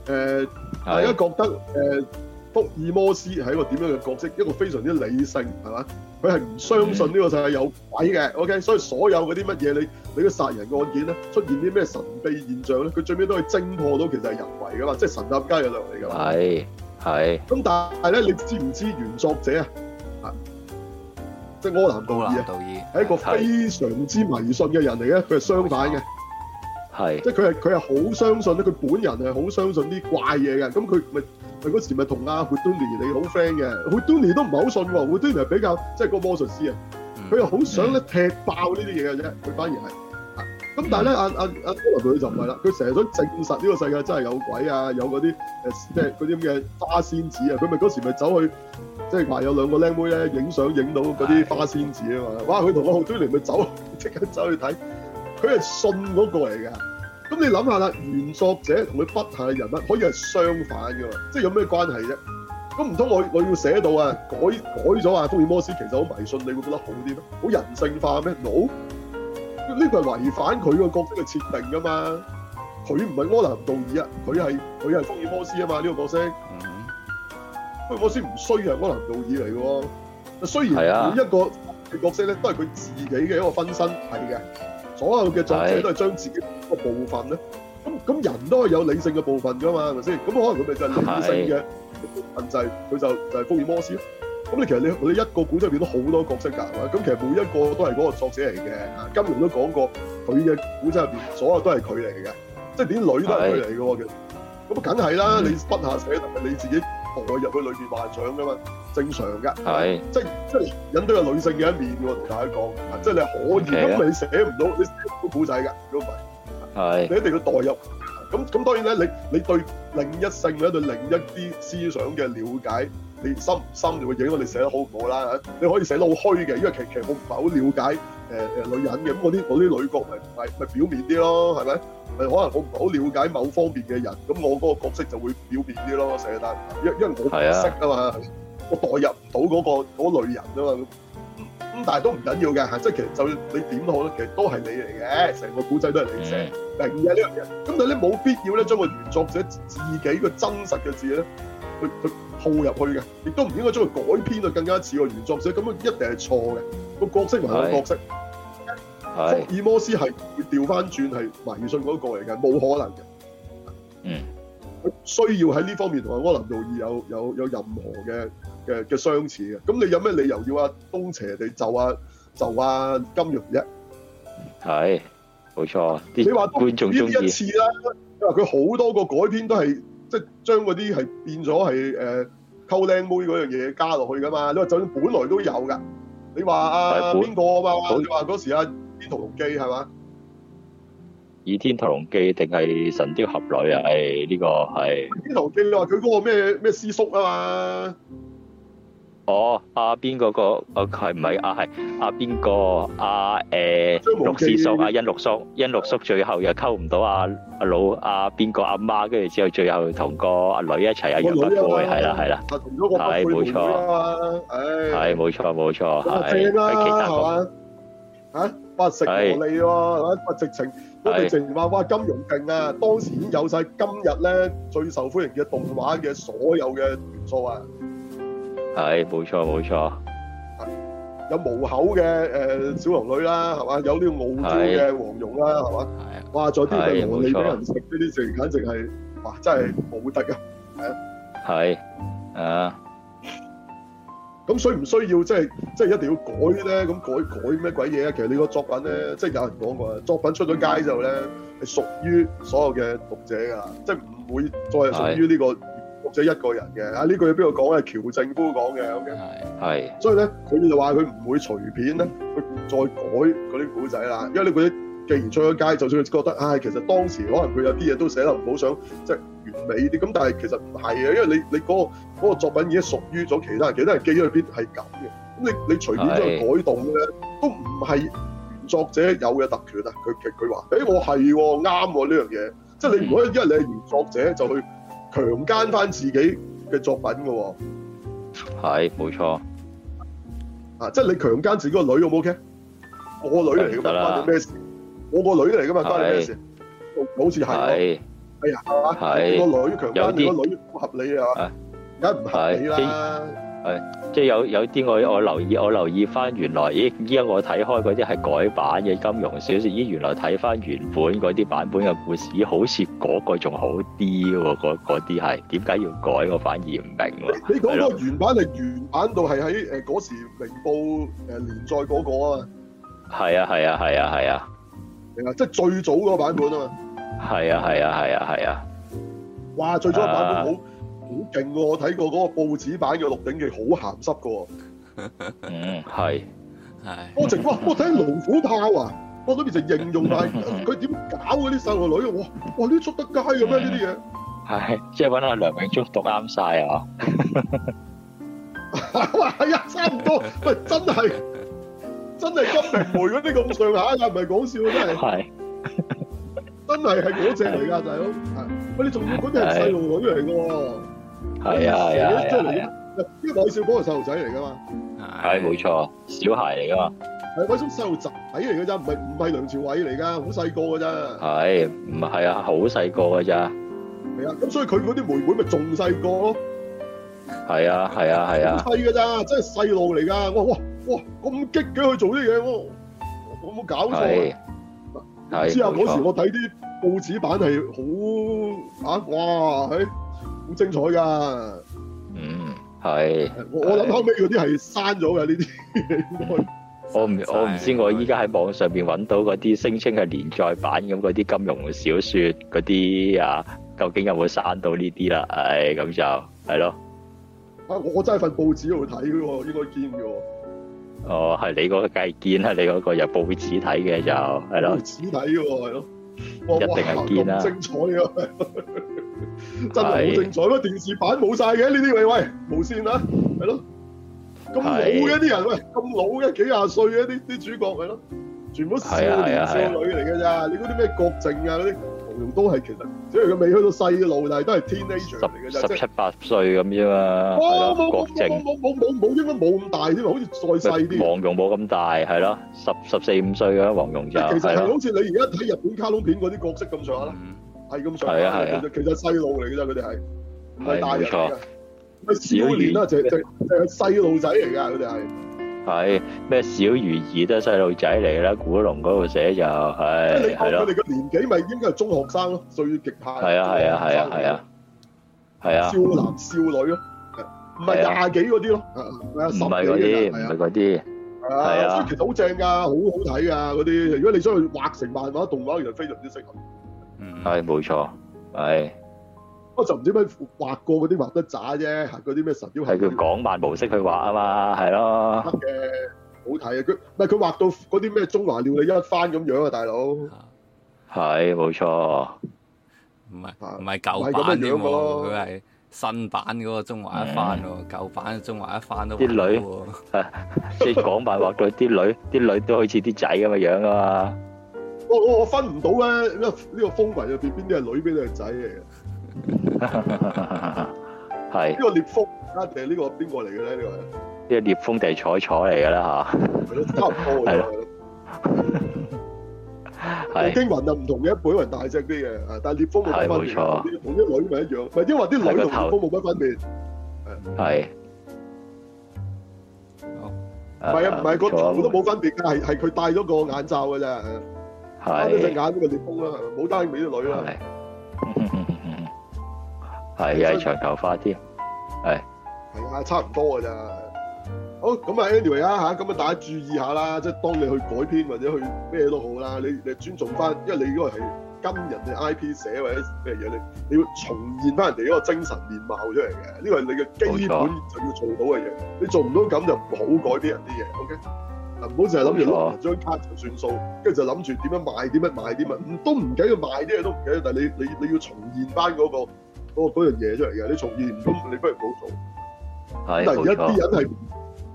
誒，大家覺得誒。福爾摩斯係一個點樣嘅角色？一個非常之理性，係嘛？佢係唔相信呢個世界有鬼嘅，嗯。OK，所以所有嗰啲乜嘢，你你嘅殺人案件咧，出現啲咩神秘現象咧？佢最尾都係偵破到其實係人為噶嘛，即係神探伽利略嚟噶嘛。係係。咁但係咧，你知唔知原作者啊？即係、就是、柯南道爾啊，係一個非常之迷信嘅人嚟嘅。佢係相反嘅，係即係佢係佢係好相信咧。佢本人係好相信啲怪嘢嘅。咁佢咪？佢嗰時咪同阿 Houdini 你好 friend 嘅，Houdini 都唔係好信喎，Houdini 係比較即係、就是、個魔術師、mm -hmm. mm -hmm. mm -hmm. 啊，佢又好想咧踢爆呢啲嘢嘅啫。佢反而係，咁但係咧阿阿阿柯林佢就唔係啦，佢成日想證實呢個世界真係有鬼啊，有嗰啲誒咩嗰啲咁嘅花仙子啊，佢咪嗰時咪走去即係話有兩個靚妹咧影相影到嗰啲花仙子啊嘛，mm -hmm. 哇！佢同阿 Houdini 咪走即刻走去睇，佢係信嗰個嚟㗎。咁你諗下啦，原作者同佢筆下人物可以係相反嘅喎，即係有咩關係啫？咁唔通我我要寫到啊，改改咗啊，福爾摩斯其實好迷信，你會覺得好啲咩？好人性化咩？冇，呢個係違反佢個角色嘅設定噶嘛。佢唔係柯南道爾啊，佢係佢係福爾摩斯啊嘛，呢個角色。嗯、福爾摩斯唔衰啊，柯南道爾嚟嘅喎。雖然每一個角色咧、啊，都係佢自己嘅一個分身嚟嘅。所有嘅作者都係將自己個部分咧，咁咁人都係有理性嘅部分㗎嘛，係咪先？咁可能佢咪就係理性嘅部分就係佢就就係福爾摩斯咯。咁你其實你你一個古仔入邊都好多角色㗎嘛，咁其實每一個都係嗰個作者嚟嘅。金庸都講過，佢嘅古仔入邊所有都係佢嚟嘅，即係啲女都係佢嚟嘅。其實咁梗係啦，你筆下寫同埋你自己？同我入去裏邊幻想噶嘛，正常嘅。係，即係即係人都有女性嘅一面喎、啊，同大家講。即係你可以，咁、okay、你寫唔到，你個古仔㗎，如果唔係，係你一定要代入。咁咁當然咧，你你對另一性嘅一對另一啲思想嘅了解，你深唔深就會影響你寫得好唔好啦。你可以寫到好虛嘅，因為其其實我唔係好了解。誒誒，女人嘅咁嗰啲啲女角咪咪表面啲咯，係咪？咪可能我唔係好了解某方面嘅人，咁我嗰個角色就會表面啲咯。成日但因因為我唔識啊嘛，我代入唔到嗰個嗰類人啊嘛。咁咁但係都唔緊要嘅，即係其實就你點好好，其實都係你嚟嘅，成個古仔都係你寫明嘅呢樣嘢。咁、這個、但係咧冇必要咧將個原作者自己個真實嘅字咧，去佢套入去嘅，亦都唔應該將佢改編到更加似個原作者，咁樣一定係錯嘅。個角色唔係個角色。福爾摩斯係調翻轉係迷信嗰個嚟嘅，冇可能嘅。嗯，佢需要喺呢方面同阿柯南道爾有有有任何嘅嘅嘅相似嘅。咁你有咩理由要阿東邪地就阿、啊、就啊金庸啫？係，冇錯。你話觀眾呢一次啦。你話佢好多個改編都係即係將嗰啲係變咗係誒溝靚妹嗰樣嘢加落去噶嘛？你話就算本來都有噶，你話阿邊個嘛？話嗰時阿。天屠龍記》係嘛？基《倚天屠龍記》定係《神雕俠侶、哎這個啊哦》啊？呢個係《倚天屠龍記》你話佢嗰個咩咩師叔啊嘛？哦，阿邊嗰個哦係唔係啊？係阿邊個阿誒六師叔阿殷六叔殷六叔最後又溝唔到阿、啊、阿老阿邊、啊、個阿媽，跟住之後最後同個阿女一齊啊，楊不悔係啦係啦，係冇錯，係冇錯冇錯，係、啊哎哎哎啊、其他。嚇、啊，不食無利喎、啊，係咪？不直情，我哋直情話，哇！金庸勁啊，當時已經有晒今日咧最受歡迎嘅動畫嘅所有嘅元素啊。係，冇錯冇錯。有無口嘅誒小龍女啦，係嘛？有啲傲嬌嘅黃蓉啦、啊，係嘛、啊？哇！在啲咁無利俾人食，呢啲直情簡直係哇！真係冇得㗎，係啊。係啊。咁需唔需要即係即係一定要改咧？咁改改咩鬼嘢啊？其實你個作品咧，即係有人講過啊，作品出咗街之後咧，係屬於所有嘅讀者㗎喇，即係唔會再屬於呢個讀者一個人嘅。啊，句呢句邊個講咧？係喬靖夫講嘅，OK。係。所以咧，佢哋就話佢唔會隨便咧，佢唔再改嗰啲古仔啦，因為呢佢。既然出咗街，就算佢覺得，唉、哎，其實當時可能佢有啲嘢都寫得唔好，想即係完美啲。咁但係其實唔係啊，因為你你嗰、嗰個嗰個作品已經屬於咗其他人，其他人記喺入邊係咁嘅。咁你你隨便將佢改動咧，都唔係原作者有嘅特權啊。佢佢佢話，誒、欸，我係㗎，啱㗎呢樣嘢。即係你唔可以、嗯、因為你係原作者就去強姦翻自己嘅作品㗎喎。係，冇錯。啊，即係你強姦自己個女好唔好？O.K.？我個女嚟嘅，關你咩事？我個女嚟噶嘛，關你咩事？係好似係，哎呀，係嘛？個女強姦，個女唔合理啊！而家唔合理啦、啊。係即係有有啲我我留意，我留意翻原來，咦，依家我睇開嗰啲係改版嘅金庸小說，咦，原來睇翻原本嗰啲版本嘅故事，好似嗰個仲好啲喎、啊，嗰啲係點解要改？我反而唔明你講個原版係原版度係喺嗰時《明報》連載嗰個啊？係啊係啊係啊係啊！即係最早嗰個版本啊嘛。係啊，係啊，係啊，係啊。哇，最早個版本好好勁喎！我睇過嗰個報紙版嘅《鹿鼎記》，好鹹濕噶喎。嗯，係。我直話，我睇《龍虎豹》啊，我都變成形容，但佢點搞嗰啲細路女啊？哇！哇！啲出得街咁咩？呢啲嘢。係，即係揾阿梁永忠讀啱晒啊！哇，係啊、哎，差唔多。喂，真係。 真係金瓶梅嗰啲咁上下㗎，唔係講笑，真係， 真係係嗰隻嚟㗎，大佬、就是，喂、嗯，你仲要嗰啲係細路女嚟㗎喎，係啊係啊，是啊，是啊，真係啊，因為韋小寶係細路仔嚟㗎嘛，係冇錯，小孩嚟㗎嘛，係嗰種細路仔嚟㗎咋，唔係唔係梁朝偉嚟㗎，好細個㗎咋，係唔係啊？好細個㗎咋，係啊，咁所以佢嗰啲妹妹咪仲細個咯，係啊係啊係啊，係㗎咋，真係細路嚟㗎，哇！話。哇！咁激嘅去做啲嘢，我我冇搞錯，你知，嗰時我睇啲報紙版係好啊，哇，好、哎、精彩噶！嗯，係。我我諗後尾嗰啲係刪咗嘅呢啲，應該。我唔我唔知，我依家喺網上邊揾到嗰啲聲稱係連載版咁嗰啲金庸小說嗰啲啊，究竟有冇刪到呢啲啦？唉，咁就係咯。啊！我真係份報紙度睇嘅喎，應該見嘅喎。哦，係你嗰個計見你嗰個有報紙睇嘅就係咯、啊，報紙睇喎，係咯、啊，一定係堅啦！精彩的啊， 真係好精彩咯！電視版冇晒嘅呢啲，喂喂無線啊，係咯、啊，咁老嘅、啊、啲、啊、人喂，咁老嘅、啊、幾廿歲嘅啲啲主角係咯、啊，全部少年少女嚟㗎咋？你嗰啲咩郭靖啊嗰啲？黃蓉都係其實，即係佢未去到細路，但係都係 teenager 嚟嘅，十七八歲咁啫嘛。冇冇冇冇冇冇應該冇咁大添，好似再細啲。黃蓉冇咁大，係咯，十十四五歲嘅黃蓉就其實係好似你而家睇日本卡通片嗰啲角色咁上下啦，係咁上下。係啊係。啊其實細路嚟嘅啫，佢哋係係大錯。少年啦，就細路仔嚟噶，佢哋係。係咩小魚兒都係細路仔嚟啦，古龍嗰度寫就係係咯。即係你睇佢哋嘅年紀，咪應該係中學生咯，最極派。係啊係啊係啊係啊係啊。少男少女咯，唔係廿幾嗰啲咯，唔係嗰啲，唔係嗰啲。係啊，所以其實好正噶，好好睇噶嗰啲。如果你想去畫成漫畫、動畫，其實非常之適合。嗯，係冇錯，係。我就唔知咩畫過嗰啲畫得渣啫，嗰啲咩神雕係佢港漫模式去畫啊嘛，係咯，黑嘅，好睇啊！佢唔係佢畫到嗰啲咩中華料理一番咁樣啊，大佬係冇錯，唔係唔係舊版、啊、樣嘅佢係新版嗰個中華一番咯，舊版中華一番都啲女，即係港漫畫到啲女，啲女都好似啲仔咁嘅樣啊，我我我分唔到咧，呢呢個風雲入邊邊啲係女邊啲係仔嚟嘅。係、 這個這個、呢、這個聶風啊？定呢個邊個嚟嘅咧？呢個呢個聶風定楚楚嚟嘅啦吓。係 驚雲啊，唔同嘅，一半人大隻啲嘅，但係聶風冇乜分別，同啲女咪一樣。咪因為啲女同聶風冇乜分別。係。係。唔係啊？唔係個都冇分別嘅，係係佢戴咗個眼罩嘅啫。係。一隻眼呢個聶風啦，冇戴嘅俾啲女啦。係啊，係係長頭髮啲，係，係啊，差唔多噶咋，好咁啊，Anyway 啦吓，咁啊，大家注意下啦，即係當你去改編或者去咩都好啦，你你尊重翻，因為你嗰個係跟人嘅 I P 寫或者咩嘢你你要重現翻人哋嗰個精神面貌出嚟嘅，呢個係你嘅基本就要做到嘅嘢，你做唔到咁就唔、okay？好改編人啲嘢，OK？嗱唔好淨係諗住攞張卡就算數，跟住就諗住點樣賣，點樣賣，點唔都唔緊要賣啲嘢都唔緊要，但係你你你要重現翻、那、嗰個。嗰樣嘢出嚟嘅，你重現唔到，你不如唔好做。係，冇錯。而家啲人係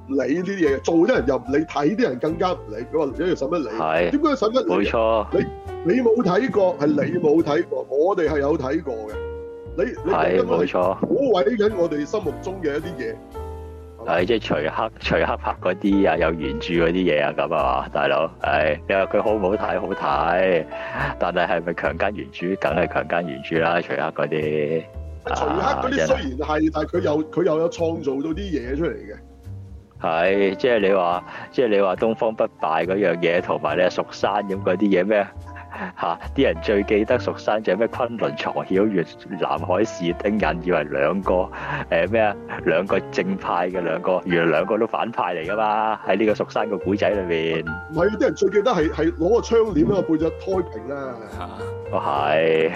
唔理呢啲嘢嘅，做啲人又唔理，睇啲人更加唔理。佢話：而家要審乜理？係。點解審乜理？冇錯。你你冇睇過，係你冇睇過，我哋係有睇過嘅。你你點解我係？好毀緊我哋心目中嘅一啲嘢。係即係徐克徐克拍嗰啲啊，有原著嗰啲嘢啊咁啊嘛，大佬，係、哎、你話佢好唔好睇？好睇，但係係咪強姦原著？梗係強姦原著啦，徐克嗰啲、啊。徐克嗰啲雖然係、嗯，但係佢又佢又有創造到啲嘢出嚟嘅。係即係你話，即係你話東方不敗嗰樣嘢，同埋呢蜀山咁嗰啲嘢咩？吓、啊！啲人最記得《蜀山》就係咩昆侖藏曉月、南海市丁隱，以為兩個誒咩啊？兩、欸、個正派嘅兩個，原來兩個都反派嚟噶嘛？喺呢個《蜀山》個古仔裏面，唔係啲人最記得係係攞個窗簾啊，背隻胎屏啊。吓，係，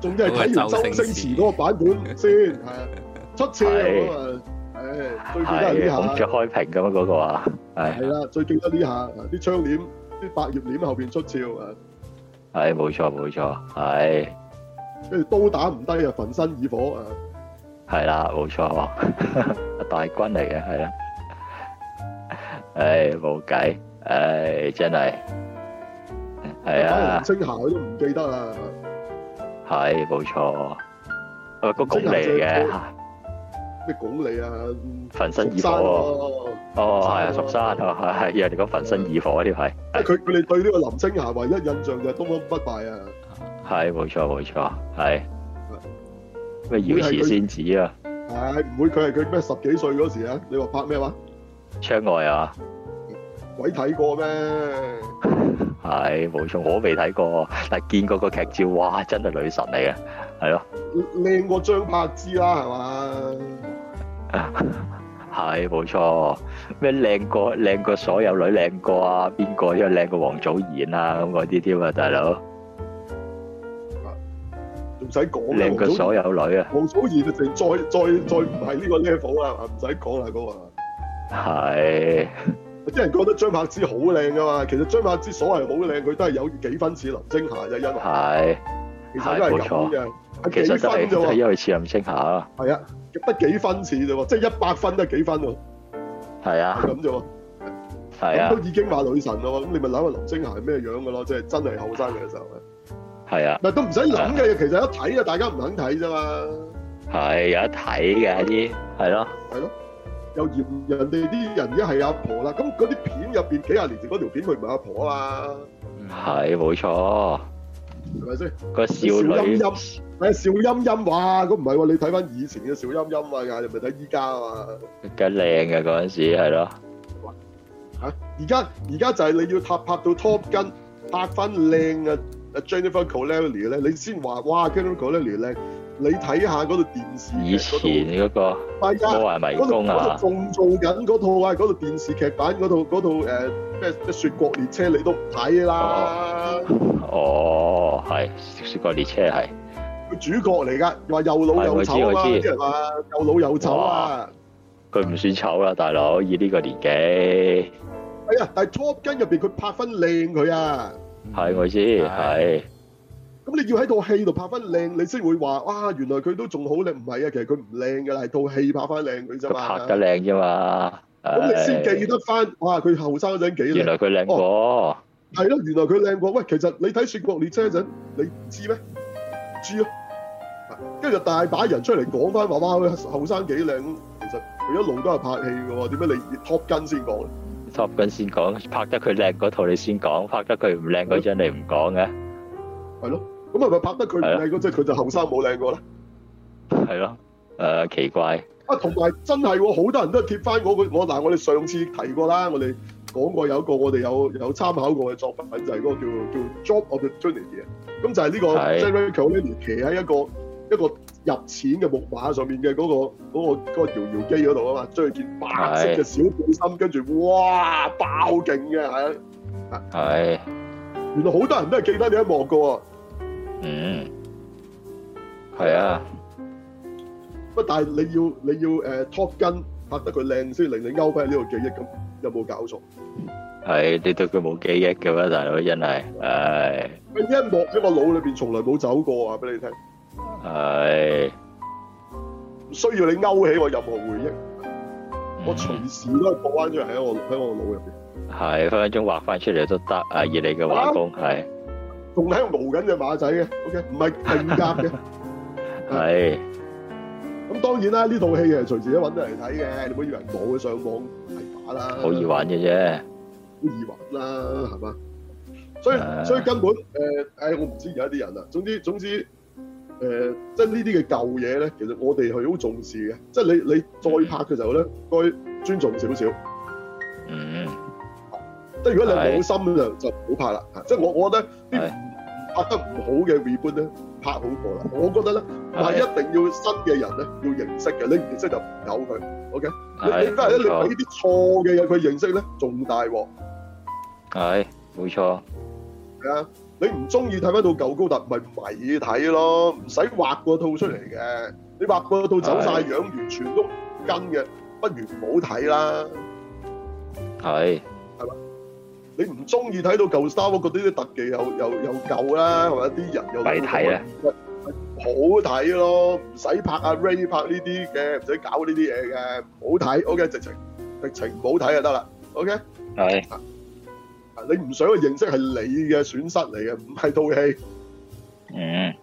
總之係睇完周星馳嗰個版本先，係啊，出彩誒、啊，最記得呢下，係咁着開屏噶嘛？嗰個啊，係係啦，最記得呢下啲窗簾。啊啊啲百葉簾後邊出鞘啊！係冇錯冇錯，係跟住刀打唔低啊，焚身以火啊！係啦，冇錯啊，大軍嚟嘅係啦，誒冇計，誒真係係啊！青霞我都唔記得啊！係冇錯，啊，個鞏俐嚟嘅咩鞏俐啊？焚身以火。哦，係啊，蜀山啊，係係、啊啊啊、人哋講焚身以火呢、啊、排，佢佢哋對呢個林青霞唯一印象就係東方不敗啊，係冇錯冇錯，係咩瑤池仙子啊，係唔會佢係佢咩十幾歲嗰時啊？你話拍咩話？窗外啊？鬼睇過咩？係冇錯，我都未睇過，但係見過個劇照，哇，真係女神嚟、啊、嘅，係咯，靚過張柏芝啦，係嘛？啊 係冇錯，咩靚過靚過所有女靚過啊邊個？因為靚過王祖賢啦咁嗰啲添啊，大佬，唔使講靚過所有女啊？王祖賢就再再再唔係呢個 level 啦，唔使講啦嗰個。係，啲人覺得張柏芝好靚噶嘛，其實張柏芝所謂好靚，佢都係有幾分似林青霞啫，因為。其實都係咁嘅，係幾分啫喎。其實真係因為似林青霞，係啊，得幾分似啫喎，即係一百分得幾分喎。係啊，咁啫喎。係啊，都已經話女神啦，咁你咪諗下林青霞係咩樣嘅咯，即係真係後生嘅時候。係啊，嗱都唔使諗嘅，其實一睇啊大家唔肯睇啫嘛。係有得睇嘅啲，係咯，係咯，又嫌人哋啲人一係阿婆啦，咁嗰啲片入邊幾廿年前嗰條片，佢唔係阿婆啊嘛。係冇錯。係咪先？個少女，哎，小音音話，咁唔係喎，你睇翻以前嘅小音音啊，你咪睇依家啊嘛。梗靚嘅嗰陣時係咯，啊，嚇！而家而家就係你要拍拍到 Top Gun，拍翻靚啊！Jennifer Connelly 咧，你先話哇 Jennifer Connelly 靚，你睇下嗰套電視，以前嗰、那個，嗰個、啊、迷宮啊嘛，仲做緊嗰套啊，嗰套電視劇版嗰套嗰套誒咩雪國列車，你都唔睇啦。哦，係雪國列車係佢主角嚟噶，話又老又醜啊，又老又醜啊，佢唔、啊、算醜啦，大佬以呢個年紀。係、哎、啊，但係 Top Gun 入邊佢拍分靚佢啊。係我知，係。咁你要喺套戲度拍翻靚，你先會話哇，原來佢都仲好靚。唔係啊，其實佢唔靚嘅，係套戲拍翻靚佢啫嘛。都拍得靚啫嘛。咁你先記得翻哇，佢後生嗰陣幾靚。原來佢靚過。係咯，原來佢靚過。喂，其實你睇《雪國列車》嗰陣，你唔知咩？唔知咯。啊，跟住大把人出嚟講翻話，哇！後生幾靚，其實佢一路都係拍戲嘅喎。點解你托根先講？Top 咁先講，拍得佢靚嗰套你先講，拍得佢唔靚嗰張你唔講嘅，係咯？咁係咪拍得佢唔靚嗰張佢就後生冇靚過啦？係咯？誒、呃、奇怪。啊，同埋真係、哦、好多人都貼翻嗰、那個我嗱，我哋上次提過啦，我哋講過有個我哋有有參考過嘅作品就係、是、嗰個叫叫 Job of the Journey 咁就係呢個 Generator 咧騎喺一個一個。一個入錢嘅木馬上面嘅嗰個嗰個嗰個搖搖機嗰度啊嘛，將佢件白色嘅小背心，跟住哇爆勁嘅係，係原來好多人都記得呢一幕嘅喎。嗯，係啊，不過但係你要你要誒拖根拍得佢靚先令你勾返呢個記憶，咁有冇搞錯？係你對佢冇記憶嘅咩？大佬真係呢一幕喺我腦裏邊從來冇走過啊！俾你聽。係，唔需要你勾起我任何回憶，我隨時都係過翻出嚟喺我喺我腦入邊。係分分鐘畫翻出嚟都得，啊以你嘅畫工係，仲喺度塗緊隻馬仔嘅，OK，唔係定格嘅。係，咁當然啦，呢套戲係隨時都搵得嚟睇嘅，你唔好以為我會上網嚟打啦。好易玩嘅啫，好易玩啦，係嘛？所以所以根本誒，唉，我唔知而家啲人啊，總之總之。誒、呃，即係呢啲嘅舊嘢咧，其實我哋係好重視嘅。即係你你再拍嘅時候咧，嗯、該尊重少少。嗯。即係如果你冇心就就唔好拍啦。啊，即係我我覺得拍得唔好嘅 r e p 咧，拍好過啦。我覺得咧唔一定要新嘅人咧要認識嘅，你唔認識就唔有佢。OK。係。你你而家咧，你俾啲錯嘅嘢佢認識咧，仲大鑊。係，冇錯。得。你唔中意睇翻套舊高達，咪唔係要睇咯，唔使畫過套出嚟嘅。你畫過套走曬樣，完全都唔跟嘅，不如唔好睇啦。係，係嘛？你唔中意睇到舊 Star，覺得啲特技又又又舊啦，係嘛？啲人又唔抵睇啊，好睇咯，唔使拍阿 Ray 拍呢啲嘅，唔使搞呢啲嘢嘅，唔好睇。OK，直情直情唔好睇就得啦。OK，係。你唔想去認識係你嘅損失嚟嘅，唔係套戲。嗯，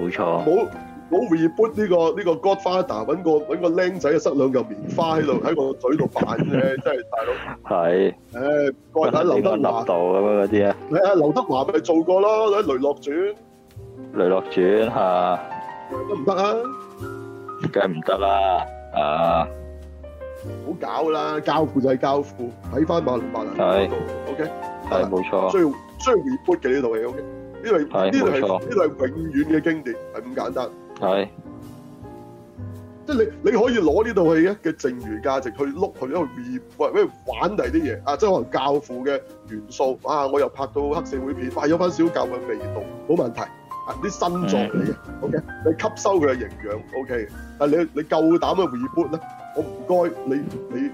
冇錯。冇冇 reboot 呢個呢個 Godfather 揾個揾個靚仔啊，塞兩嚿棉花喺度喺個嘴度扮啫，真係大佬。係。誒，嗰個劉德華度咁樣嗰啲啊？係啊，劉德華咪做過咯，《雷洛傳》。雷洛傳吓。得唔得啊？梗係唔得啦！啊～唔好搞啦！教父就係教父，睇翻馬龍馬龍白蘭度 OK，係冇錯，需要需要 reboot 嘅呢套戲 OK，呢套呢係呢套係永遠嘅經典，係咁簡單，係，即係你你可以攞呢套戲嘅剩餘價值去碌 o o k 去去 reboot 玩嚟啲嘢啊？即係可能教父嘅元素啊，我又拍到黑社會片，帶咗翻少教嘅味道，冇問題，啲，啊，新作嚟嘅，嗯，OK，你吸收佢嘅營養，OK，但係你你夠膽去 reboot 咧？我唔該，你你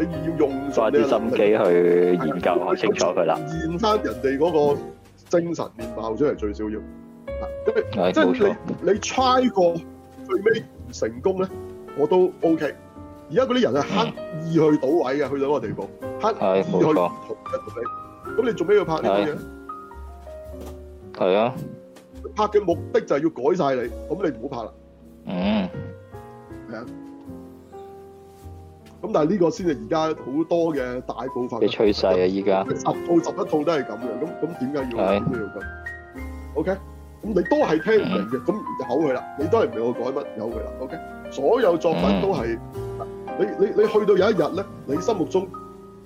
你要用心啊，花啲心機去研究下清楚佢啦，現翻人哋嗰個精神面貌，你爆出嚟最少要吓，咁啊，即係你你 try 過最尾唔成功咧，我都 OK。而家嗰啲人啊，刻意去賭位嘅，去到個地步，刻意去同同你，咁你做咩要拍呢啲嘢？係啊，拍嘅目的就係要改晒你，咁你唔好拍啦。嗯，係啊。咁但係呢個先係而家好多嘅大部分嘅趨勢啊！而家十套十一套都係咁嘅，咁咁點解要咁？O K，咁你都係聽唔明嘅，咁由佢啦。你都係唔明我改乜，由佢啦。O K，所有作品都係，你你你去到有一日咧，你心目中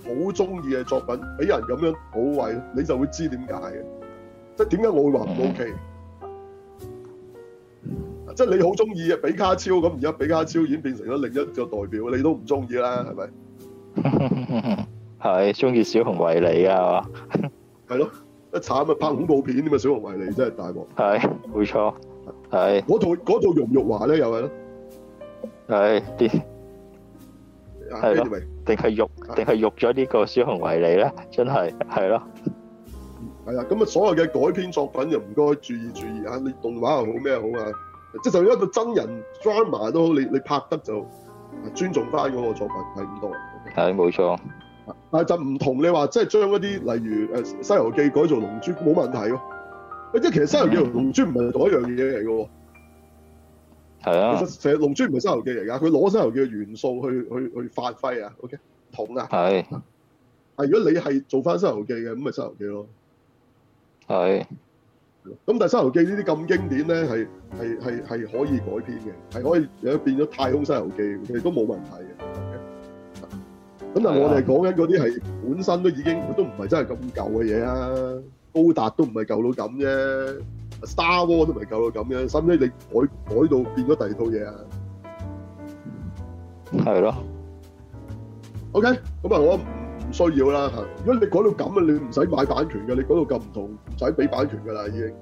好中意嘅作品俾人咁樣搞壞咧，你就會知點解嘅，即係點解我會話唔 O K。即係你好中意啊，比卡超咁，而家比卡超已經變成咗另一個代表，你都唔中意啦，係咪？係中意小熊維尼啊？係 咯，一慘啊，拍恐怖片咁啊，小熊維尼真係大鑊。係，冇錯。係。嗰套嗰套容玉華咧又係咯。係啲，係定係玉定係玉咗呢個小熊維尼咧？真係係咯。係啊，咁啊，所有嘅改編作品又唔該注意注意啊！你動畫又好咩好啊？即係，就一個真人 drama 都好，你你拍得就尊重翻嗰個作品係咁多。係、okay? 冇錯。但係就唔同你話，即係將一啲例如誒《西遊記》改做《龍珠》，冇問題咯。即係其實《西遊記》同《龍珠》唔係同一樣嘢嚟喎。係啊。其實《龍珠》唔、嗯、係《西遊記》嚟噶，佢攞《西遊記》元素去去去發揮啊。OK，同啊。係。係如果你係做翻《西遊記》嘅，咁咪《西遊記》咯。係。咁但係《西遊記》呢啲咁經典咧，係係係係可以改編嘅，係可以有變咗太空《西遊記》，其實都冇問題嘅。咁但係我哋講緊嗰啲係本身都已經都唔係真係咁舊嘅嘢啊，《高達》都唔係舊到咁啫，《Star Wars》都唔係舊到咁嘅，所以你改改到變咗第二套嘢啊？係咯。OK，好嘛，我。唔需要啦，如果你改到咁啊，你唔使買版權嘅，你改到咁唔同，唔使俾版權噶啦已經。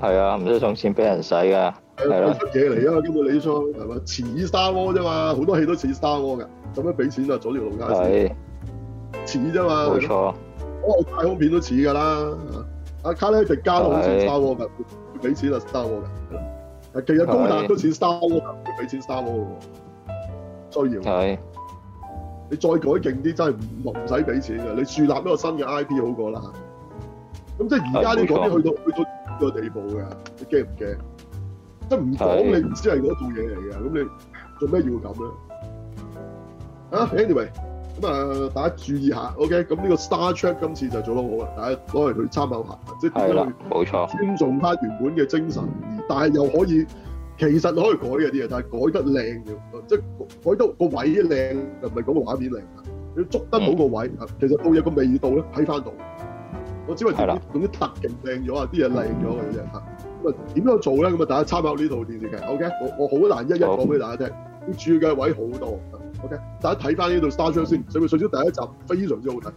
係啊，唔需送錢俾人使噶，係咯，出嘢嚟啊嘛，叫佢李昌係嘛，似 Star Wars 啫嘛，好多戲都似 Star Wars 嘅，咁樣俾錢就佐治盧卡斯似啫嘛，冇錯，啊、我個太空片都似噶啦，阿卡雷迪加到好似 Star Wars 嘅，俾錢就 Star Wars 嘅，其實高達都似 Star Wars 嘅，佢俾錢 Star Wars 嘅，需要。你再改勁啲真係唔唔使俾錢嘅，你樹立一個新嘅 IP 好過啦。咁即係而家啲講啲去到去到呢個地步嘅，你驚唔驚？即係唔講你唔知係嗰套嘢嚟嘅，咁你做咩要咁咧？啊，Anyway，咁啊，大家注意下，OK，咁呢個 Star Trek 今次就做得好啦，大家攞嚟去參考下，即係點樣去尊重翻原本嘅精神，而但係又可以。其實可以改嘅啲嘢，但係改得靚咗，即係改到個位靚，唔係講個畫面靚，你捉得好個位，嗯，其實都有一個味道咧，睇翻到。我只係講啲講啲特勁靚咗啊，啲嘢靚咗嘅啫嚇。咁啊點樣做咧？咁啊大家參考呢套電視劇。OK，我我好難一一講俾大家聽。啲主要嘅位好多。OK，大家睇翻呢度 Star Trek 先。上面首先第一集非常之好睇。